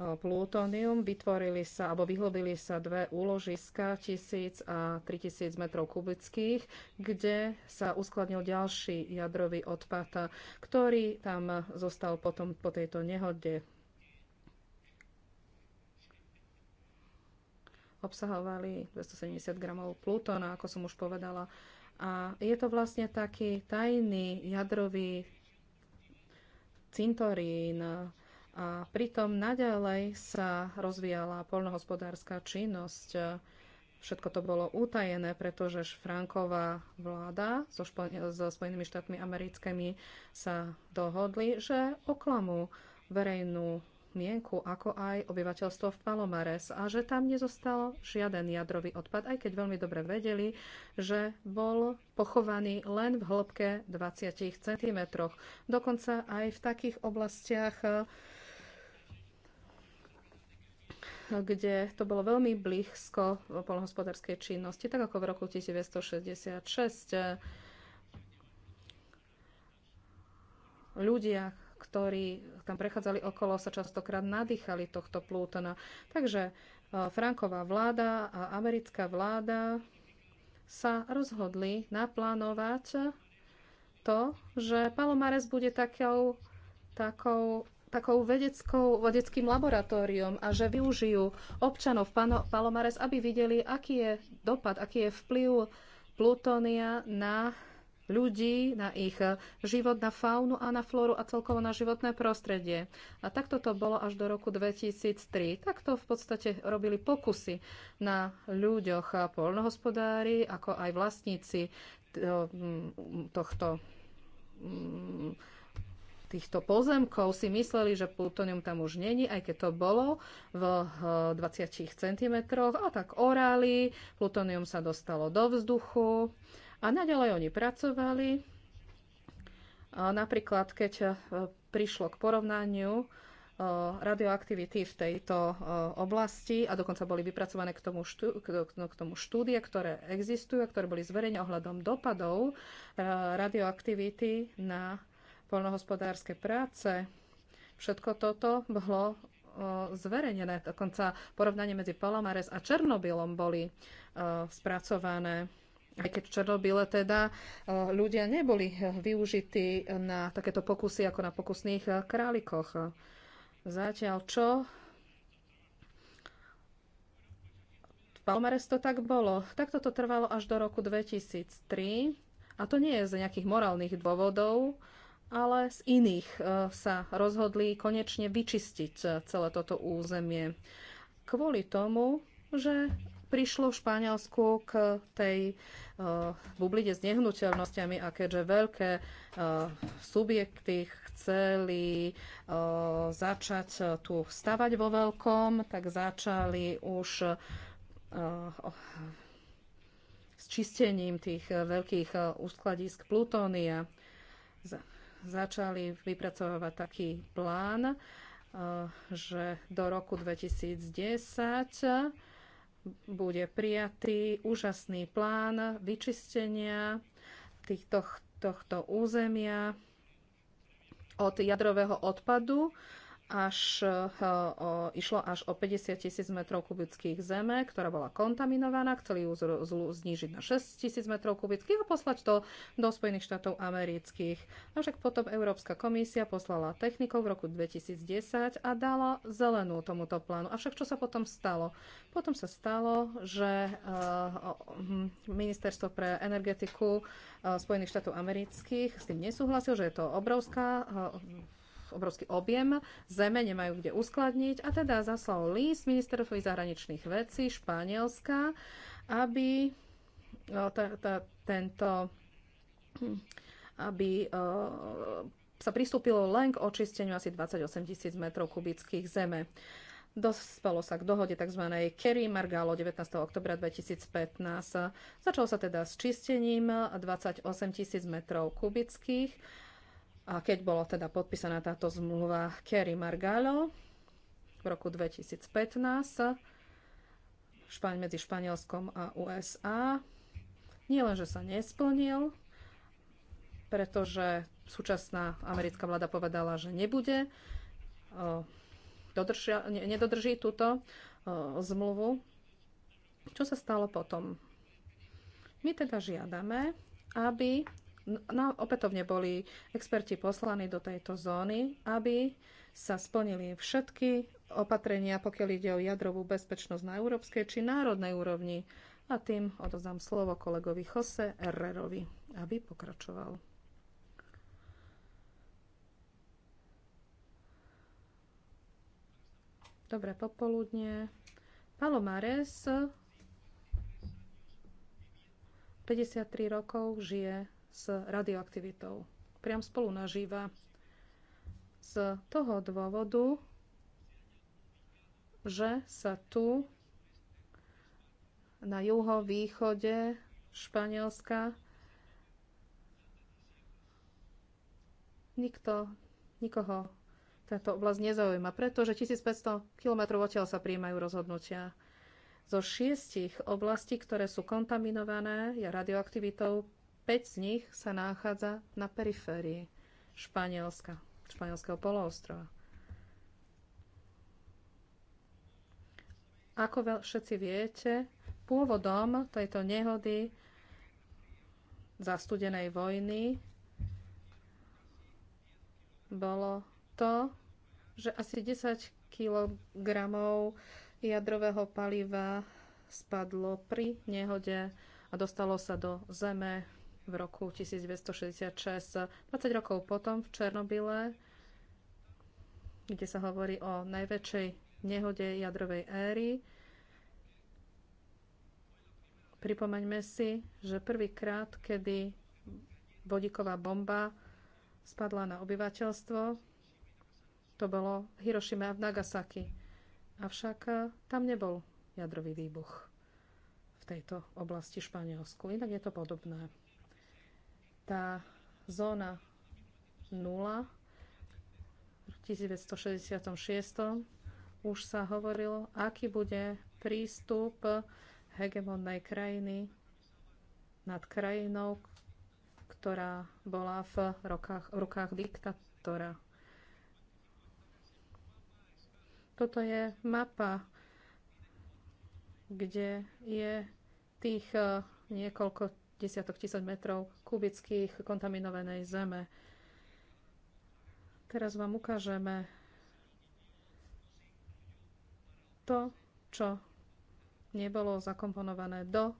eh, plutónium. Vytvorili sa, alebo vyhlobili sa dve úložiska 1000 a 3000 m kubických, kde sa uskladnil ďalší jadrový odpad, ktorý tam zostal potom po tejto nehode obsahovali 270 gramov plutóna, ako som už povedala. A je to vlastne taký tajný jadrový cintorín. A pritom naďalej sa rozvíjala poľnohospodárska činnosť. Všetko to bolo utajené, pretože Franková vláda so, Špo- so Spojenými štátmi americkými sa dohodli, že oklamú verejnú mienku, ako aj obyvateľstvo v Palomares a že tam nezostal žiaden jadrový odpad, aj keď veľmi dobre vedeli, že bol pochovaný len v hĺbke 20 cm, dokonca aj v takých oblastiach, eh, kde to bolo veľmi blízko polnohospodárskej činnosti, tak ako v roku 1966 ľudia, ktorí tam prechádzali okolo, sa častokrát nadýchali tohto Plútona. Takže e, Franková vláda a americká vláda sa rozhodli naplánovať to, že Palomares bude takou, takou takou vedeckou, vedeckým laboratóriom a že využijú občanov Pano, Palomares, aby videli, aký je dopad, aký je vplyv plutónia na ľudí, na ich život, na faunu a na flóru a celkovo na životné prostredie. A takto to bolo až do roku 2003. Takto v podstate robili pokusy na ľuďoch a polnohospodári, ako aj vlastníci mm, tohto mm, týchto pozemkov si mysleli, že plutonium tam už není, aj keď to bolo v 20 eh, cm a tak orali, plutonium sa dostalo do vzduchu a naďalej oni pracovali. Napríklad, keď e, prišlo k porovnaniu e, radioaktivity v tejto e, oblasti a dokonca boli vypracované k tomu, štú, k no, tomu štúdie, ktoré existujú a ktoré boli zverejne ohľadom dopadov radioaktivity na poľnohospodárske práce. Všetko toto bolo zverejnené. Dokonca porovnanie medzi Palomares a Černobylom boli spracované aj keď v Černobyle teda e, ľudia neboli e, využití na takéto pokusy ako na pokusných e, králikoch. Zatiaľ čo? V Palmares to tak bolo. Takto to trvalo až do roku 2003 a to nie je z nejakých morálnych dôvodov, ale z iných sa rozhodli konečne vyčistiť celé toto územie. Kvôli tomu, že prišlo v Španielsku k tej uh, eh, bubline s nehnuteľnosťami a keďže veľké uh, subjekty chceli uh, začať tu stavať vo veľkom, tak začali už s čistením tých veľkých uskladísk plutónia. začali vypracovať taký plán, že do roku 2010 bude prijatý úžasný plán vyčistenia týchto, tohto územia od jadrového odpadu až, eh, o, išlo až o 50 tisíc metrov kubických zeme, ktorá bola kontaminovaná, chceli ju znížiť na 6 tisíc metrov kubických a poslať to do Spojených štátov amerických. Avšak potom Európska komisia poslala technikov v roku 2010 a dala zelenú tomuto plánu. Avšak čo sa potom stalo? Potom sa stalo, že eh, hm, Ministerstvo pre energetiku eh, Spojených štátov amerických s tým nesúhlasil, že je to obrovská obrovský objem zeme, nemajú kde uskladniť a teda zaslal list ministerstvu zahraničných vecí Španielska, aby e, ta, ta, tento aby e, sa pristúpilo len k očisteniu asi 28 tisíc metrov kubických zeme. Dospelo sa k dohode tzv. Kerry Margalo 19. oktobra 2015. Začalo sa teda s čistením 28 tisíc metrov kubických a keď bola teda podpísaná táto zmluva Kerry Margalo v roku 2015 medzi Španielskom a USA, nielenže sa nesplnil, pretože súčasná americká vláda povedala, že nebude, e, dodržia, nedodrží túto e, zmluvu. Čo sa stalo potom? My teda žiadame, aby no, opätovne boli experti poslaní do tejto zóny, aby sa splnili všetky opatrenia, pokiaľ ide o jadrovú bezpečnosť na európskej či národnej úrovni. A tým odozám slovo kolegovi Jose Herrerovi, aby pokračoval. Dobré popoludne. Mares 53 rokov žije s radioaktivitou. Priam spolu nažíva. Z toho dôvodu, že sa tu na juhovýchode Španielska nikto, nikoho táto oblasť nezaujíma, pretože 1500 km odtiaľ sa príjmajú rozhodnutia. Zo šiestich oblastí, ktoré sú kontaminované radioaktivitou, 5 z nich sa nachádza na periférii Španielska, Španielského poloostrova. Ako všetci viete, pôvodom tejto nehody za studenej vojny bolo to, že asi 10 kg jadrového paliva spadlo pri nehode a dostalo sa do zeme v roku 1966. 20 rokov potom v Černobyle, kde sa hovorí o najväčšej nehode jadrovej éry, Pripomeňme si, že prvýkrát, kedy vodíková bomba spadla na obyvateľstvo, to bolo v Hirošime a v Nagasaki. Avšak eh, tam nebol jadrový výbuch v tejto oblasti Španielsku. Inak je to podobné tá zóna 0 v 1966 už sa hovorilo, aký bude prístup hegemonnej krajiny nad krajinou, ktorá bola v rukách, v rukách diktatora. Toto je mapa, kde je tých eh, niekoľko desiatok tisíc metrov kubických kontaminovanej zeme. Teraz vám ukážeme to, čo nebolo zakomponované do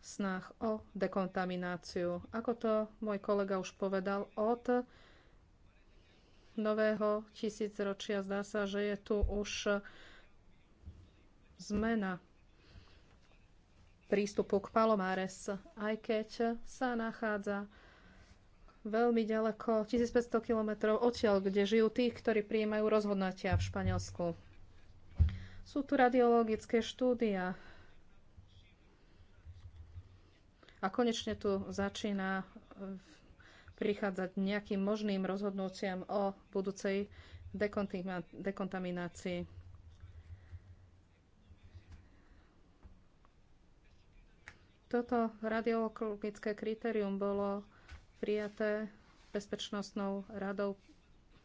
snah o dekontamináciu. Ako to môj kolega už povedal, od nového tisícročia zdá sa, že je tu už zmena prístupu k Palomares, aj keď sa nachádza veľmi ďaleko, 1500 km odtiaľ, kde žijú tí, ktorí prijímajú rozhodnutia v Španielsku. Sú tu radiologické štúdia. A konečne tu začína eh, prichádzať nejakým možným rozhodnutiam o budúcej dekontaminácii. Toto radiologické kritérium bolo prijaté Bezpečnostnou radou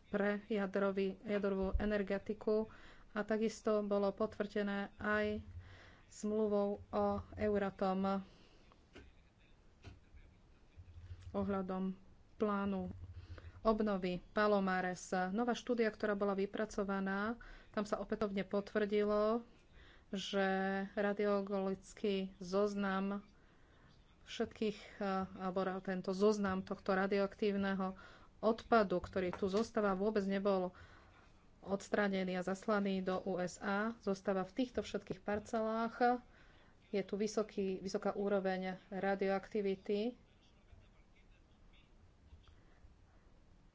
pre jadrový, jadrovú energetiku a takisto bolo potvrdené aj zmluvou o Euratom ohľadom plánu obnovy Palomares. Nová štúdia, ktorá bola vypracovaná, tam sa opätovne potvrdilo, že radiologický zoznam všetkých, eh, alebo tento zoznam tohto radioaktívneho odpadu, ktorý tu zostáva, vôbec nebol odstranený a zaslaný do USA, zostáva v týchto všetkých parcelách. Je tu vysoký, vysoká úroveň radioaktivity.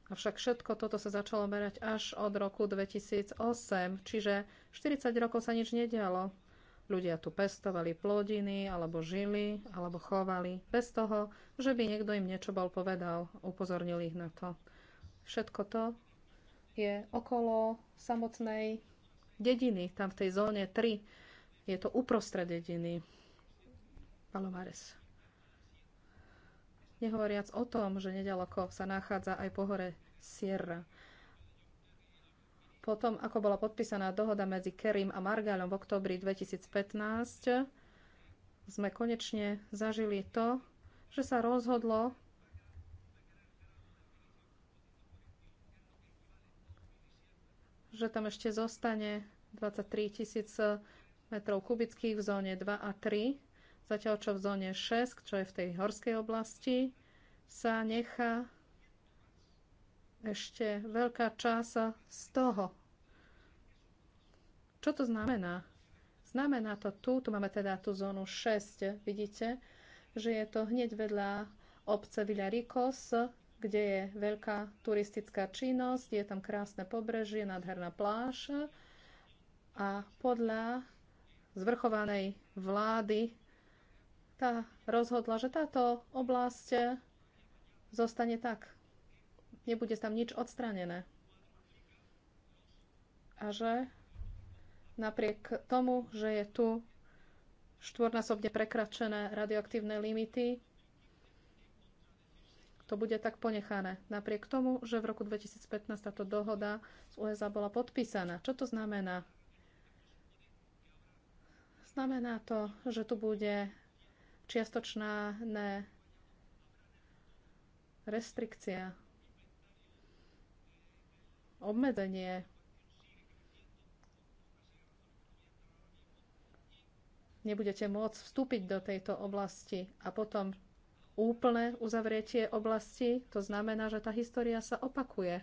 Avšak všetko toto sa začalo merať až od roku 2008, čiže 40 rokov sa nič nedialo. Ľudia tu pestovali plodiny, alebo žili, alebo chovali, bez toho, že by niekto im niečo bol povedal, upozornil ich na to. Všetko to je okolo samotnej dediny, tam v tej zóne 3. Je to uprostred dediny. Palomares. Nehovoriac o tom, že nedaleko sa nachádza aj pohore Sierra po tom, ako bola podpísaná dohoda medzi Kerim a Margaľom v oktobri 2015, sme konečne zažili to, že sa rozhodlo že tam ešte zostane 23 tisíc metrov kubických v zóne 2 a 3, zatiaľ čo v zóne 6, čo je v tej horskej oblasti, sa nechá ešte veľká časa z toho. Čo to znamená? Znamená to tu, tu máme teda tú zónu 6, vidíte, že je to hneď vedľa obce Villaricos, kde je veľká turistická činnosť, je tam krásne pobrežie, nádherná pláž a podľa zvrchovanej vlády tá rozhodla, že táto oblasť zostane tak nebude tam nič odstranené. A že napriek tomu, že je tu štvornásobne prekračené radioaktívne limity, to bude tak ponechané. Napriek tomu, že v roku 2015 táto dohoda z USA bola podpísaná. Čo to znamená? Znamená to, že tu bude čiastočná ne restrikcia obmedzenie nebudete môcť vstúpiť do tejto oblasti a potom úplne uzavretie oblasti, to znamená, že tá história sa opakuje.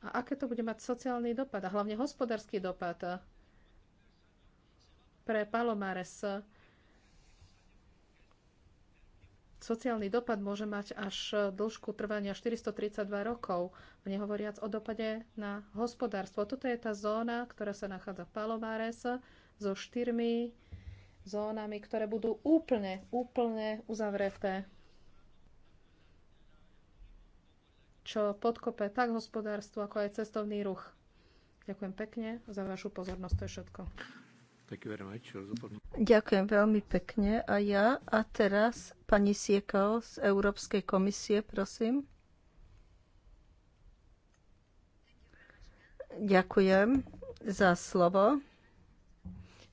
A aké to bude mať sociálny dopad a hlavne hospodársky dopad pre Palomares? Sociálny dopad môže mať až dĺžku trvania 432 rokov, nehovoriac o dopade na hospodárstvo. Toto je tá zóna, ktorá sa nachádza v Palomares so štyrmi zónami, ktoré budú úplne, úplne uzavreté. Čo podkope tak hospodárstvo, ako aj cestovný ruch. Ďakujem pekne za vašu pozornosť. To je všetko. Ďakujem veľmi pekne. A ja a teraz pani Siekal z Európskej komisie, prosím. Ďakujem za slovo.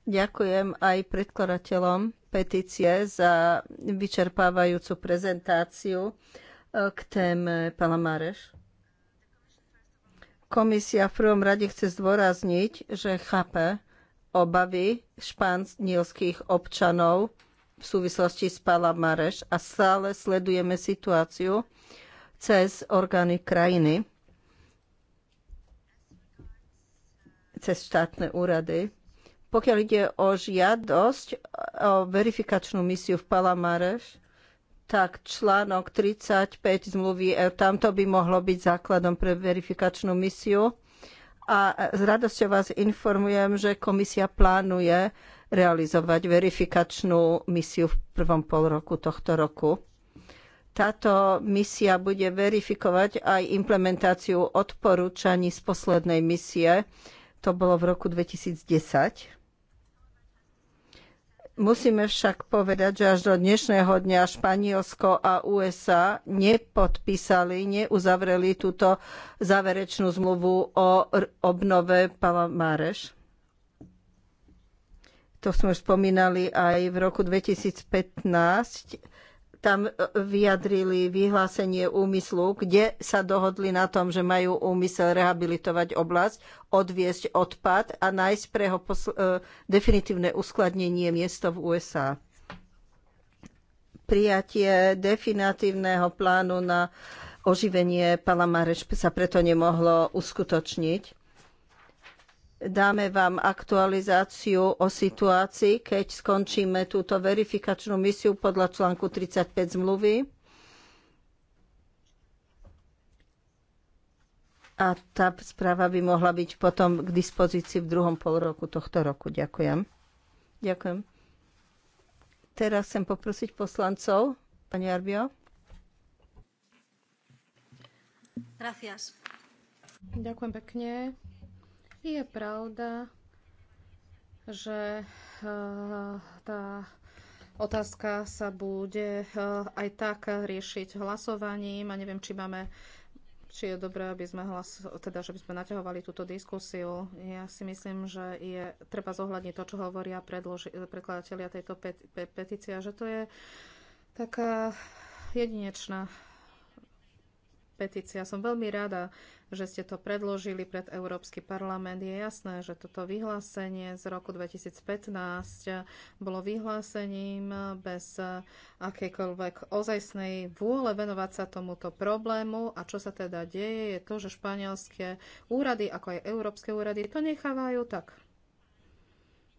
Ďakujem aj predkladateľom petície za vyčerpávajúcu prezentáciu eh, k téme Pana Máreš. Komisia v prvom rade chce zdôrazniť, že chápe, obavy španielských občanov v súvislosti s Palamareš a stále sledujeme situáciu cez orgány krajiny, cez štátne úrady. Pokiaľ ide o žiadosť o verifikačnú misiu v Palamareš, tak článok 35 zmluvy, e, tamto by mohlo byť základom pre verifikačnú misiu a s radosťou vás informujem, že komisia plánuje realizovať verifikačnú misiu v prvom pol roku tohto roku. Táto misia bude verifikovať aj implementáciu odporúčaní z poslednej misie. To bolo v roku 2010. Musíme však povedať, že až do dnešného dňa Španielsko a USA nepodpísali, neuzavreli túto záverečnú zmluvu o obnove Palmáreš. To sme už spomínali aj v roku 2015 tam e, vyjadrili vyhlásenie úmyslu, kde sa dohodli na tom, že majú úmysel rehabilitovať oblasť, odviesť odpad a nájsť pre jeho e, definitívne uskladnenie miesto v USA. Prijatie definitívneho plánu na oživenie Palamareš sa preto nemohlo uskutočniť dáme vám aktualizáciu o situácii, keď skončíme túto verifikačnú misiu podľa článku 35 zmluvy. A tá správa by mohla byť potom k dispozícii v druhom polroku tohto roku. Ďakujem. Ďakujem. Teraz chcem poprosiť poslancov. Pani Arbio. Gracias. Ďakujem pekne. Je pravda, že eh, tá otázka sa bude eh, aj tak riešiť hlasovaním a neviem, či máme či je dobré, aby sme, hlas, teda, že by sme naťahovali túto diskusiu. Ja si myslím, že je treba zohľadniť to, čo hovoria predloži, predkladatelia tejto pe, petície, že to je taká jedinečná petícia. Som veľmi rada, že ste to predložili pred Európsky parlament. Je jasné, že toto vyhlásenie z roku 2015 bolo vyhlásením bez akejkoľvek ozajstnej vôle venovať sa tomuto problému. A čo sa teda deje, je to, že španielské úrady, ako aj európske úrady, to nechávajú tak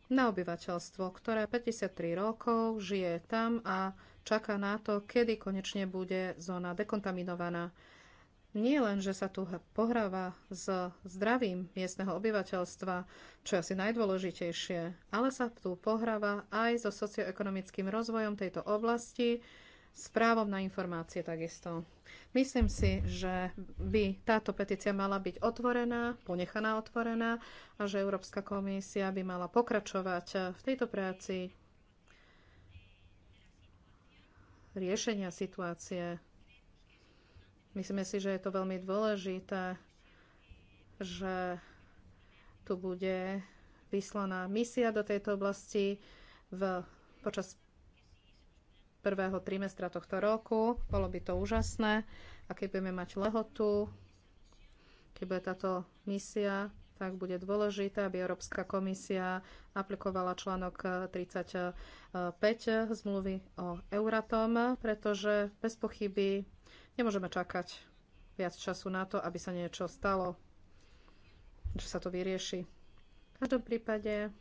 na obyvateľstvo, ktoré 53 rokov žije tam a čaká na to, kedy konečne bude zóna dekontaminovaná nie len, že sa tu pohráva s zdravím miestneho obyvateľstva, čo je asi najdôležitejšie, ale sa tu pohráva aj so socioekonomickým rozvojom tejto oblasti, s právom na informácie takisto. Myslím si, že by táto petícia mala byť otvorená, ponechaná otvorená a že Európska komisia by mala pokračovať v tejto práci riešenia situácie Myslíme si, že je to veľmi dôležité, že tu bude vyslaná misia do tejto oblasti v, počas prvého trimestra tohto roku. Bolo by to úžasné. A keď budeme mať lehotu, keď bude táto misia, tak bude dôležité, aby Európska komisia aplikovala článok 35 zmluvy o Euratom, pretože bez pochyby Nemôžeme čakať viac času na to, aby sa niečo stalo, že sa to vyrieši. V každom prípade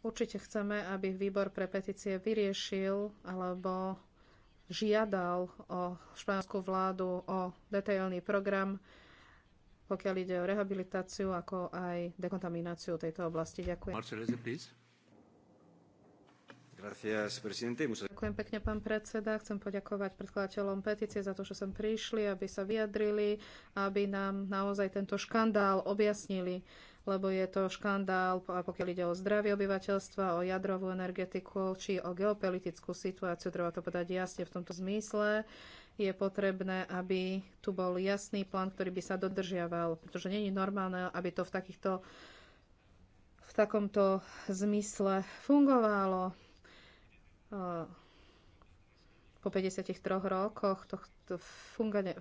určite chceme, aby výbor pre petície vyriešil alebo žiadal o španielskú vládu o detailný program, pokiaľ ide o rehabilitáciu, ako aj dekontamináciu tejto oblasti. Ďakujem. Marcelese, please. Ďakujem pekne, pán predseda. Chcem poďakovať predkladateľom petície za to, že sem prišli, aby sa vyjadrili, aby nám naozaj tento škandál objasnili lebo je to škandál, pokiaľ ide o zdravie obyvateľstva, o jadrovú energetiku či o geopolitickú situáciu, treba to povedať jasne v tomto zmysle je potrebné, aby tu bol jasný plán, ktorý by sa dodržiaval, pretože není normálne, aby to v takýchto v takomto zmysle fungovalo. Eh, po 53 rokoch tohto fungania,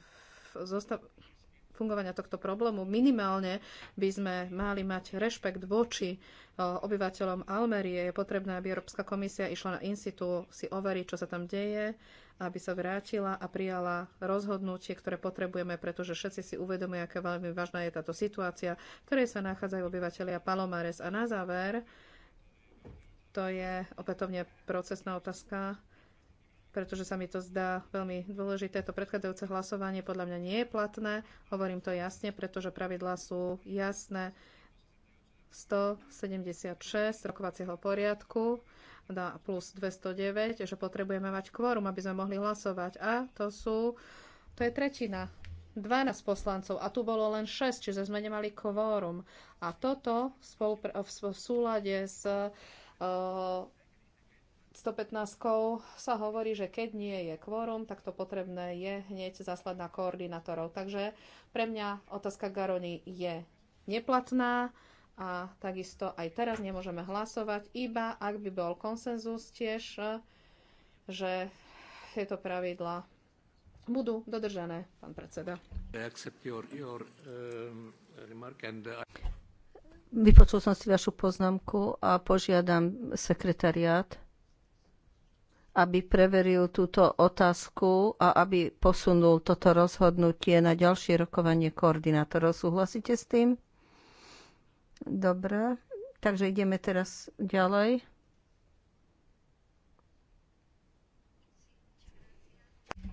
fungovania tohto problému minimálne by sme mali mať rešpekt voči eh, obyvateľom Almerie. Je potrebné, aby Európska komisia išla na institú si overiť, čo sa tam deje, aby sa vrátila a prijala rozhodnutie, ktoré potrebujeme, pretože všetci si uvedomujú, aká veľmi vážna je táto situácia, v ktorej sa nachádzajú obyvateľia Palomares. A na záver, to je opätovne procesná otázka, pretože sa mi to zdá veľmi dôležité. To predchádzajúce hlasovanie podľa mňa nie je platné. Hovorím to jasne, pretože pravidlá sú jasné. 176 rokovacieho poriadku na plus 209, že potrebujeme mať kvórum, aby sme mohli hlasovať. A to sú, to je tretina, 12 poslancov a tu bolo len 6, čiže sme nemali kvórum. A toto v, v, v súlade s 115 sa hovorí, že keď nie je kvórum, tak to potrebné je hneď zaslať na koordinátorov. Takže pre mňa otázka Garoni je neplatná a takisto aj teraz nemôžeme hlasovať, iba ak by bol konsenzus tiež, že tieto pravidla budú dodržané, pán predseda. Vypočul som si vašu poznámku a požiadam sekretariát, aby preveril túto otázku a aby posunul toto rozhodnutie na ďalšie rokovanie koordinátorov. Súhlasíte s tým? Dobre, takže ideme teraz ďalej.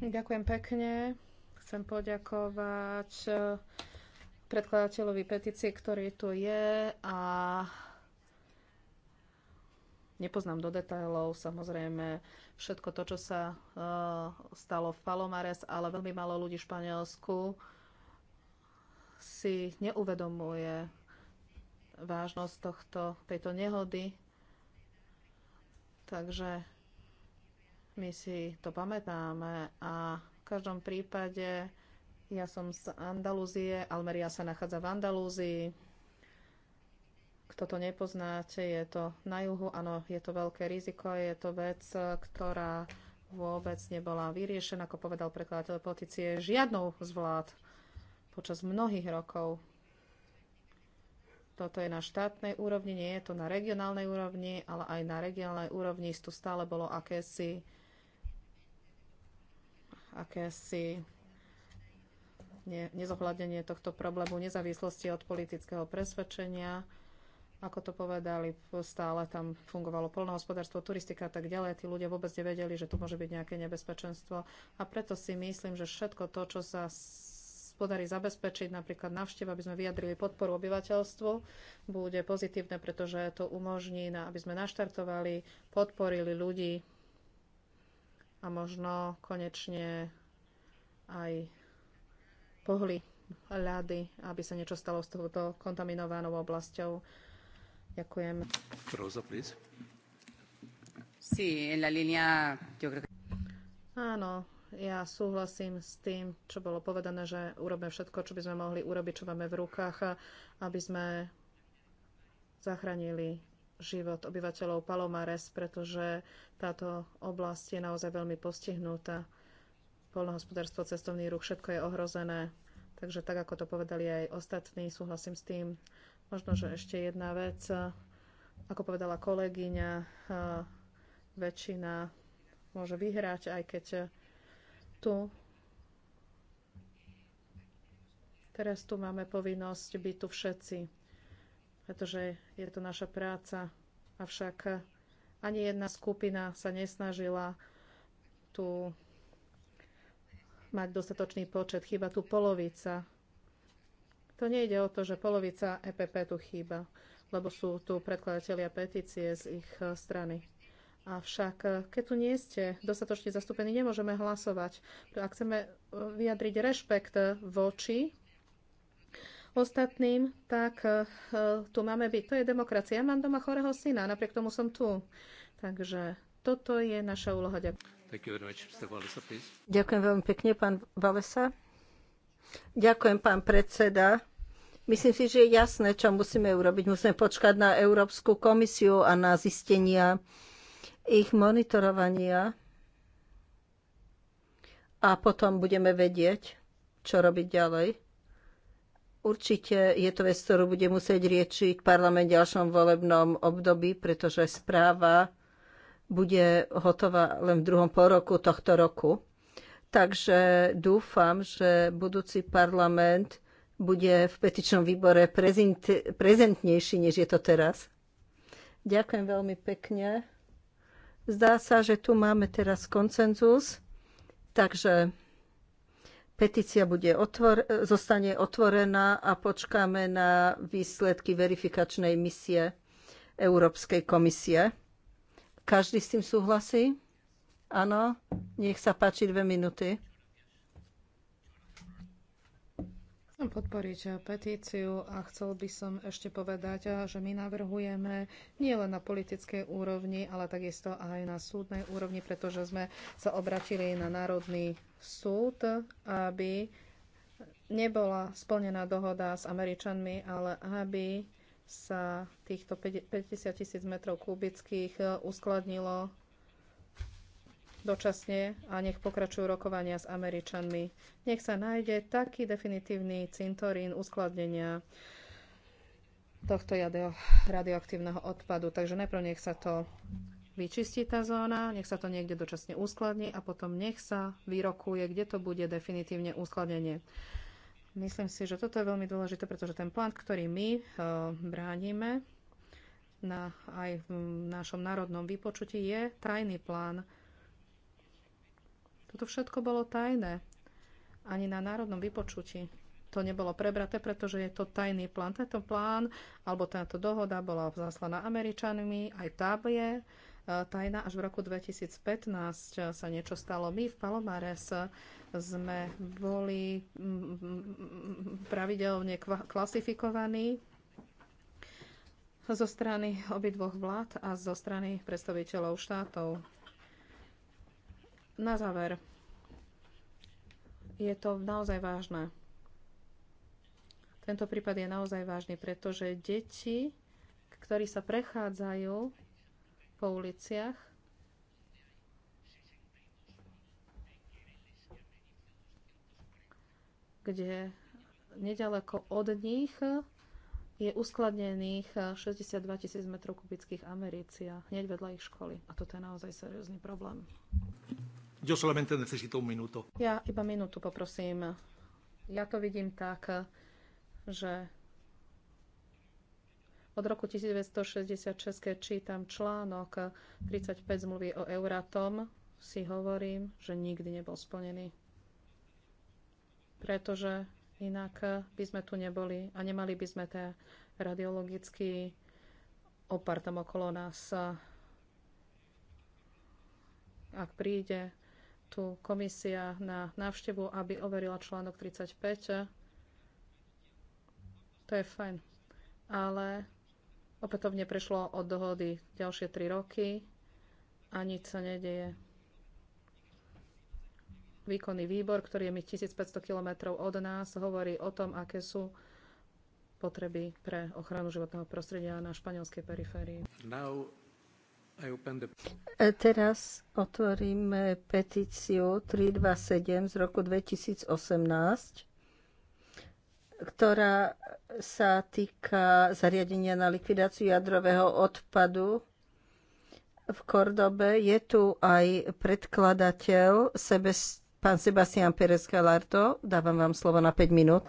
Ďakujem pekne. Chcem poďakovať predkladateľovi petície, ktorý tu je a Nepoznám do detailov samozrejme všetko to, čo sa uh, stalo v Palomares, ale veľmi málo ľudí v Španielsku si neuvedomuje vážnosť tohto, tejto nehody. Takže my si to pamätáme a v každom prípade ja som z Andalúzie, Almeria sa nachádza v Andalúzii. Kto to nepoznáte, je to na juhu, áno, je to veľké riziko, je to vec, ktorá vôbec nebola vyriešená, ako povedal prekladateľ petície, žiadnou z vlád počas mnohých rokov. Toto je na štátnej úrovni, nie je to na regionálnej úrovni, ale aj na regionálnej úrovni tu stále bolo akési akési nezohľadenie tohto problému nezávislosti od politického presvedčenia, ako to povedali, stále tam fungovalo polnohospodárstvo, turistika a tak ďalej. Tí ľudia vôbec nevedeli, že tu môže byť nejaké nebezpečenstvo. A preto si myslím, že všetko to, čo sa podarí zabezpečiť, napríklad navštev, aby sme vyjadrili podporu obyvateľstvu, bude pozitívne, pretože to umožní, aby sme naštartovali, podporili ľudí a možno konečne aj pohli ľady, aby sa niečo stalo s touto kontaminovanou oblasťou. Ďakujem. Rosa, please. Sí, en la línia... Áno, ja súhlasím s tým, čo bolo povedané, že urobíme všetko, čo by sme mohli urobiť, čo máme v rukách, aby sme zachránili život obyvateľov Palomares, pretože táto oblasť je naozaj veľmi postihnutá. Poľnohospodárstvo, cestovný ruch, všetko je ohrozené. Takže tak, ako to povedali aj ostatní, súhlasím s tým. Možno, že ešte jedna vec. Ako povedala kolegyňa, väčšina môže vyhrať, aj keď tu teraz tu máme povinnosť byť tu všetci, pretože je to naša práca. Avšak ani jedna skupina sa nesnažila tu mať dostatočný počet. Chýba tu polovica. To nejde o to, že polovica EPP tu chýba, lebo sú tu predkladatelia petície z ich eh, strany. Avšak, eh, keď tu nie ste dostatočne zastúpení, nemôžeme hlasovať. Ak chceme eh, vyjadriť rešpekt voči ostatným, tak tu máme byť. To je demokracia. Ja mám doma chorého syna, napriek tomu som tu. Takže toto je naša úloha. Ďakujem. Ďakujem veľmi pekne, pán Valesa. Ďakujem, pán predseda. Myslím si, že je jasné, čo musíme urobiť. Musíme počkať na Európsku komisiu a na zistenia ich monitorovania a potom budeme vedieť, čo robiť ďalej. Určite je to vec, ktorú bude musieť riešiť parlament v ďalšom volebnom období, pretože správa bude hotová len v druhom poroku tohto roku. Takže dúfam, že budúci parlament bude v petičnom výbore prezint, prezentnejší, než je to teraz. Ďakujem veľmi pekne. Zdá sa, že tu máme teraz koncenzus, takže petícia bude otvor, zostane otvorená a počkáme na výsledky verifikačnej misie Európskej komisie. Každý s tým súhlasí? Áno, nech sa páči dve minúty. Chcem podporiť petíciu a chcel by som ešte povedať, že my navrhujeme nielen na politickej úrovni, ale takisto aj na súdnej úrovni, pretože sme sa obratili na Národný súd, aby nebola splnená dohoda s Američanmi, ale aby sa týchto 50 tisíc metrov kubických eh, uskladnilo dočasne a nech pokračujú rokovania s Američanmi. Nech sa nájde taký definitívny cintorín uskladnenia tohto jadio, radioaktívneho odpadu. Takže najprv nech sa to vyčistí tá zóna, nech sa to niekde dočasne uskladní a potom nech sa vyrokuje, kde to bude definitívne uskladnenie. Myslím si, že toto je veľmi dôležité, pretože ten plán, ktorý my e, bránime na, aj v našom národnom vypočutí, je tajný plán. Toto všetko bolo tajné. Ani na národnom vypočutí to nebolo prebraté, pretože je to tajný plán. Tento plán alebo táto dohoda bola zaslaná Američanmi, aj tá je tajná. Až v roku 2015 eh, sa niečo stalo. My v Palomares eh, sme boli mm, mm, pravidelne klasifikovaní zo strany obidvoch vlád a zo strany predstaviteľov štátov. Na záver, je to naozaj vážne. Tento prípad je naozaj vážny, pretože deti, ktorí sa prechádzajú po uliciach. kde nedaleko od nich je uskladnených 62 tisíc m kubických Americia, hneď vedľa ich školy. A toto je naozaj seriózny problém. Yo solamente necesito un minuto. Ja iba minútu poprosím. Ja to vidím tak, že od roku 1966, keď čítam článok 35 zmluvy o Euratom, si hovorím, že nikdy nebol splnený. Pretože inak by sme tu neboli a nemali by sme ten radiologický opar tam okolo nás. Ak príde tu komisia na návštevu, aby overila článok 35, to je fajn. Ale Opätovne prešlo od dohody ďalšie 3 roky a nič sa nedieje. Výkonný výbor, ktorý je mi 1500 km od nás, hovorí o tom, aké sú potreby pre ochranu životného prostredia na španielskej periférii. Now... E, teraz otvoríme petíciu 327 z roku 2018, ktorá sa týka zariadenia na likvidáciu jadrového odpadu v Kordobe. Je tu aj predkladateľ, Sebes, pán Sebastián Pérez Galardo. Dávam vám slovo na 5 minút.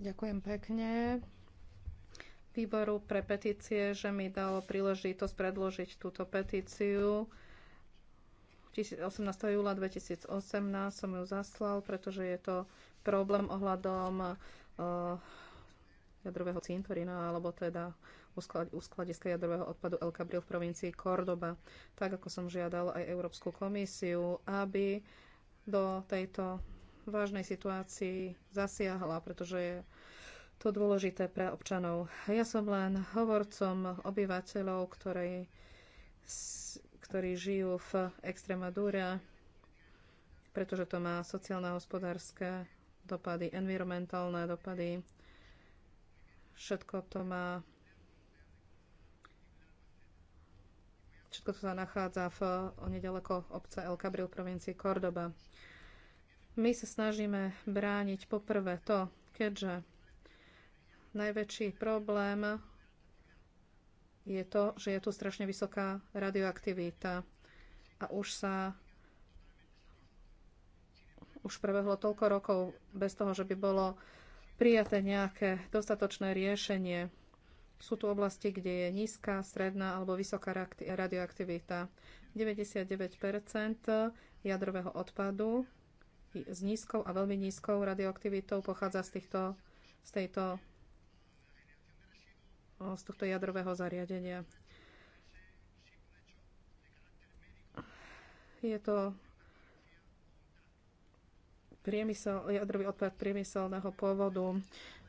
Ďakujem pekne výboru pre petície, že mi dalo príležitosť predložiť túto petíciu. 18. júla 2018 som ju zaslal, pretože je to problém ohľadom Eh, jadrového cintorína, alebo teda uskladiska jadrového odpadu El Cabril v provincii Cordoba. Tak ako som žiadal aj Európsku komisiu, aby do tejto vážnej situácii zasiahla, pretože je to dôležité pre občanov. Ja som len hovorcom obyvateľov, ktorí, ktorí žijú v Extremadúre, pretože to má sociálne a hospodárske dopady, environmentálne dopady. Všetko to má všetko to sa nachádza v nedaleko obce El Cabril v provincii Cordoba. My sa snažíme brániť poprvé to, keďže najväčší problém je to, že je tu strašne vysoká radioaktivita a už sa už prebehlo toľko rokov bez toho, že by bolo prijaté nejaké dostatočné riešenie. Sú tu oblasti, kde je nízka, stredná alebo vysoká radioaktivita. 99 jadrového odpadu s nízkou a veľmi nízkou radioaktivitou pochádza z, týchto, z, tejto, z tohto jadrového zariadenia. Je to priemysel, jadrový odpad priemyselného pôvodu.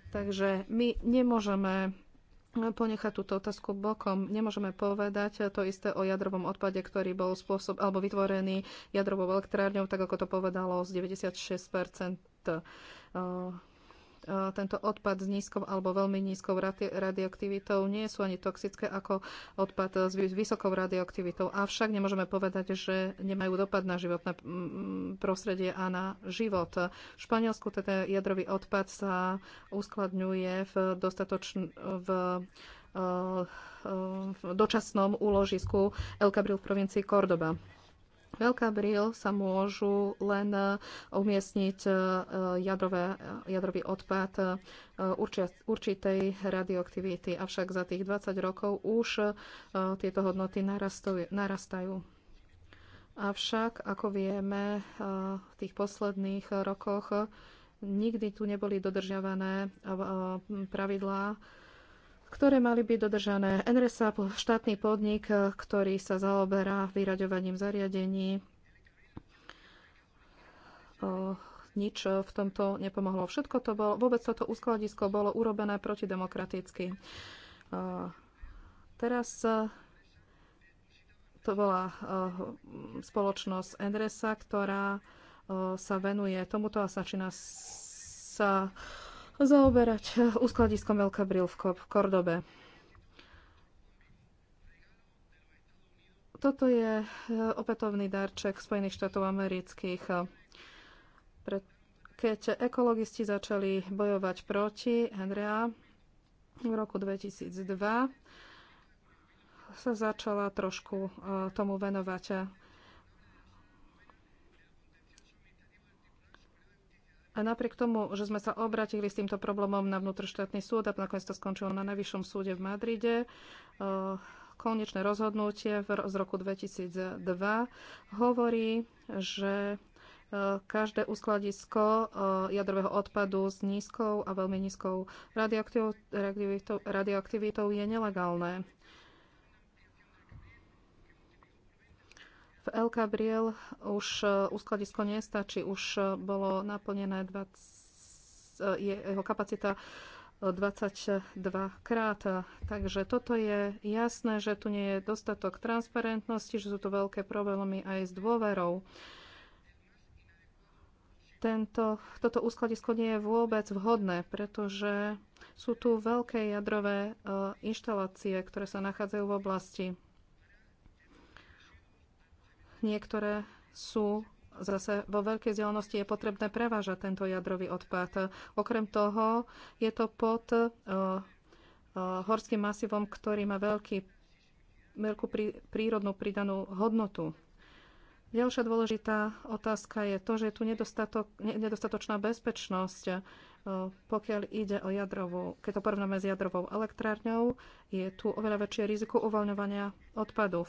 Takže my nemôžeme ponechať túto otázku bokom. Nemôžeme povedať to isté o jadrovom odpade, ktorý bol spôsob, alebo vytvorený jadrovou elektrárňou, tak ako to povedalo z 96 tento odpad s nízkou alebo veľmi nízkou radioaktivitou nie sú ani toxické ako odpad s vysokou radioaktivitou. Avšak nemôžeme povedať, že nemajú dopad na životné prostredie a na život. V Španielsku teda jadrový odpad sa uskladňuje v dostatočn- v e, e, v dočasnom úložisku El Cabril v provincii Cordoba. Veľká bril sa môžu len e, umiestniť e, e, jadrové, jadrový odpad určitej radioaktivity. Avšak za tých 20 rokov už tieto hodnoty narastajú. Avšak, ako vieme, v tých posledných rokoch nikdy tu neboli dodržiavané pravidlá ktoré mali byť dodržané. NRSA, štátny podnik, ktorý sa zaoberá vyraďovaním zariadení, o, nič v tomto nepomohlo. Všetko to bolo, vôbec toto uskladisko bolo urobené protidemokraticky. O, teraz e, to bola o, e, spoločnosť NRSA, ktorá e, sa venuje tomuto a sa, sa zaoberať úskladiskom El Cabril v Kordobe. Toto je e, opätovný darček Spojených štátov amerických. Keď ekologisti začali bojovať proti Andrea v roku 2002, sa začala trošku e, tomu venovať A napriek tomu, že sme sa obratili s týmto problémom na vnútroštátny súd a nakoniec to skončilo na Najvyššom súde v Madride, eh, konečné rozhodnutie z roku 2002 hovorí, že eh, každé uskladisko eh, jadrového odpadu s nízkou a veľmi nízkou radioaktivitou, radioaktivitou je nelegálne. V El Cabriel už e, uskladisko nestačí, už e, bolo naplnené 20, e, jeho kapacita 22 krát. Takže toto je jasné, že tu nie je dostatok transparentnosti, že sú tu veľké problémy aj s dôverou. Tento, toto úskladisko nie je vôbec vhodné, pretože sú tu veľké jadrové inštalácie, ktoré sa nachádzajú v oblasti. Niektoré sú zase vo veľkej vzdialenosti je potrebné prevážať tento jadrový odpad. Okrem toho je to pod eh, eh, horským masívom, ktorý má veľký, veľkú prírodnú pridanú hodnotu. Ďalšia dôležitá otázka je to, že je tu nedostatok, nedostatočná bezpečnosť, eh, pokiaľ ide o jadrovú, keď to porovnáme s jadrovou elektrárňou, je tu oveľa väčšie riziko uvoľňovania odpadov.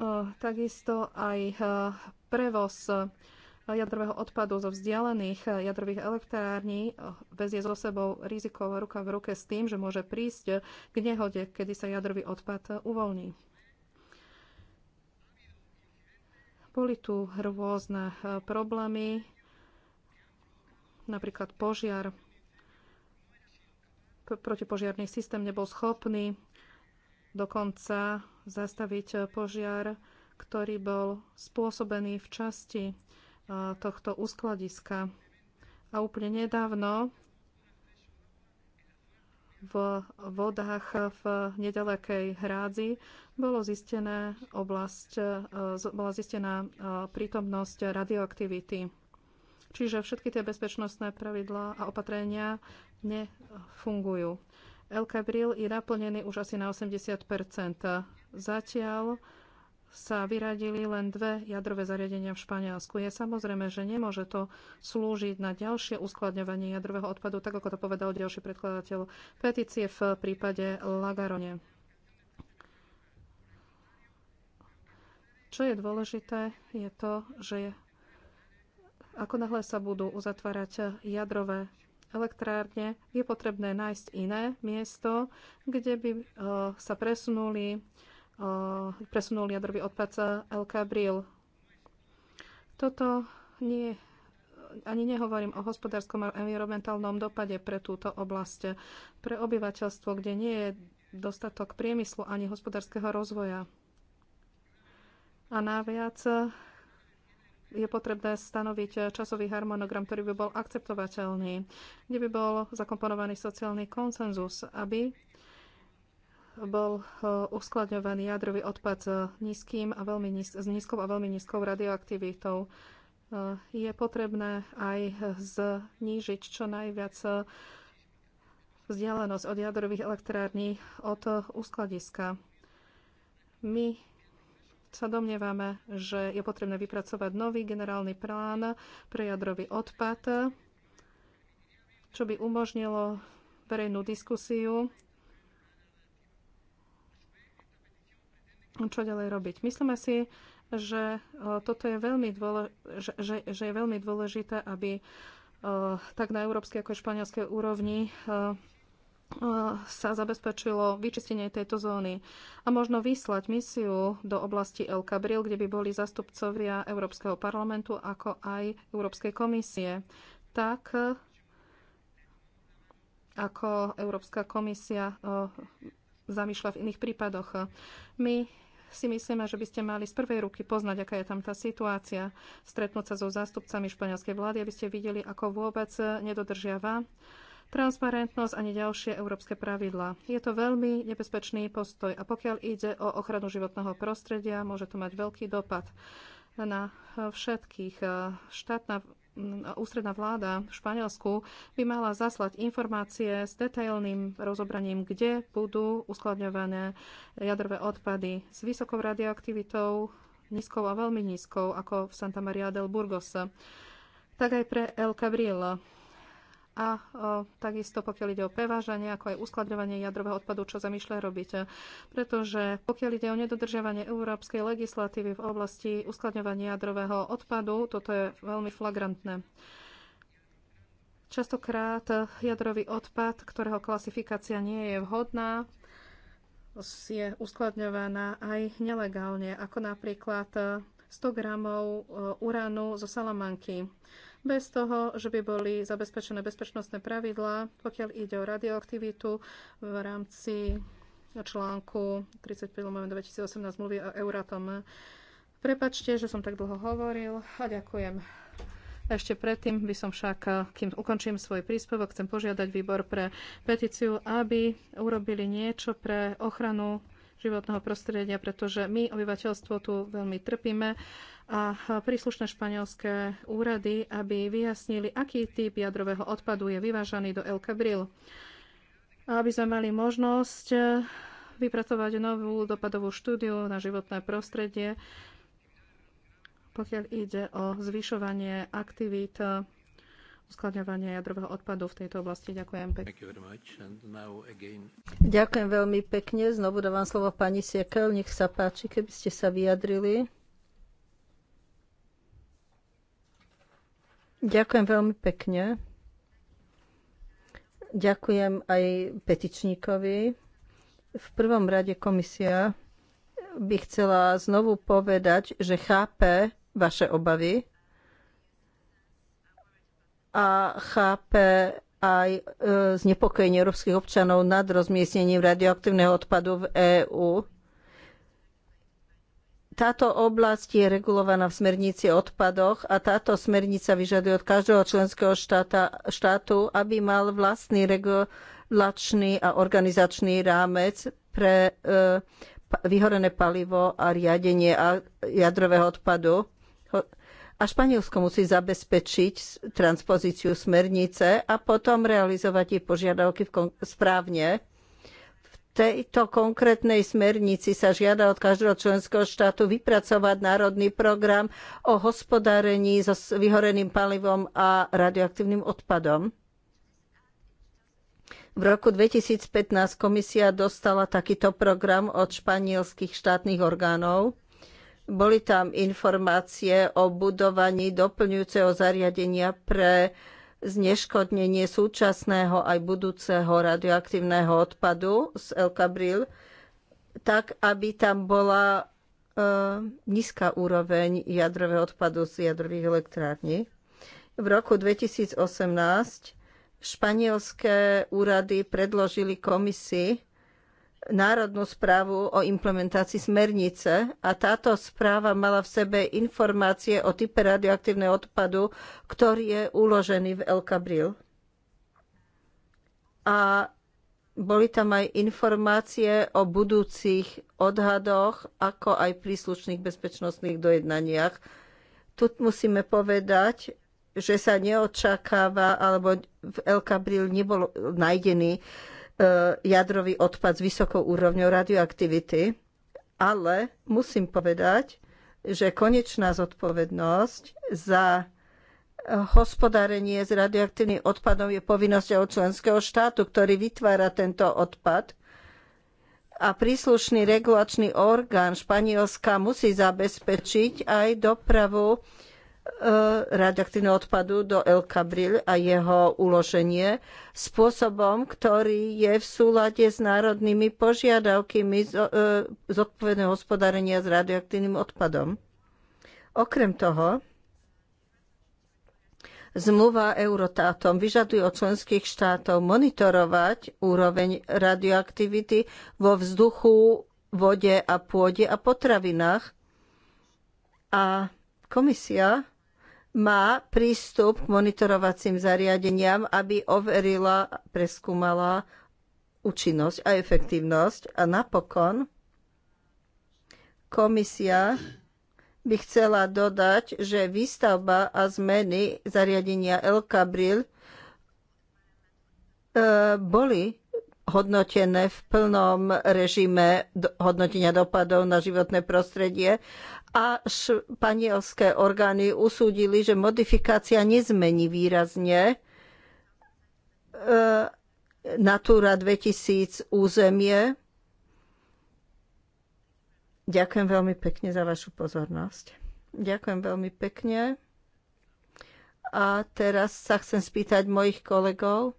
E, takisto aj e, prevoz e, jadrového odpadu zo vzdialených jadrových elektrární vezie so sebou riziko ruka v ruke s tým, že môže prísť k nehode, kedy sa jadrový odpad uvoľní. Boli tu rôzne problémy, napríklad požiar. Protipožiarný systém nebol schopný dokonca zastaviť e, požiar, ktorý bol spôsobený v časti e, tohto uskladiska. A úplne nedávno v vodách v nedalekej hrádzi bolo zistené oblasť, e, bola zistená prítomnosť radioaktivity. Čiže všetky tie bezpečnostné pravidlá a opatrenia nefungujú. El Cabril je naplnený už asi na 80 Zatiaľ sa vyradili len dve jadrové zariadenia v Španielsku. Je samozrejme, že nemôže to slúžiť na ďalšie uskladňovanie jadrového odpadu, tak ako to povedal ďalší predkladateľ petície v prípade Lagarone. Čo je dôležité, je to, že ako nahlé sa budú uzatvárať jadrové elektrárne, je potrebné nájsť iné miesto, kde by eh, sa presunuli, eh, presunul jadrový odpad sa El Cabril. Toto nie ani nehovorím o hospodárskom a environmentálnom dopade pre túto oblasť, pre obyvateľstvo, kde nie je dostatok priemyslu ani hospodárskeho rozvoja. A naviac je potrebné stanoviť časový harmonogram, ktorý by bol akceptovateľný, kde by bol zakomponovaný sociálny konsenzus, aby bol e, uskladňovaný jadrový odpad s, nízkym a veľmi níz- s nízkou a veľmi nízkou radioaktivitou. E, je potrebné aj znížiť čo najviac e, vzdialenosť od jadrových elektrární od uskladiska. My sa domnievame, že je potrebné vypracovať nový generálny plán pre jadrový odpad, čo by umožnilo verejnú diskusiu, čo ďalej robiť. Myslíme si, že e, toto je veľmi, dôlež že, že, že je veľmi dôležité, aby e, tak na európskej ako aj španielskej úrovni e, sa zabezpečilo vyčistenie tejto zóny a možno vyslať misiu do oblasti El Cabril, kde by boli zastupcovia Európskeho parlamentu ako aj Európskej komisie. Tak ako Európska komisia e, zamýšľa v iných prípadoch. My si myslíme, že by ste mali z prvej ruky poznať, aká je tam tá situácia, stretnúť sa so zástupcami španielskej vlády, aby ste videli, ako vôbec nedodržiava transparentnosť ani ďalšie európske pravidlá. Je to veľmi nebezpečný postoj a pokiaľ ide o ochranu životného prostredia, môže to mať veľký dopad na všetkých. Štátna ústredná vláda v Španielsku by mala zaslať informácie s detailným rozobraním, kde budú uskladňované jadrové odpady s vysokou radioaktivitou, nízkou a veľmi nízkou, ako v Santa Maria del Burgos. Tak aj pre El Cabril a o, e, takisto pokiaľ ide o prevážanie, ako aj uskladňovanie jadrového odpadu, čo zamýšľa robiť. Pretože pokiaľ ide o nedodržiavanie európskej legislatívy v oblasti uskladňovania jadrového odpadu, toto je veľmi flagrantné. Častokrát jadrový odpad, ktorého klasifikácia nie je vhodná, je uskladňovaná aj nelegálne, ako napríklad 100 gramov e, uránu zo Salamanky bez toho, že by boli zabezpečené bezpečnostné pravidlá, pokiaľ ide o radioaktivitu v rámci článku 35 2018 mluví o Euratom. Prepačte, že som tak dlho hovoril a ďakujem. Ešte predtým by som však, kým ukončím svoj príspevok, chcem požiadať výbor pre petíciu, aby urobili niečo pre ochranu životného prostredia, pretože my, obyvateľstvo, tu veľmi trpíme a príslušné španielské úrady, aby vyjasnili, aký typ jadrového odpadu je vyvážaný do El Cabril. Aby sme mali možnosť eh, vypracovať novú dopadovú štúdiu na životné prostredie, pokiaľ ide o zvyšovanie aktivít eh, skladňovania jadrového odpadu v tejto oblasti. Ďakujem pekne. Ďakujem veľmi pekne. Znovu dávam slovo pani Siekel. Nech sa páči, keby ste sa vyjadrili. Ďakujem veľmi pekne. Ďakujem aj petičníkovi. V prvom rade komisia by chcela znovu povedať, že chápe vaše obavy a chápe aj e, znepokojenie európskych občanov nad rozmiestnením radioaktívneho odpadu v EÚ. Táto oblasť je regulovaná v smernici o odpadoch a táto smernica vyžaduje od každého členského štáta, štátu, aby mal vlastný regulačný a organizačný rámec pre e, vyhorené palivo a riadenie jadrového odpadu a Španielsko musí zabezpečiť transpozíciu smernice a potom realizovať jej požiadavky správne. V tejto konkrétnej smernici sa žiada od každého členského štátu vypracovať národný program o hospodárení so vyhoreným palivom a radioaktívnym odpadom. V roku 2015 komisia dostala takýto program od španielských štátnych orgánov boli tam informácie o budovaní doplňujúceho zariadenia pre zneškodnenie súčasného aj budúceho radioaktívneho odpadu z El Cabril, tak aby tam bola e, nízka úroveň jadrového odpadu z jadrových elektrární. V roku 2018 španielské úrady predložili komisii národnú správu o implementácii smernice a táto správa mala v sebe informácie o type radioaktívneho odpadu, ktorý je uložený v El Cabril. A boli tam aj informácie o budúcich odhadoch, ako aj príslušných bezpečnostných dojednaniach. Tu musíme povedať, že sa neočakáva, alebo v El Cabril nebol nájdený E, jadrový odpad s vysokou úrovňou radioaktivity, ale musím povedať, že konečná zodpovednosť za hospodárenie s radioaktívnym odpadom je povinnosťou členského štátu, ktorý vytvára tento odpad a príslušný regulačný orgán Španielska musí zabezpečiť aj dopravu E, radioaktívneho odpadu do El Kabril a jeho uloženie spôsobom, ktorý je v súlade s národnými požiadavkami e, zodpovedného hospodárenia s radioaktívnym odpadom. Okrem toho, Zmluva Eurotátom vyžaduje od členských štátov monitorovať úroveň radioaktivity vo vzduchu, vode a pôde a potravinách. A komisia má prístup k monitorovacím zariadeniam, aby overila, preskúmala účinnosť a efektívnosť. A napokon komisia by chcela dodať, že výstavba a zmeny zariadenia El Cabril e, boli hodnotené v plnom režime hodnotenia dopadov na životné prostredie a španielské orgány usúdili, že modifikácia nezmení výrazne e, Natura 2000 územie. Ďakujem veľmi pekne za vašu pozornosť. Ďakujem veľmi pekne. A teraz sa chcem spýtať mojich kolegov.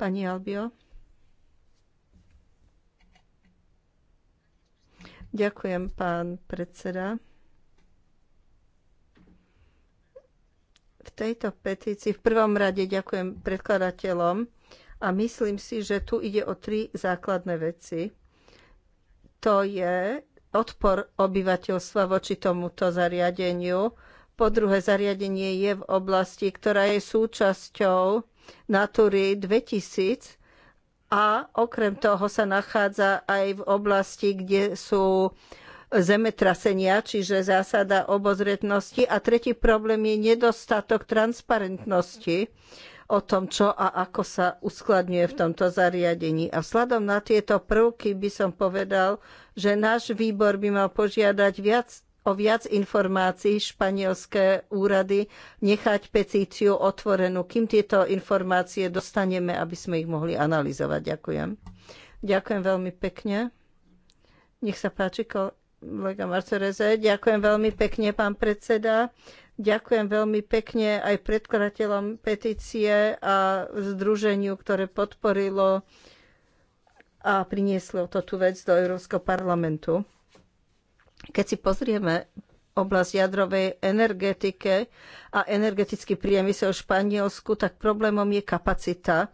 Pani Albio. Ďakujem, pán predseda. V tejto petícii v prvom rade ďakujem predkladateľom a myslím si, že tu ide o tri základné veci. To je odpor obyvateľstva voči tomuto zariadeniu. Po druhé, zariadenie je v oblasti, ktorá je súčasťou Natúry 2000 a okrem toho sa nachádza aj v oblasti, kde sú zemetrasenia, čiže zásada obozretnosti. A tretí problém je nedostatok transparentnosti o tom, čo a ako sa uskladňuje v tomto zariadení. A vzhľadom na tieto prvky by som povedal, že náš výbor by mal požiadať viac o viac informácií španielské úrady nechať petíciu otvorenú, kým tieto informácie dostaneme, aby sme ich mohli analyzovať. Ďakujem. Ďakujem veľmi pekne. Nech sa páči, kolega Marcereze. Ďakujem veľmi pekne, pán predseda. Ďakujem veľmi pekne aj predkladateľom petície a združeniu, ktoré podporilo a prinieslo toto vec do Európskeho parlamentu. Keď si pozrieme oblasť jadrovej energetike a energetický priemysel v Španielsku, tak problémom je kapacita.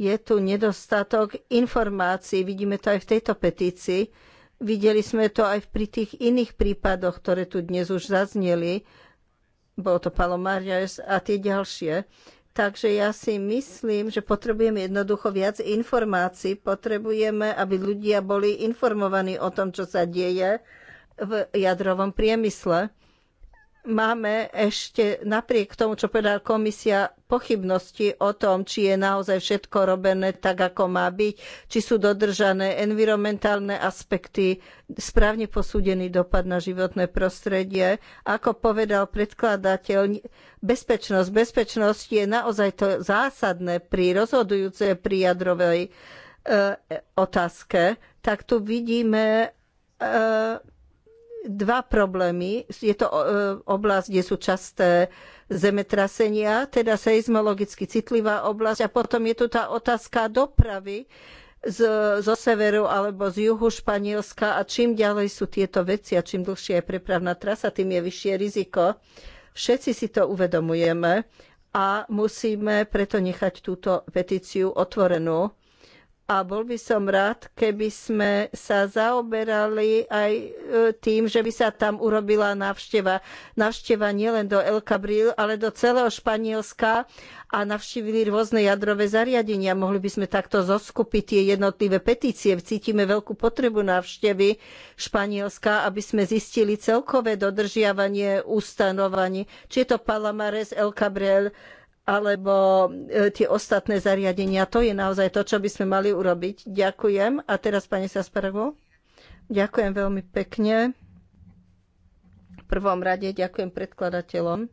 Je tu nedostatok informácií, vidíme to aj v tejto petícii. Videli sme to aj pri tých iných prípadoch, ktoré tu dnes už zazneli. Bolo to Palomarias a tie ďalšie. Takže ja si myslím, že potrebujeme jednoducho viac informácií. Potrebujeme, aby ľudia boli informovaní o tom, čo sa deje v jadrovom priemysle. Máme ešte napriek tomu, čo povedala komisia, pochybnosti o tom, či je naozaj všetko robené tak, ako má byť, či sú dodržané environmentálne aspekty, správne posúdený dopad na životné prostredie. Ako povedal predkladateľ, bezpečnosť. Bezpečnosť je naozaj to zásadné pri rozhodujúcej pri jadrovej e, otázke. Tak tu vidíme e, dva problémy. Je to e, oblasť, kde sú časté zemetrasenia, teda seizmologicky citlivá oblasť. A potom je tu tá otázka dopravy z, zo severu alebo z juhu Španielska. A čím ďalej sú tieto veci a čím dlhšia je prepravná trasa, tým je vyššie riziko. Všetci si to uvedomujeme a musíme preto nechať túto petíciu otvorenú a bol by som rád, keby sme sa zaoberali aj e, tým, že by sa tam urobila návšteva. Návšteva nielen do El Cabril, ale do celého Španielska a navštívili rôzne jadrové zariadenia. Mohli by sme takto zoskupiť tie jednotlivé petície. Cítime veľkú potrebu návštevy Španielska, aby sme zistili celkové dodržiavanie ustanovaní. Či je to Palamares, El Cabril, alebo e, tie ostatné zariadenia. To je naozaj to, čo by sme mali urobiť. Ďakujem. A teraz pani Sasparagu. Ďakujem veľmi pekne. V prvom rade ďakujem predkladateľom.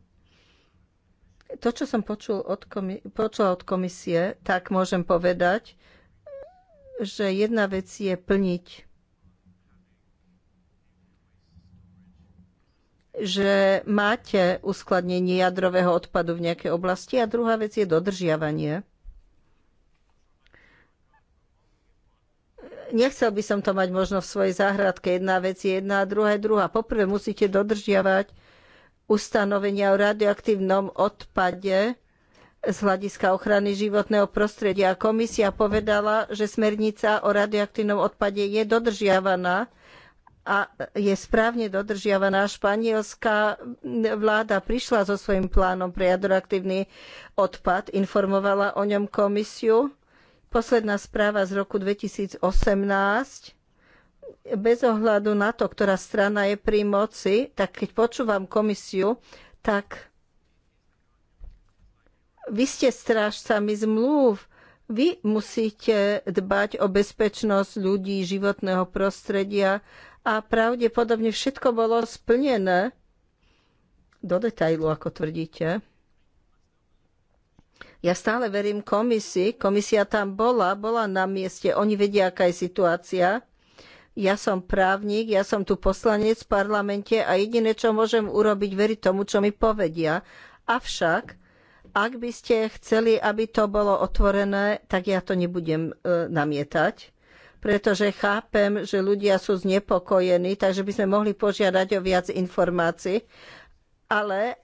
To, čo som počul od počula od komisie, tak môžem povedať, že jedna vec je plniť že máte uskladnenie jadrového odpadu v nejakej oblasti a druhá vec je dodržiavanie. Nechcel by som to mať možno v svojej záhradke. Jedna vec je jedna a druhá je druhá. Poprvé musíte dodržiavať ustanovenia o radioaktívnom odpade z hľadiska ochrany životného prostredia. Komisia povedala, že smernica o radioaktívnom odpade je dodržiavaná a je správne dodržiavaná. Španielská vláda prišla so svojím plánom pre jadroaktívny odpad, informovala o ňom komisiu. Posledná správa z roku 2018 bez ohľadu na to, ktorá strana je pri moci, tak keď počúvam komisiu, tak vy ste strážcami zmluv, vy musíte dbať o bezpečnosť ľudí, životného prostredia a pravdepodobne všetko bolo splnené do detailu, ako tvrdíte. Ja stále verím komisii. Komisia tam bola, bola na mieste. Oni vedia, aká je situácia. Ja som právnik, ja som tu poslanec v parlamente a jediné, čo môžem urobiť, veriť tomu, čo mi povedia. Avšak, ak by ste chceli, aby to bolo otvorené, tak ja to nebudem e, namietať pretože chápem, že ľudia sú znepokojení, takže by sme mohli požiadať o viac informácií. Ale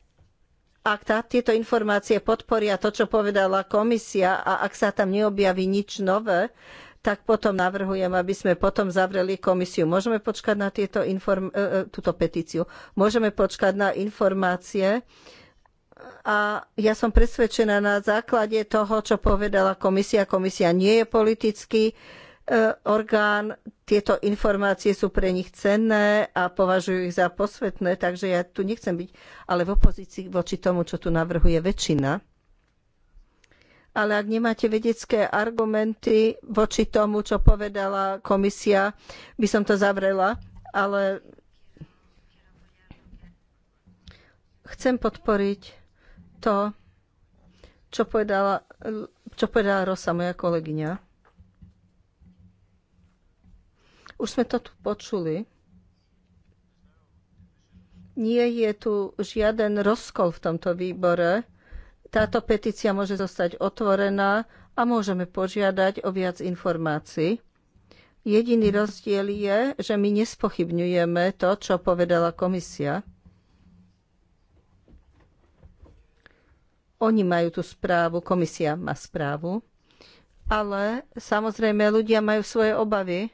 ak tá, tieto informácie podporia to, čo povedala komisia a ak sa tam neobjaví nič nové, tak potom navrhujem, aby sme potom zavreli komisiu. Môžeme počkať na tieto inform- e, e, túto petíciu. Môžeme počkať na informácie. A ja som presvedčená na základe toho, čo povedala komisia. Komisia nie je politický E, orgán, tieto informácie sú pre nich cenné a považujú ich za posvetné, takže ja tu nechcem byť ale v opozícii voči tomu, čo tu navrhuje väčšina. Ale ak nemáte vedecké argumenty voči tomu, čo povedala komisia, by som to zavrela, ale chcem podporiť to, čo povedala, čo povedala Rosa, moja kolegyňa Už sme to tu počuli. Nie je tu žiaden rozkol v tomto výbore. Táto petícia môže zostať otvorená a môžeme požiadať o viac informácií. Jediný rozdiel je, že my nespochybňujeme to, čo povedala komisia. Oni majú tú správu, komisia má správu, ale samozrejme ľudia majú svoje obavy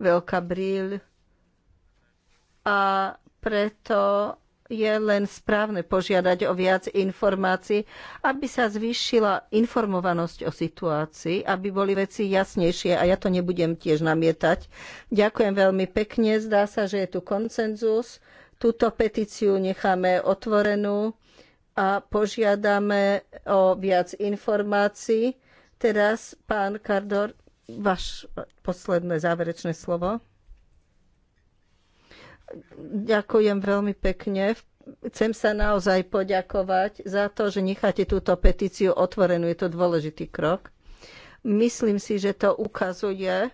veľká bríľ a preto je len správne požiadať o viac informácií, aby sa zvýšila informovanosť o situácii, aby boli veci jasnejšie a ja to nebudem tiež namietať. Ďakujem veľmi pekne, zdá sa, že je tu koncenzus. Túto petíciu necháme otvorenú a požiadame o viac informácií. Teraz pán Kardor. Váš posledné záverečné slovo. Ďakujem veľmi pekne. Chcem sa naozaj poďakovať za to, že necháte túto petíciu otvorenú. Je to dôležitý krok. Myslím si, že to ukazuje,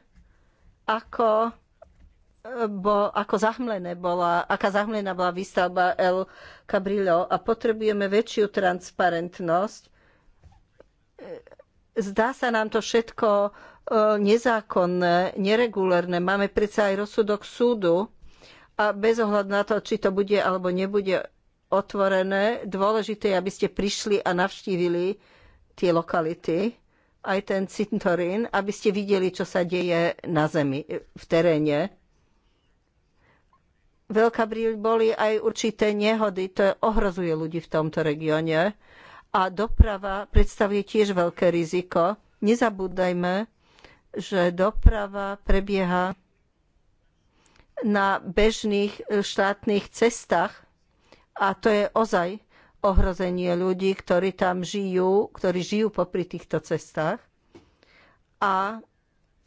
ako, eh, bo, ako zahmlené bola, aká zahmlená bola výstavba El Cabrillo a potrebujeme väčšiu transparentnosť. Eh, zdá sa nám to všetko E, nezákonné, neregulérne. Máme predsa aj rozsudok súdu a bez ohľadu na to, či to bude alebo nebude otvorené, dôležité je, aby ste prišli a navštívili tie lokality, aj ten cintorín, aby ste videli, čo sa deje na zemi, e, v teréne. Veľká bríľ boli aj určité nehody, to ohrozuje ľudí v tomto regióne. A doprava predstavuje tiež veľké riziko. Nezabúdajme, že doprava prebieha na bežných e, štátnych cestách a to je ozaj ohrozenie ľudí, ktorí tam žijú, ktorí žijú popri týchto cestách. A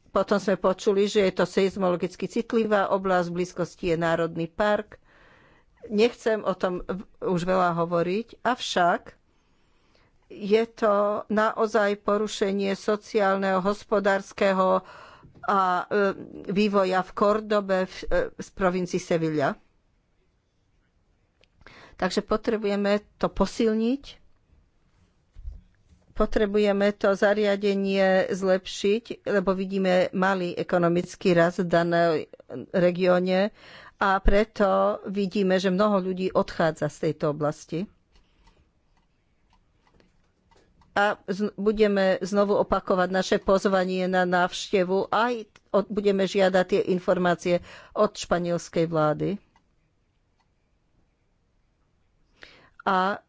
potom sme počuli, že je to seizmologicky citlivá oblasť, v blízkosti je Národný park. Nechcem o tom už veľa hovoriť, avšak je to naozaj porušenie sociálneho, hospodárskeho a e, vývoja v Kordobe v, z e, provincii Sevilla. Takže potrebujeme to posilniť, potrebujeme to zariadenie zlepšiť, lebo vidíme malý ekonomický rast v danej regióne a preto vidíme, že mnoho ľudí odchádza z tejto oblasti a budeme znovu opakovať naše pozvanie na návštevu aj od, budeme žiadať tie informácie od španielskej vlády. A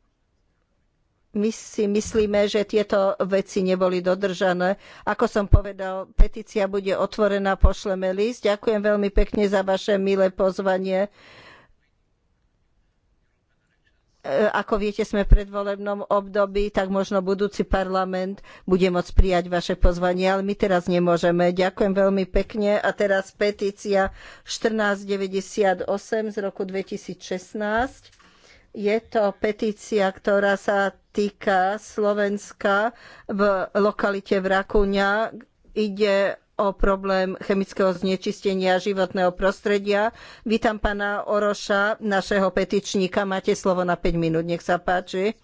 my si myslíme, že tieto veci neboli dodržané. Ako som povedal, petícia bude otvorená, pošleme list. Ďakujem veľmi pekne za vaše milé pozvanie. E, ako viete, sme v predvolebnom období, tak možno budúci parlament bude môcť prijať vaše pozvanie, ale my teraz nemôžeme. Ďakujem veľmi pekne. A teraz petícia 1498 z roku 2016. Je to petícia, ktorá sa týka Slovenska v lokalite Vrakuňa. Ide o problém chemického znečistenia životného prostredia. Vítam pána Oroša, našeho petičníka. Máte slovo na 5 minút, nech sa páči.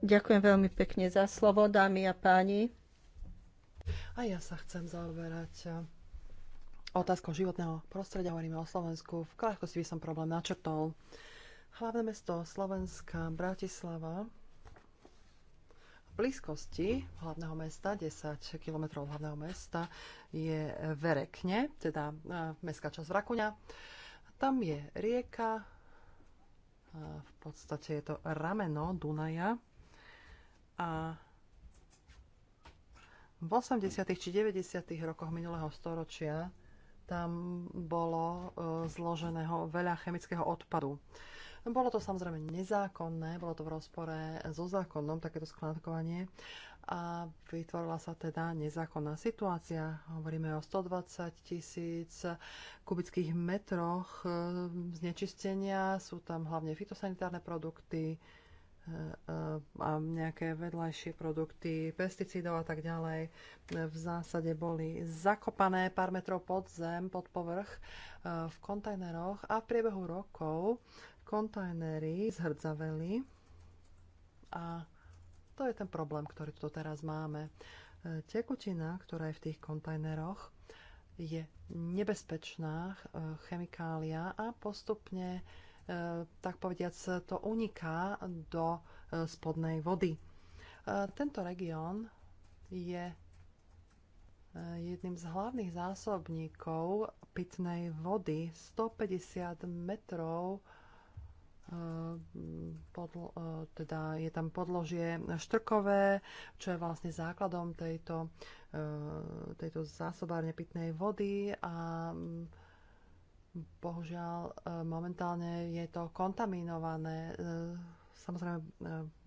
Ďakujem veľmi pekne za slovo, dámy a páni. A ja sa chcem zaoberať otázkou životného prostredia. Hovoríme o Slovensku. V krátkosti by som problém načrtol. Hlavné mesto Slovenska, Bratislava, blízkosti hlavného mesta, 10 km hlavného mesta, je Verekne, teda e, mestská časť Vrakuňa. Tam je rieka, e, v podstate je to rameno Dunaja a v 80. či 90. rokoch minulého storočia tam bolo e, zloženého veľa chemického odpadu. Bolo to samozrejme nezákonné, bolo to v rozpore so zákonom takéto skládkovanie a vytvorila sa teda nezákonná situácia. Hovoríme o 120 tisíc kubických metroch e, znečistenia, sú tam hlavne fitosanitárne produkty, e, e, a nejaké vedľajšie produkty pesticídov a tak ďalej v zásade boli zakopané pár metrov pod zem, pod povrch v kontajneroch a v priebehu rokov kontajnery zhrdzaveli a to je ten problém, ktorý tu teraz máme. E, tekutina, ktorá je v tých kontajneroch, je nebezpečná e, chemikália a postupne, e, tak povediac, to uniká do spodnej vody. Tento región je jedným z hlavných zásobníkov pitnej vody 150 metrov Eh, podlo, eh, teda je tam podložie štrkové, čo je vlastne základom tejto, eh, tejto zásobárne pitnej vody a mm, bohužiaľ momentálne je to kontaminované. Samozrejme,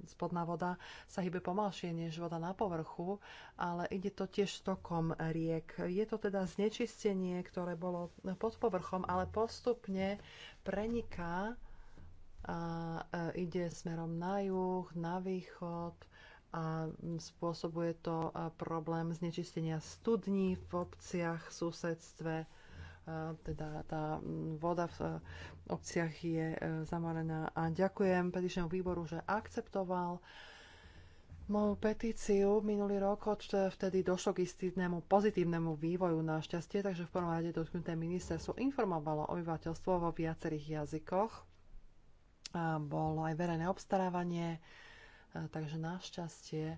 spodná voda sa hýbe pomalšie než voda na povrchu, ale ide to tiež tokom riek. Je to teda znečistenie, ktoré bolo pod povrchom, ale postupne preniká a e, ide smerom na juh, na východ a spôsobuje to e, problém znečistenia studní v obciach, v susedstve. E, teda tá voda v obciach je zamorená. A ďakujem petičnému výboru, že akceptoval moju petíciu minulý rok, od vtedy došlo k istýdnemu pozitívnemu vývoju šťastie, takže v prvom rade dotknuté ministerstvo informovalo obyvateľstvo vo viacerých jazykoch bolo aj verejné obstarávanie, e, takže našťastie e,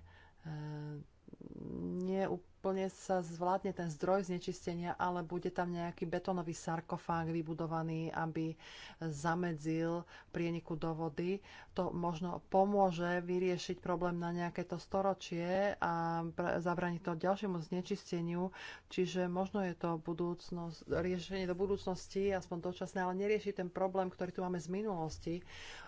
nie plne sa zvládne ten zdroj znečistenia, ale bude tam nejaký betónový sarkofág vybudovaný, aby zamedzil prieniku do vody. To možno pomôže vyriešiť problém na nejaké to storočie a zabraniť to ďalšiemu znečisteniu. Čiže možno je to budúcnosť, riešenie do budúcnosti, aspoň dočasné, ale nerieši ten problém, ktorý tu máme z minulosti,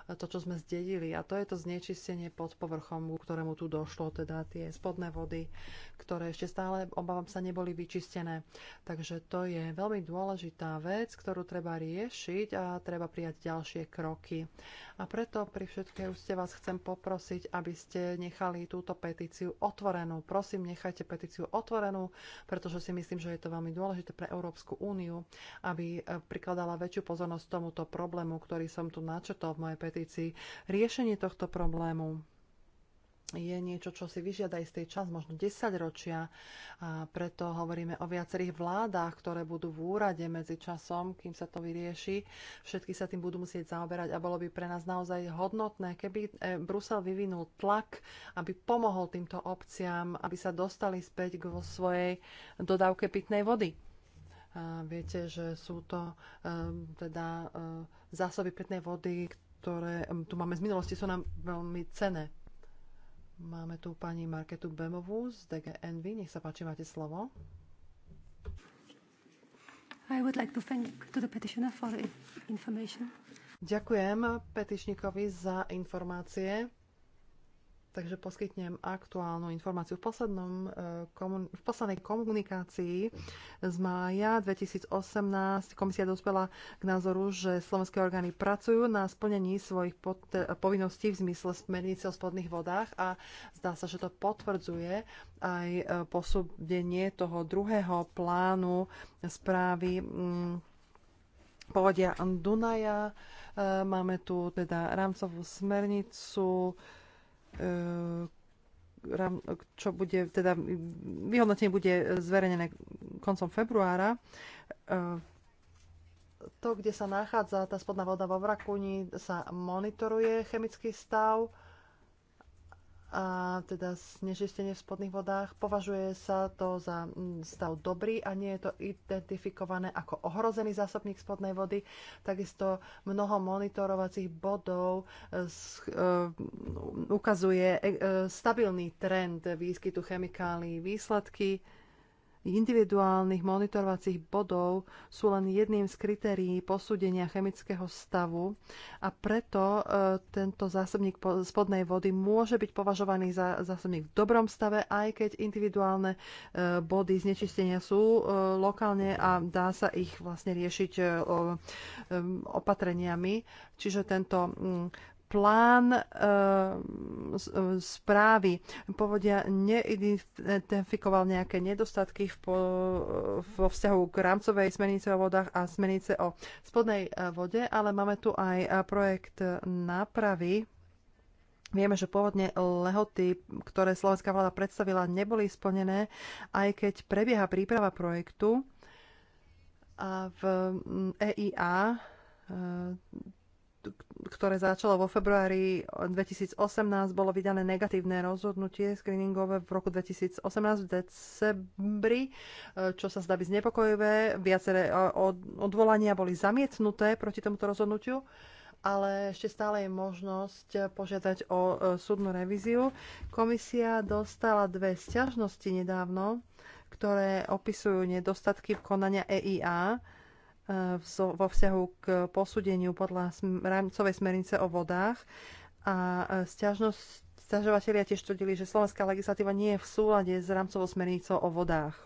to, čo sme zdedili. A to je to znečistenie pod povrchom, ktorému tu došlo, teda tie spodné vody, ktoré ešte stále ale obávam sa neboli vyčistené. Takže to je veľmi dôležitá vec, ktorú treba riešiť a treba prijať ďalšie kroky. A preto pri všetkej úste vás chcem poprosiť, aby ste nechali túto petíciu otvorenú. Prosím, nechajte petíciu otvorenú, pretože si myslím, že je to veľmi dôležité pre Európsku úniu, aby e, prikladala väčšiu pozornosť tomuto problému, ktorý som tu načetol v mojej petícii. Riešenie tohto problému je niečo, čo si vyžiada istý čas, možno 10 ročia. A preto hovoríme o viacerých vládach, ktoré budú v úrade medzi časom, kým sa to vyrieši. Všetky sa tým budú musieť zaoberať a bolo by pre nás naozaj hodnotné, keby e, Brusel vyvinul tlak, aby pomohol týmto obciam, aby sa dostali späť k svojej dodávke pitnej vody. A viete, že sú to um, teda um, zásoby pitnej vody, ktoré tu máme z minulosti, sú nám veľmi cené. Máme tu pani Marketu Bemovú z DGNV. Nech sa páči, máte slovo. I would like to thank to the petitioner for information. Ďakujem petičníkovi za informácie takže poskytnem aktuálnu informáciu. V, poslednom, e, komun- v poslednej komunikácii z mája 2018 komisia dospela k názoru, že slovenské orgány pracujú na splnení svojich e, povinností v zmysle smernice o spodných vodách a zdá sa, že to potvrdzuje aj e, posúdenie toho druhého plánu správy mm, povodia Dunaja. Máme tu teda rámcovú smernicu E, čo bude, teda vyhodnotenie bude zverejnené koncom februára. E, to, kde sa nachádza tá spodná voda vo Vrakuni, sa monitoruje chemický stav a teda snežistenie v spodných vodách. Považuje sa to za mm, stav dobrý a nie je to identifikované ako ohrozený zásobník spodnej vody. Takisto mnoho monitorovacích bodov e, e, ukazuje e, stabilný trend výskytu chemikálií. Výsledky individuálnych monitorovacích bodov sú len jedným z kritérií posúdenia chemického stavu a preto e, tento zásobník spodnej vody môže byť považovaný za zásobník v dobrom stave, aj keď individuálne e, body znečistenia sú e, lokálne a dá sa ich vlastne riešiť e, e, opatreniami. Čiže tento plán eh, eh, správy. Povodia neidentifikoval nejaké nedostatky v po, eh, vo vzťahu k rámcovej smernice o vodách a smernice o spodnej vode, ale máme tu aj projekt nápravy. Vieme, že pôvodne lehoty, ktoré slovenská vláda predstavila, neboli splnené, aj keď prebieha príprava projektu a v mm, EIA ktoré začalo vo februári 2018, bolo vydané negatívne rozhodnutie screeningové v roku 2018 v decembri, e, čo sa zdá byť znepokojivé. Viaceré e, odvolania boli zamietnuté proti tomuto rozhodnutiu ale ešte stále je možnosť požiadať o e, súdnu revíziu. Komisia dostala dve sťažnosti nedávno, ktoré opisujú nedostatky v konania EIA vo vzťahu k posúdeniu podľa rámcovej smernice o vodách a e, Sťažovateľia tiež tvrdili, že slovenská legislatíva nie je v súlade s rámcovou smernicou o vodách.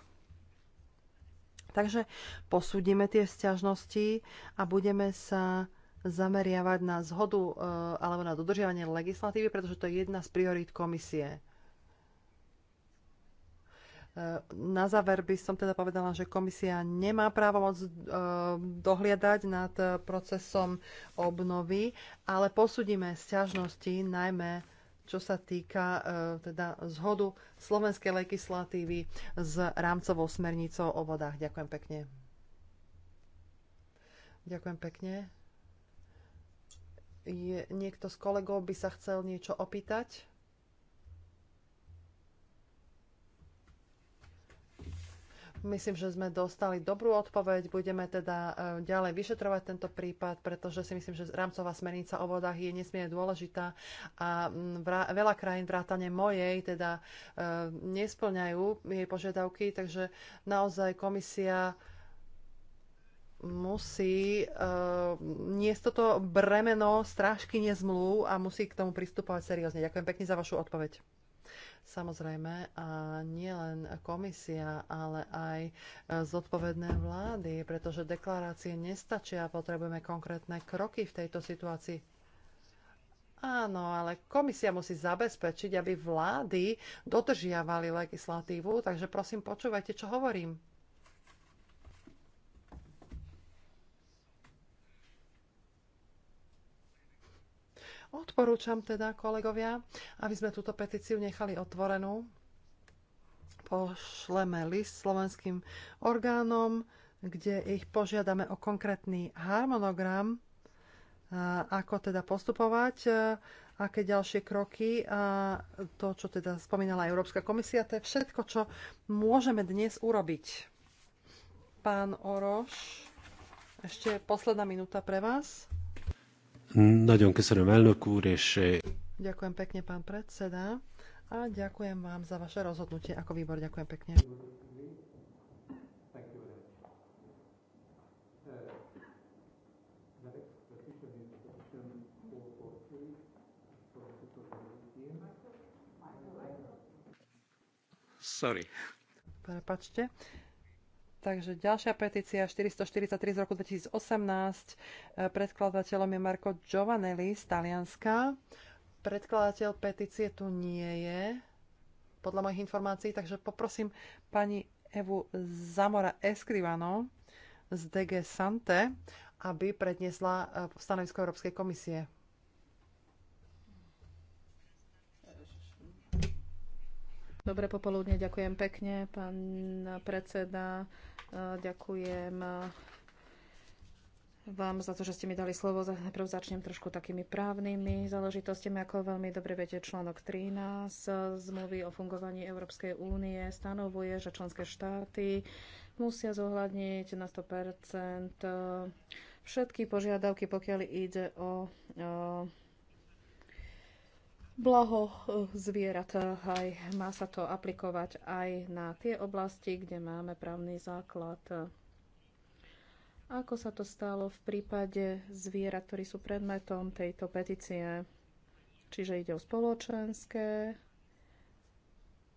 Takže posúdime tie sťažnosti a budeme sa zameriavať na zhodu e, alebo na dodržiavanie legislatívy, pretože to je jedna z priorít komisie. Na záver by som teda povedala, že komisia nemá právo moc e, dohliadať nad e, procesom obnovy, ale posudíme sťažnosti, najmä čo sa týka e, teda zhodu slovenskej legislatívy s rámcovou smernicou o vodách. Ďakujem pekne. Ďakujem pekne. Je, niekto z kolegov by sa chcel niečo opýtať? Myslím, že sme dostali dobrú odpoveď. Budeme teda e, ďalej vyšetrovať tento prípad, pretože si myslím, že rámcová smernica o vodách je nesmierne dôležitá a mm, veľa krajín vrátane mojej teda e, nesplňajú jej požiadavky, takže naozaj komisia musí uh, niesť toto bremeno strážky nezmluv a musí k tomu pristupovať seriózne. Ďakujem pekne za vašu odpoveď. Samozrejme, a nielen komisia, ale aj e, zodpovedné vlády, pretože deklarácie nestačia a potrebujeme konkrétne kroky v tejto situácii. Áno, ale komisia musí zabezpečiť, aby vlády dodržiavali legislatívu, takže prosím, počúvajte, čo hovorím. Odporúčam teda, kolegovia, aby sme túto petíciu nechali otvorenú. Pošleme list slovenským orgánom, kde ich požiadame o konkrétny harmonogram, ako teda postupovať, aké ďalšie kroky a to, čo teda spomínala Európska komisia, to je všetko, čo môžeme dnes urobiť. Pán Oroš, ešte posledná minúta pre vás. Nagyon köszönöm, elnök úr, és... Eh, ďakujem pekne, pán predseda, a ďakujem vám za vaše rozhodnutie ako výbor. Ďakujem pekne. Sorry. Prepačte. Takže ďalšia petícia 443 z roku 2018. E, predkladateľom je Marko Giovanelli z Talianska. Predkladateľ petície tu nie je, podľa mojich informácií, takže poprosím pani Evu Zamora Escrivano z DG Sante, aby predniesla e, stanovisko Európskej komisie. Dobre popoludne, ďakujem pekne, pán predseda. Ďakujem eh, vám za to, že ste mi dali slovo. Najprv začnem trošku takými právnymi záležitostiami, ako veľmi dobre viete, článok 13 zmluvy o fungovaní Európskej únie stanovuje, že členské štáty musia zohľadniť na 100% eh, všetky požiadavky, pokiaľ ide o, o eh, blaho eh, zvierat. Eh, aj má sa to aplikovať aj na tie oblasti, kde máme právny základ. Ako sa to stalo v prípade zvierat, ktorí sú predmetom tejto petície? Čiže ide o spoločenské,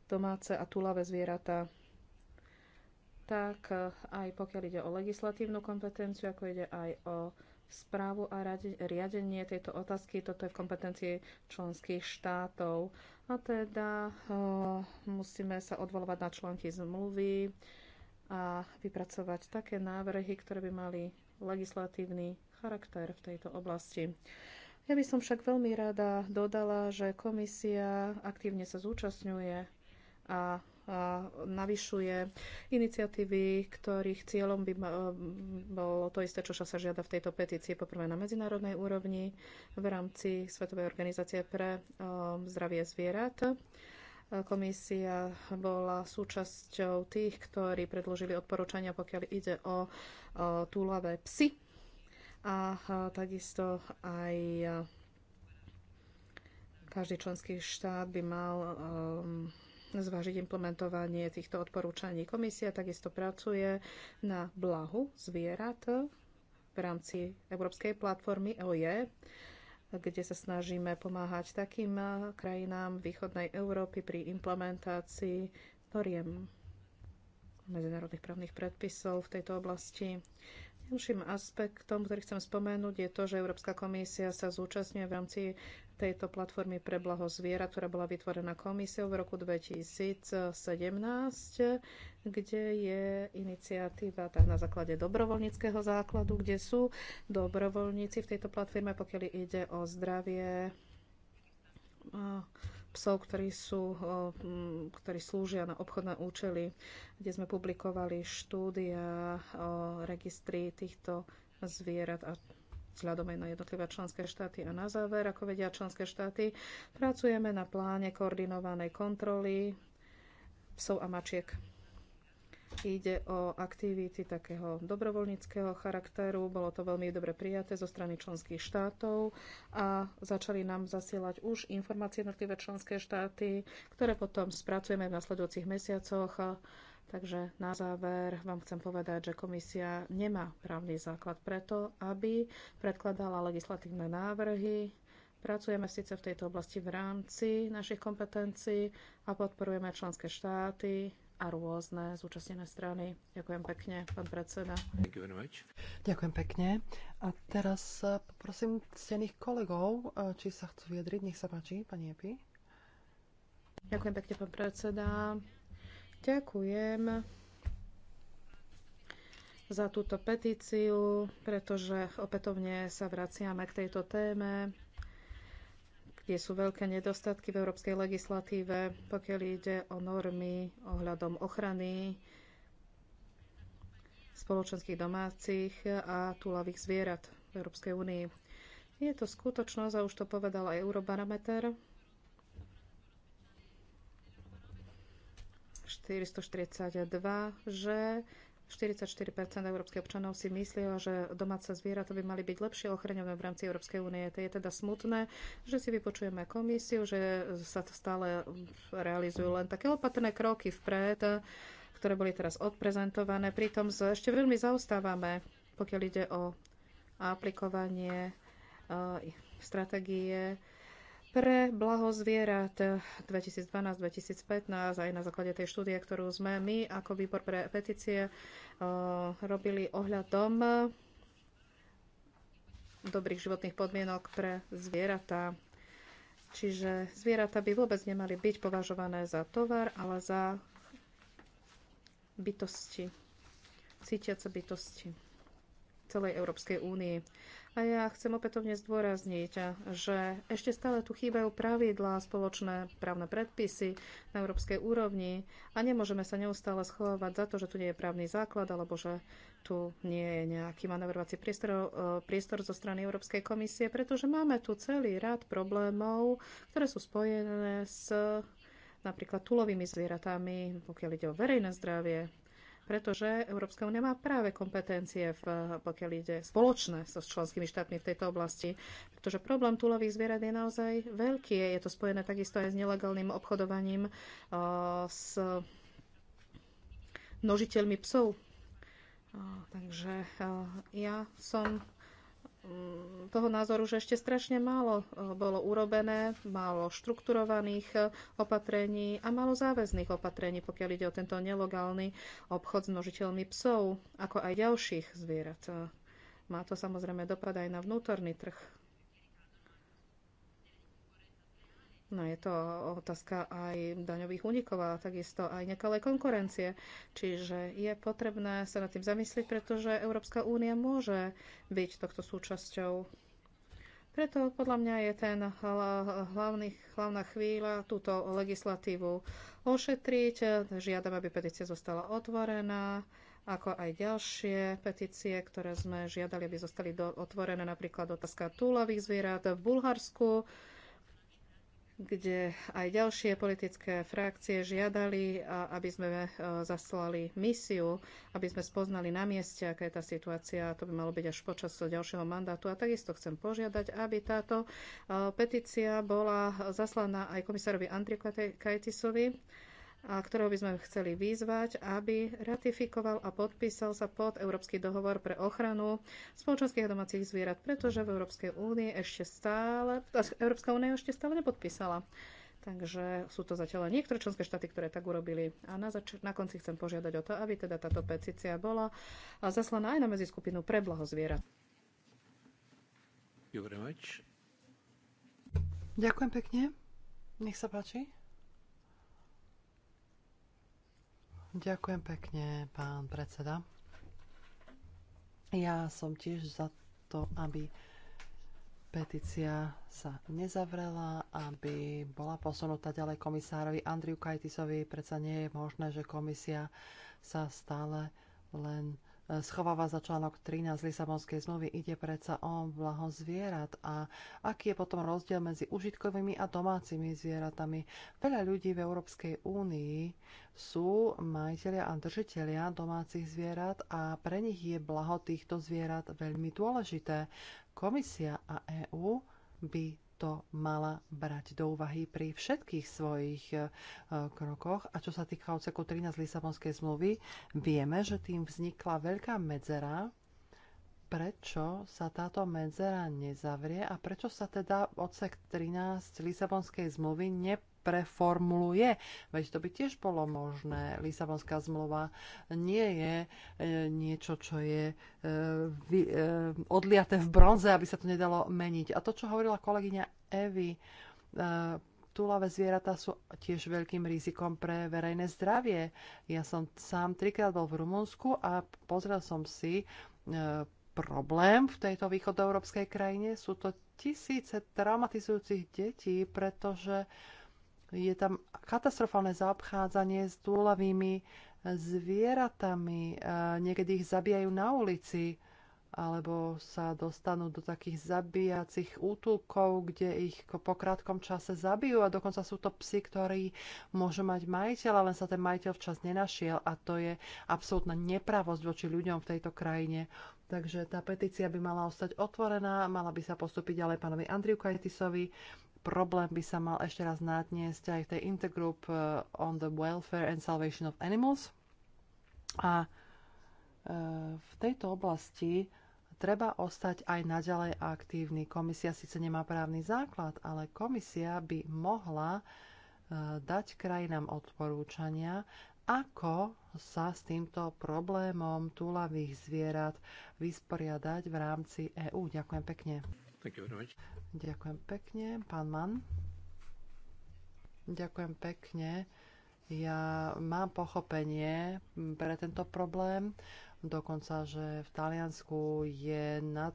domáce a tulavé zvieratá. Tak eh, aj pokiaľ ide o legislatívnu kompetenciu, ako ide aj o správu a riadenie tejto otázky. Toto je v kompetencii členských štátov. A teda oh, musíme sa odvolovať na články zmluvy a vypracovať také návrhy, ktoré by mali legislatívny charakter v tejto oblasti. Ja by som však veľmi rada dodala, že komisia aktívne sa zúčastňuje a a navyšuje iniciatívy, ktorých cieľom by bolo to isté, čo sa žiada v tejto petícii, poprvé na medzinárodnej úrovni v rámci Svetovej organizácie pre um, zdravie zvierat. Komisia bola súčasťou tých, ktorí predložili odporúčania, pokiaľ ide o, túlavé psy a, takisto aj každý členský štát by mal um, zvážiť implementovanie týchto odporúčaní. Komisia takisto pracuje na blahu zvierat v rámci Európskej platformy OE, kde sa snažíme pomáhať takým krajinám východnej Európy pri implementácii noriem medzinárodných právnych predpisov v tejto oblasti. Ďalším aspektom, ktorý chcem spomenúť, je to, že Európska komisia sa zúčastňuje v rámci tejto platformy pre blaho zviera, ktorá bola vytvorená komisiou v roku 2017, kde je iniciatíva tak na základe dobrovoľníckého základu, kde sú dobrovoľníci v tejto platforme, pokiaľ ide o zdravie psov, ktorí, sú, ktorí slúžia na obchodné účely, kde sme publikovali štúdia o registri týchto zvierat a vzhľadom aj na jednotlivé členské štáty. A na záver, ako vedia členské štáty, pracujeme na pláne koordinovanej kontroly psov a mačiek. Ide o aktivity takého dobrovoľníckého charakteru. Bolo to veľmi dobre prijaté zo strany členských štátov a začali nám zasielať už informácie jednotlivé členské štáty, ktoré potom spracujeme v nasledujúcich mesiacoch Takže na záver vám chcem povedať, že komisia nemá právny základ preto, aby predkladala legislatívne návrhy. Pracujeme síce v tejto oblasti v rámci našich kompetencií a podporujeme členské štáty a rôzne zúčastnené strany. Ďakujem pekne, pán predseda. Ďakujem pekne. A teraz poprosím ctených kolegov, eh, či sa chcú vyjadriť. Nech sa páči, pani Epi. Ďakujem pekne, pán predseda. Ďakujem za túto petíciu, pretože opätovne sa vraciame k tejto téme, kde sú veľké nedostatky v európskej legislatíve, pokiaľ ide o normy ohľadom ochrany spoločenských domácich a túlavých zvierat v Európskej únii. Je to skutočnosť, a už to povedal aj Eurobarometer, 442, že 44% európskych občanov si myslia, že domáce zvieratá by mali byť lepšie ochraňované v rámci Európskej únie. To je teda smutné, že si vypočujeme komisiu, že sa to stále realizujú len také opatrné kroky vpred, ktoré boli teraz odprezentované. Pritom ešte veľmi zaostávame, pokiaľ ide o aplikovanie eh, stratégie pre blaho zvierat 2012-2015 aj na základe tej štúdie, ktorú sme my ako výbor pre petície eh, robili ohľadom dobrých životných podmienok pre zvieratá. Čiže zvieratá by vôbec nemali byť považované za tovar, ale za bytosti, cítiace bytosti celej Európskej únii. A ja chcem opätovne zdôrazniť, že ešte stále tu chýbajú pravidlá, spoločné právne predpisy na európskej úrovni a nemôžeme sa neustále schovávať za to, že tu nie je právny základ alebo že tu nie je nejaký manevrovací priestor, priestor zo strany Európskej komisie, pretože máme tu celý rad problémov, ktoré sú spojené s napríklad tulovými zvieratami, pokiaľ ide o verejné zdravie, pretože Európska únia má práve kompetencie, v, pokiaľ ide spoločné so členskými štátmi v tejto oblasti, pretože problém túlových zvierat je naozaj veľký. Je to spojené takisto aj s nelegálnym obchodovaním uh, s množiteľmi psov. Uh, takže uh, ja som Mm, toho názoru, že ešte strašne málo e, bolo urobené, málo štrukturovaných e, opatrení a málo záväzných opatrení, pokiaľ ide o tento nelegálny obchod s množiteľmi psov, ako aj ďalších zvierat. E, má to samozrejme dopad aj na vnútorný trh No je to otázka aj daňových únikov a takisto aj nekalej konkurencie. Čiže je potrebné sa nad tým zamyslieť, pretože Európska únia môže byť tohto súčasťou. Preto podľa mňa je ten hlavný, hlavná chvíľa túto legislatívu ošetriť. Žiadam, aby petícia zostala otvorená ako aj ďalšie petície, ktoré sme žiadali, aby zostali do, otvorené, napríklad otázka túlavých zvierat v Bulharsku kde aj ďalšie politické frakcie žiadali, aby sme e, zaslali misiu, aby sme spoznali na mieste, aká je tá situácia. To by malo byť až počas ďalšieho mandátu. A takisto chcem požiadať, aby táto e, petícia bola zaslaná aj komisárovi Andrikajtisovi, a ktorého by sme chceli vyzvať, aby ratifikoval a podpísal sa pod Európsky dohovor pre ochranu spoločenských a domácich zvierat, pretože v Európskej únie ešte stále, Európska únia ešte stále nepodpísala. Takže sú to zatiaľ niektoré členské štáty, ktoré tak urobili. A na, zač- na konci chcem požiadať o to, aby teda táto petícia bola zaslaná aj na medzi skupinu pre blaho zvierat. Ďakujem pekne. Nech sa páči. Ďakujem pekne, pán predseda. Ja som tiež za to, aby petícia sa nezavrela, aby bola posunutá ďalej komisárovi Andriu Kajtisovi. Predsa nie je možné, že komisia sa stále len schováva za článok 13 Lisabonskej zmluvy. Ide predsa o blaho zvierat a aký je potom rozdiel medzi užitkovými a domácimi zvieratami. Veľa ľudí v Európskej únii sú majiteľia a držiteľia domácich zvierat a pre nich je blaho týchto zvierat veľmi dôležité. Komisia a EÚ by to mala brať do úvahy pri všetkých svojich e, krokoch. A čo sa týka odseku 13 Lisabonskej zmluvy, vieme, že tým vznikla veľká medzera, prečo sa táto medzera nezavrie a prečo sa teda odsek 13 Lisabonskej zmluvy ne preformuluje. Veď to by tiež bolo možné. Lisabonská zmluva nie je e, niečo, čo je e, e, odliaté v bronze, aby sa to nedalo meniť. A to, čo hovorila kolegyňa Evy, túlavé zvieratá sú tiež veľkým rizikom pre verejné zdravie. Ja som sám trikrát bol v Rumunsku a pozrel som si e, problém v tejto východoeurópskej krajine. Sú to tisíce traumatizujúcich detí, pretože e, je tam katastrofálne zaobchádzanie s túlavými e, zvieratami. E, niekedy ich zabijajú na ulici alebo sa dostanú do takých zabíjacích útulkov, kde ich po krátkom čase zabijú a dokonca sú to psy, ktorí môžu mať majiteľ, len sa ten majiteľ včas nenašiel a to je absolútna nepravosť voči ľuďom v tejto krajine. Takže tá petícia by mala ostať otvorená, mala by sa postúpiť ďalej pánovi Andriu Kajtisovi, problém by sa mal ešte raz nadniesť aj v tej Intergroup eh, on the Welfare and Salvation of Animals. A eh, v tejto oblasti treba ostať aj naďalej aktívny. Komisia síce nemá právny základ, ale komisia by mohla eh, dať krajinám odporúčania, ako sa s týmto problémom túlavých zvierat vysporiadať v rámci EÚ. Ďakujem pekne. Thank you very much. Ďakujem pekne, pán Mann. Ďakujem pekne. Ja mám pochopenie pre tento problém, dokonca, že v Taliansku je nad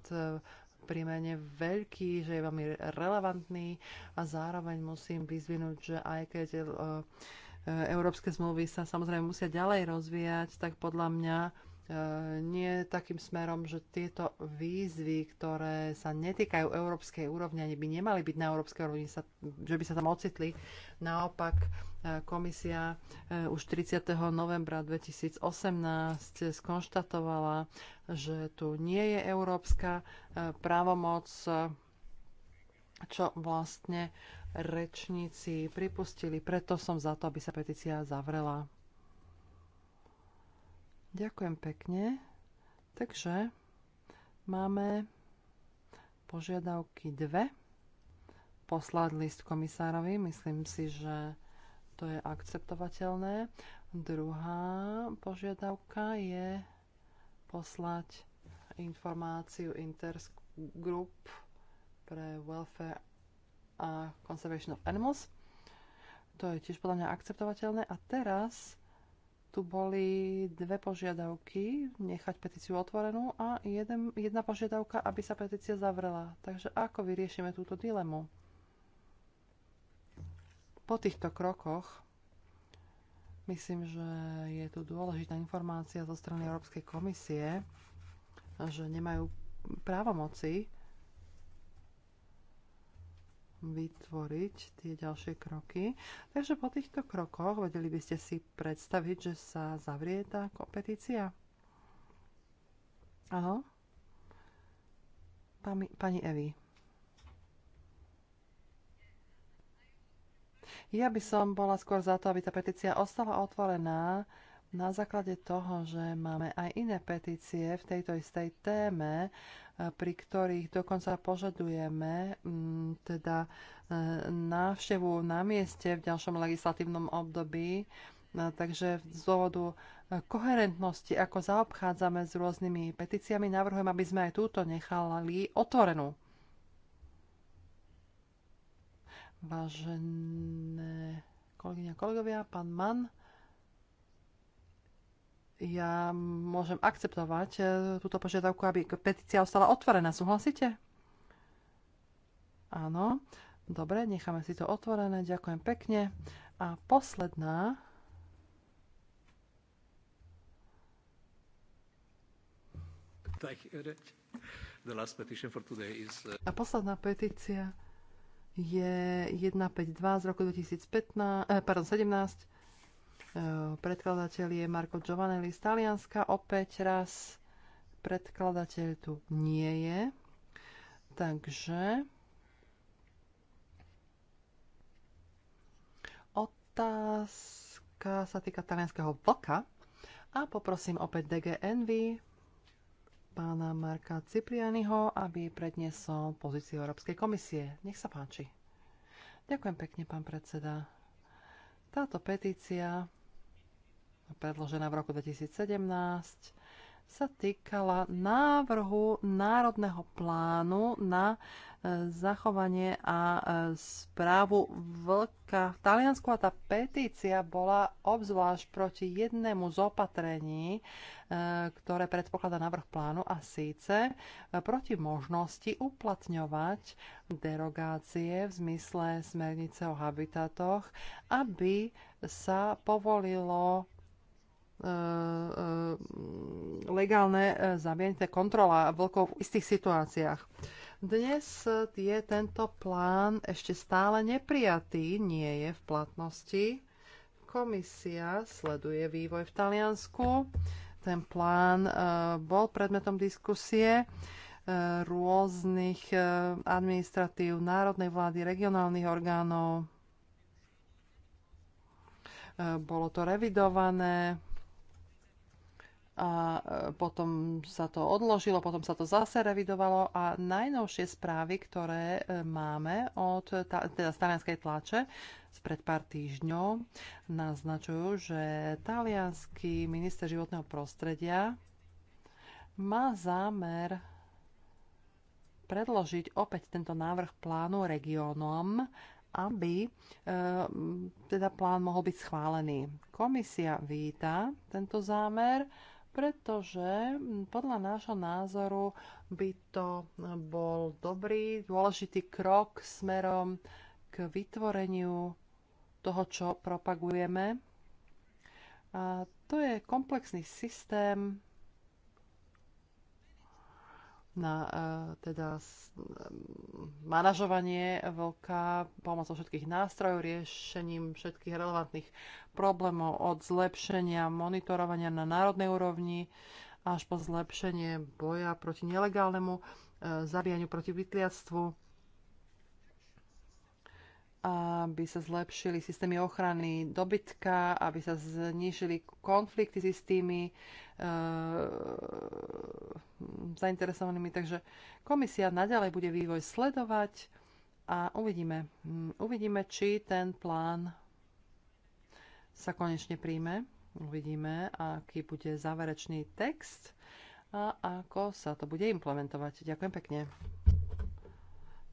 primene veľký, že je veľmi relevantný a zároveň musím vyzvinúť, že aj keď e, e, európske zmluvy sa samozrejme musia ďalej rozvíjať, tak podľa mňa E, nie takým smerom, že tieto výzvy, ktoré sa netýkajú európskej úrovne, ani by nemali byť na európskej úrovni, sa, že by sa tam ocitli. Naopak, e, komisia e, už 30. novembra 2018 skonštatovala, že tu nie je európska právomoc, čo vlastne rečníci pripustili. Preto som za to, aby sa petícia zavrela. Ďakujem pekne. Takže máme požiadavky dve. Poslať list komisárovi, myslím si, že to je akceptovateľné. Druhá požiadavka je poslať informáciu Intergroup pre Welfare a Conservation of Animals. To je tiež podľa mňa akceptovateľné. A teraz tu boli dve požiadavky, nechať petíciu otvorenú a jeden, jedna požiadavka, aby sa petícia zavrela. Takže ako vyriešime túto dilemu? Po týchto krokoch myslím, že je tu dôležitá informácia zo strany Európskej komisie, že nemajú právomoci vytvoriť tie ďalšie kroky. Takže po týchto krokoch vedeli by ste si predstaviť, že sa zavrie tá kompetícia? Áno? Pani, pani Evi. Ja by som bola skôr za to, aby tá petícia ostala otvorená, na základe toho, že máme aj iné petície v tejto istej téme, e, pri ktorých dokonca požadujeme mm, teda e, návštevu na mieste v ďalšom legislatívnom období, e, takže z dôvodu koherentnosti, ako zaobchádzame s rôznymi petíciami, navrhujem, aby sme aj túto nechali otvorenú. Vážené kolegyne a kolegovia, pán Mann, ja môžem akceptovať e, túto požiadavku, aby petícia ostala otvorená. Súhlasíte? Áno. Dobre, necháme si to otvorené. Ďakujem pekne. A posledná uh, A posledná petícia je 152 z roku 2015, eh, pardon, 17 Predkladateľ je Marko Giovanelli z Talianska. Opäť raz predkladateľ tu nie je. Takže otázka sa týka talianského vlka. A poprosím opäť DGNV pána Marka Ciprianiho, aby predniesol pozíciu Európskej komisie. Nech sa páči. Ďakujem pekne, pán predseda. Táto petícia predložená v roku 2017, sa týkala návrhu Národného plánu na e, zachovanie a e, správu vlka. V Taliansku a tá petícia bola obzvlášť proti jednému z opatrení, e, ktoré predpokladá návrh plánu a síce proti možnosti uplatňovať derogácie v zmysle smernice o habitatoch, aby sa povolilo Eh, eh, legálne eh, zamienite kontrola vlkov v istých situáciách. Dnes je tento plán ešte stále neprijatý, nie je v platnosti. Komisia sleduje vývoj v Taliansku. Ten plán bol predmetom diskusie rôznych administratív národnej vlády, regionálnych orgánov. Bolo to revidované, a e, potom sa to odložilo, potom sa to zase revidovalo a najnovšie správy, ktoré e, máme od teda z talianskej tlače spred pár týždňov, naznačujú, že talianský minister životného prostredia má zámer predložiť opäť tento návrh plánu regiónom, aby e, teda plán mohol byť schválený. Komisia víta tento zámer pretože podľa nášho názoru by to bol dobrý, dôležitý krok smerom k vytvoreniu toho, čo propagujeme. A to je komplexný systém, na e, teda e, manažovanie veľká pomocou všetkých nástrojov, riešením všetkých relevantných problémov od zlepšenia monitorovania na národnej úrovni až po zlepšenie boja proti nelegálnemu e, zabíjaniu proti vytliactvu aby sa zlepšili systémy ochrany dobytka, aby sa znížili konflikty s tými e, eh, zainteresovanými. Takže komisia naďalej bude vývoj sledovať a uvidíme, hm, uvidíme či ten plán sa konečne príjme. Uvidíme, aký bude záverečný text a ako sa to bude implementovať. Ďakujem pekne.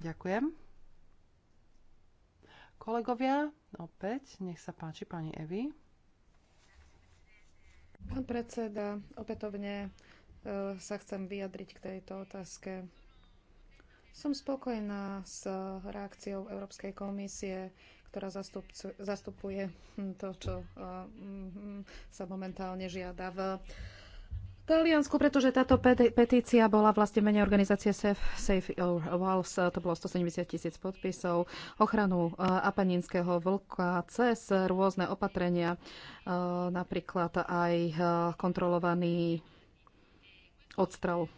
Ďakujem kolegovia. Opäť, nech sa páči pani Evi. Pán predseda, opätovne e, sa chcem vyjadriť k tejto otázke. Som spokojná s reakciou Európskej komisie, ktorá zastupuje to, čo e, sa momentálne žiada v Taliansku, pretože táto petícia bola vlastne menej organizácie Safe, Safe Walls, to bolo 170 tisíc podpisov, ochranu e, apaninského vlka cez rôzne opatrenia, e, napríklad aj e, kontrolovaný odstrel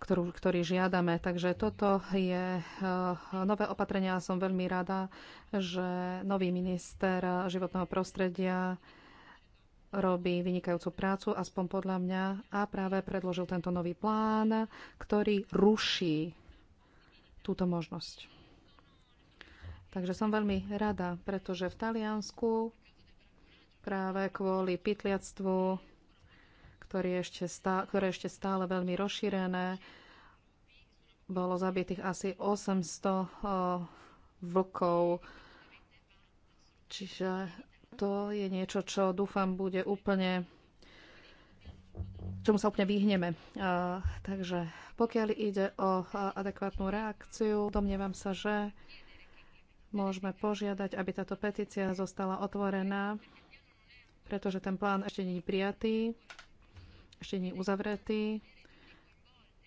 ktorú, ktorý žiadame. Takže toto je nové opatrenia a som veľmi rada, že nový minister životného prostredia robí vynikajúcu prácu, aspoň podľa mňa, a práve predložil tento nový plán, ktorý ruší túto možnosť. Takže som veľmi rada, pretože v Taliansku práve kvôli pytliactvu, ktoré ešte stále, ktoré ešte stále veľmi rozšírené, bolo zabitých asi 800 eh, vlkov, čiže to je niečo, čo dúfam bude úplne čomu sa úplne vyhneme. takže pokiaľ ide o adekvátnu reakciu, domnievam sa, že môžeme požiadať, aby táto petícia zostala otvorená, pretože ten plán ešte nie je prijatý, ešte nie je uzavretý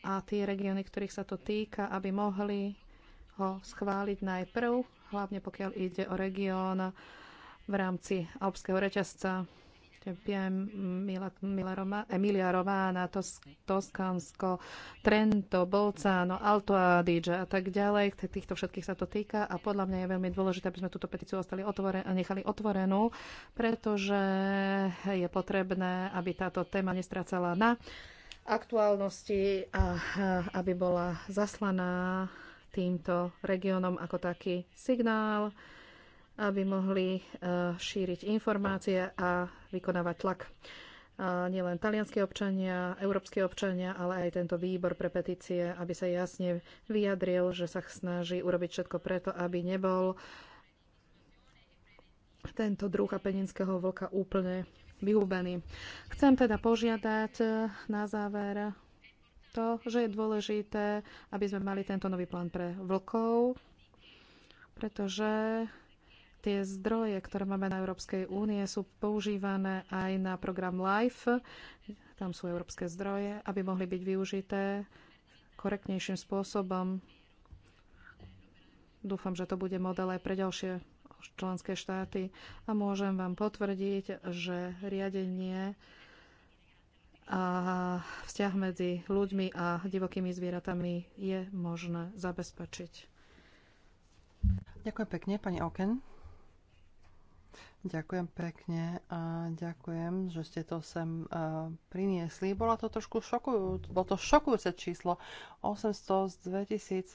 a tie regióny, ktorých sa to týka, aby mohli ho schváliť najprv, hlavne pokiaľ ide o región v rámci alpského reťazca. Viem, Emilia Romána, Toskansko, Trento, Bolcano, Alto Adige a tak ďalej. Týchto všetkých sa to týka a podľa mňa je veľmi dôležité, aby sme túto petíciu ostali otvoren- a nechali otvorenú, pretože je potrebné, aby táto téma nestrácala na aktuálnosti a aby bola zaslaná týmto regiónom ako taký signál aby mohli e, šíriť informácie a vykonávať tlak. E, nielen talianskí občania, európske občania, ale aj tento výbor pre petície, aby sa jasne vyjadril, že sa snaží urobiť všetko preto, aby nebol tento druh apeninského vlka úplne vyhubený. Chcem teda požiadať e, na záver to, že je dôležité, aby sme mali tento nový plán pre vlkov, pretože Tie zdroje, ktoré máme na Európskej únie, sú používané aj na program LIFE, tam sú európske zdroje, aby mohli byť využité korektnejším spôsobom. Dúfam, že to bude model aj pre ďalšie členské štáty a môžem vám potvrdiť, že riadenie a vzťah medzi ľuďmi a divokými zvieratami je možné zabezpečiť. Ďakujem pekne, pani Oken. Ďakujem pekne a ďakujem, že ste to sem uh, priniesli. Bola to trošku šokujúce, bolo to šokujúce číslo. 800 z 2000.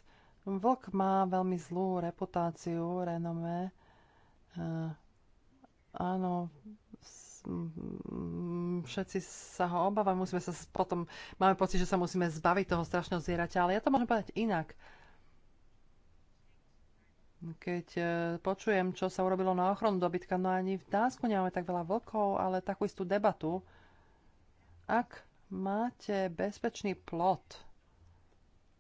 Vlk má veľmi zlú reputáciu, renomé. Uh, e, áno, s, m, všetci sa ho obávajú, musíme sa potom, máme pocit, že sa musíme zbaviť toho strašného zvieraťa, ale ja to môžem povedať inak. Uh, keď e, počujem, čo sa urobilo na ochranu dobytka, no ani v Dánsku nemáme tak veľa vlkov, ale takú istú debatu. Ak máte bezpečný plot,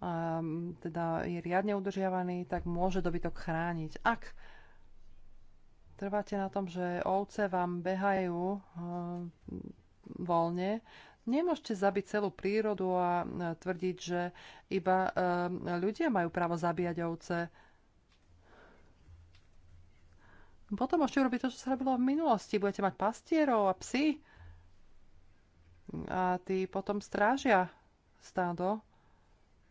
a teda je riadne udržiavaný, tak môže dobytok chrániť. Ak trváte na tom, že ovce vám behajú e, voľne, nemôžete zabiť celú prírodu a e, tvrdiť, že iba e, ľudia majú právo zabíjať ovce potom môžete urobiť to, čo sa robilo v minulosti. Budete mať pastierov a psy a tí potom strážia stádo.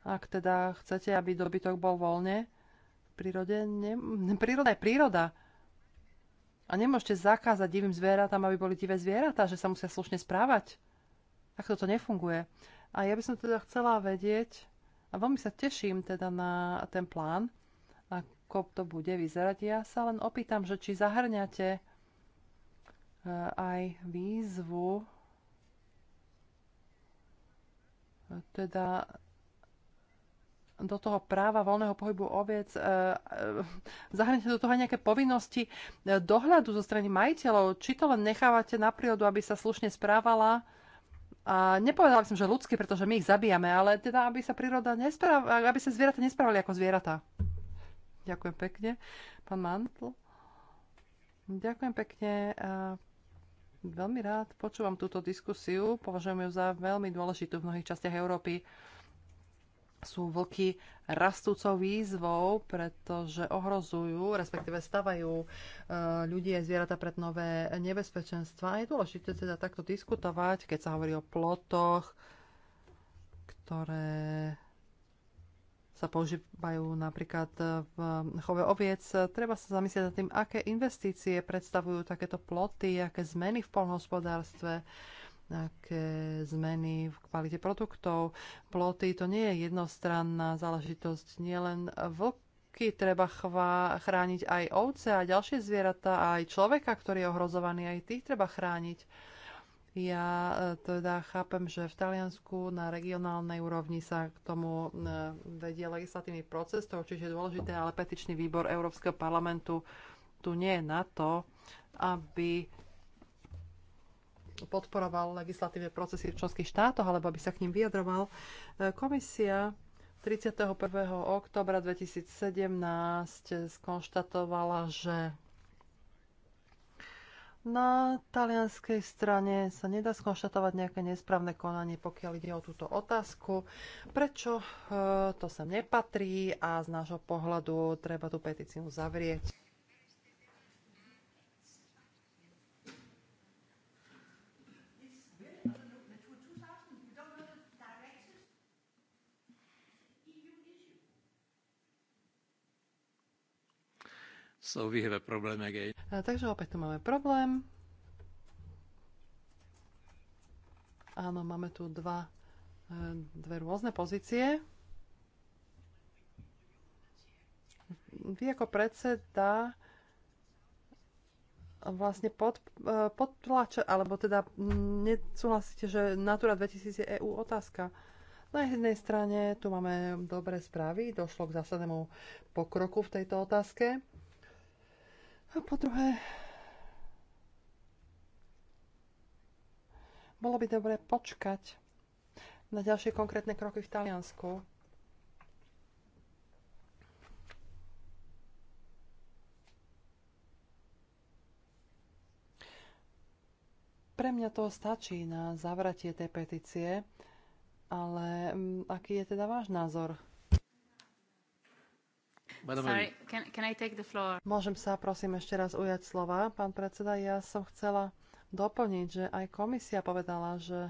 Ak teda chcete, aby dobytok bol voľne v prírode, ne, príroda je príroda. A nemôžete zakázať divým zvieratám, aby boli divé zvieratá, že sa musia slušne správať. Tak toto nefunguje. A ja by som teda chcela vedieť, a veľmi sa teším teda na ten plán, a ako to bude vyzerať. Ja sa len opýtam, že či zahrňate e, aj výzvu e, teda do toho práva voľného pohybu oviec e, e, zahrnete do toho aj nejaké povinnosti e, dohľadu zo strany majiteľov, či to len nechávate na prírodu, aby sa slušne správala. A nepovedala som, že ľudské, pretože my ich zabijame, ale teda, aby sa príroda nespráva, aby sa zvieratá nesprávali ako zvieratá. Ďakujem pekne. Pán Mantl? Ďakujem pekne. Veľmi rád počúvam túto diskusiu. Považujem ju za veľmi dôležitú v mnohých častiach Európy. Sú vlky rastúcou výzvou, pretože ohrozujú, respektíve stavajú e, ľudí a zvieratá pred nové nebezpečenstva. je dôležité teda takto diskutovať, keď sa hovorí o plotoch, ktoré sa používajú napríklad e, v e, chove oviec. Treba sa zamyslieť nad tým, aké investície predstavujú takéto ploty, aké zmeny v polnohospodárstve, aké zmeny v kvalite produktov. Ploty to nie je jednostranná záležitosť, nielen vlky treba chvá, chrániť aj ovce a ďalšie zvieratá, aj človeka, ktorý je ohrozovaný, aj tých treba chrániť ja e, teda chápem, že v Taliansku na regionálnej úrovni sa k tomu e, vedie legislatívny proces, to určite je dôležité, ale petičný výbor Európskeho parlamentu tu nie je na to, aby podporoval legislatívne procesy v členských štátoch, alebo aby sa k ním vyjadroval. E, komisia 31. oktobra 2017 skonštatovala, že na talianskej strane sa nedá skonštatovať nejaké nesprávne konanie, pokiaľ ide o túto otázku. Prečo e, to sem nepatrí a z nášho pohľadu treba tú petíciu zavrieť? So we have a problem again. A, takže opäť tu máme problém. Áno, máme tu dva, e, dve rôzne pozície. Vy ako predseda vlastne pod, e, podtlače, alebo teda nesúhlasíte, že Natura 2000 je EU otázka. Na jednej strane tu máme dobré správy, došlo k zásadnému pokroku v tejto otázke. A no, po druhé, bolo by dobre počkať na ďalšie konkrétne kroky v Taliansku. Pre mňa to stačí na zavratie tej petície, ale mm, aký je teda váš názor? Môžem sa prosím ešte raz ujať slova. Pán predseda, ja som chcela doplniť, že aj komisia povedala, že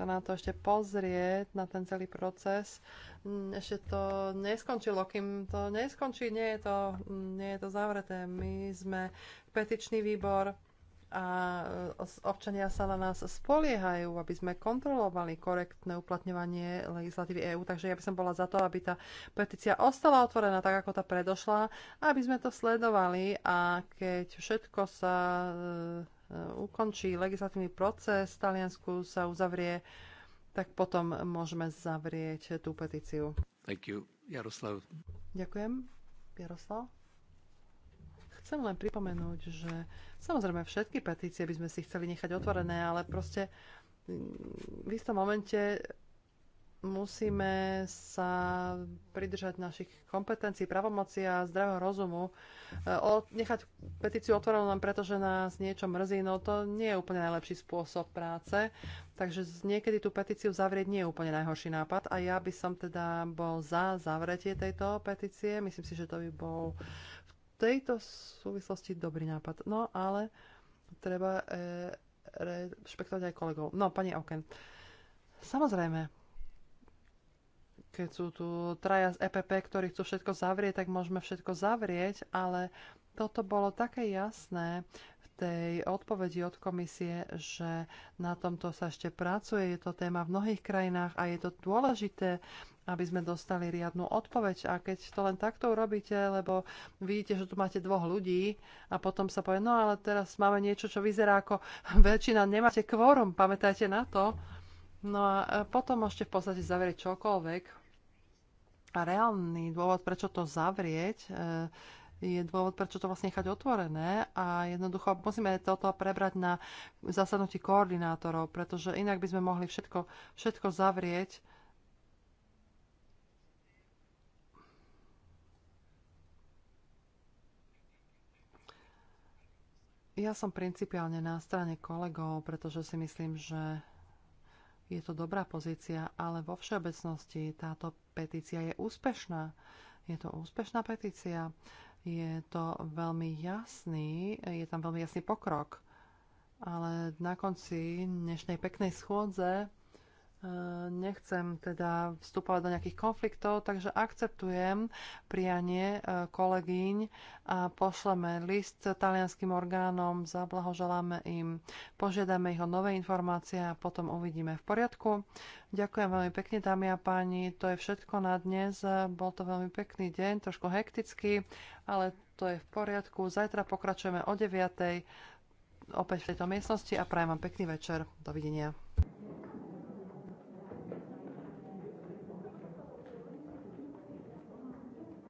sa na to ešte pozrieť, na ten celý proces. Mm, ešte to neskončilo, kým to neskončí, nie je to, mm, nie je to zavreté. My sme petičný výbor, a e, občania sa na nás spoliehajú, aby sme kontrolovali korektné uplatňovanie legislatívy EÚ. Takže ja by som bola za to, aby tá petícia ostala otvorená tak, ako tá predošla, aby sme to sledovali a keď všetko sa e, e, ukončí legislatívny proces v Taliansku sa uzavrie, tak potom môžeme zavrieť tú petíciu. Thank you. Jaroslav. Ďakujem. Jaroslav. Chcem len pripomenúť, že samozrejme všetky petície by sme si chceli nechať otvorené, ale proste mm, v istom momente musíme sa pridržať našich kompetencií, pravomoci a zdravého rozumu. E, o, nechať petíciu otvorenú len preto, že nás niečo mrzí, no to nie je úplne najlepší spôsob práce. Takže niekedy tú petíciu zavrieť nie je úplne najhorší nápad a ja by som teda bol za zavretie tejto petície. Myslím si, že to by bol tejto súvislosti dobrý nápad. No ale treba e, rešpektovať aj kolegov. No, pani Oken, samozrejme, keď sú tu traja z EPP, ktorí chcú všetko zavrieť, tak môžeme všetko zavrieť, ale toto bolo také jasné v tej odpovedi od komisie, že na tomto sa ešte pracuje. Je to téma v mnohých krajinách a je to dôležité aby sme dostali riadnu odpoveď. A keď to len takto urobíte, lebo vidíte, že tu máte dvoch ľudí a potom sa povie, no ale teraz máme niečo, čo vyzerá ako väčšina, nemáte kvórum, pamätajte na to. No a e, potom môžete v podstate zavrieť čokoľvek. A reálny dôvod, prečo to zavrieť, e, je dôvod, prečo to vlastne nechať otvorené a jednoducho musíme toto prebrať na zasadnutí koordinátorov, pretože inak by sme mohli všetko, všetko zavrieť Ja som principiálne na strane kolegov, pretože si myslím, že je to dobrá pozícia, ale vo všeobecnosti táto petícia je úspešná. Je to úspešná petícia, je to veľmi jasný, je tam veľmi jasný pokrok. Ale na konci dnešnej peknej schôdze nechcem teda vstupovať do nejakých konfliktov, takže akceptujem prianie e, kolegyň a pošleme list talianským orgánom, zablahoželáme im, požiadame ich o nové informácie a potom uvidíme v poriadku. Ďakujem veľmi pekne, dámy a páni, to je všetko na dnes. Bol to veľmi pekný deň, trošku hektický, ale to je v poriadku. Zajtra pokračujeme o 9.00 opäť v tejto miestnosti a prajem vám pekný večer. Dovidenia.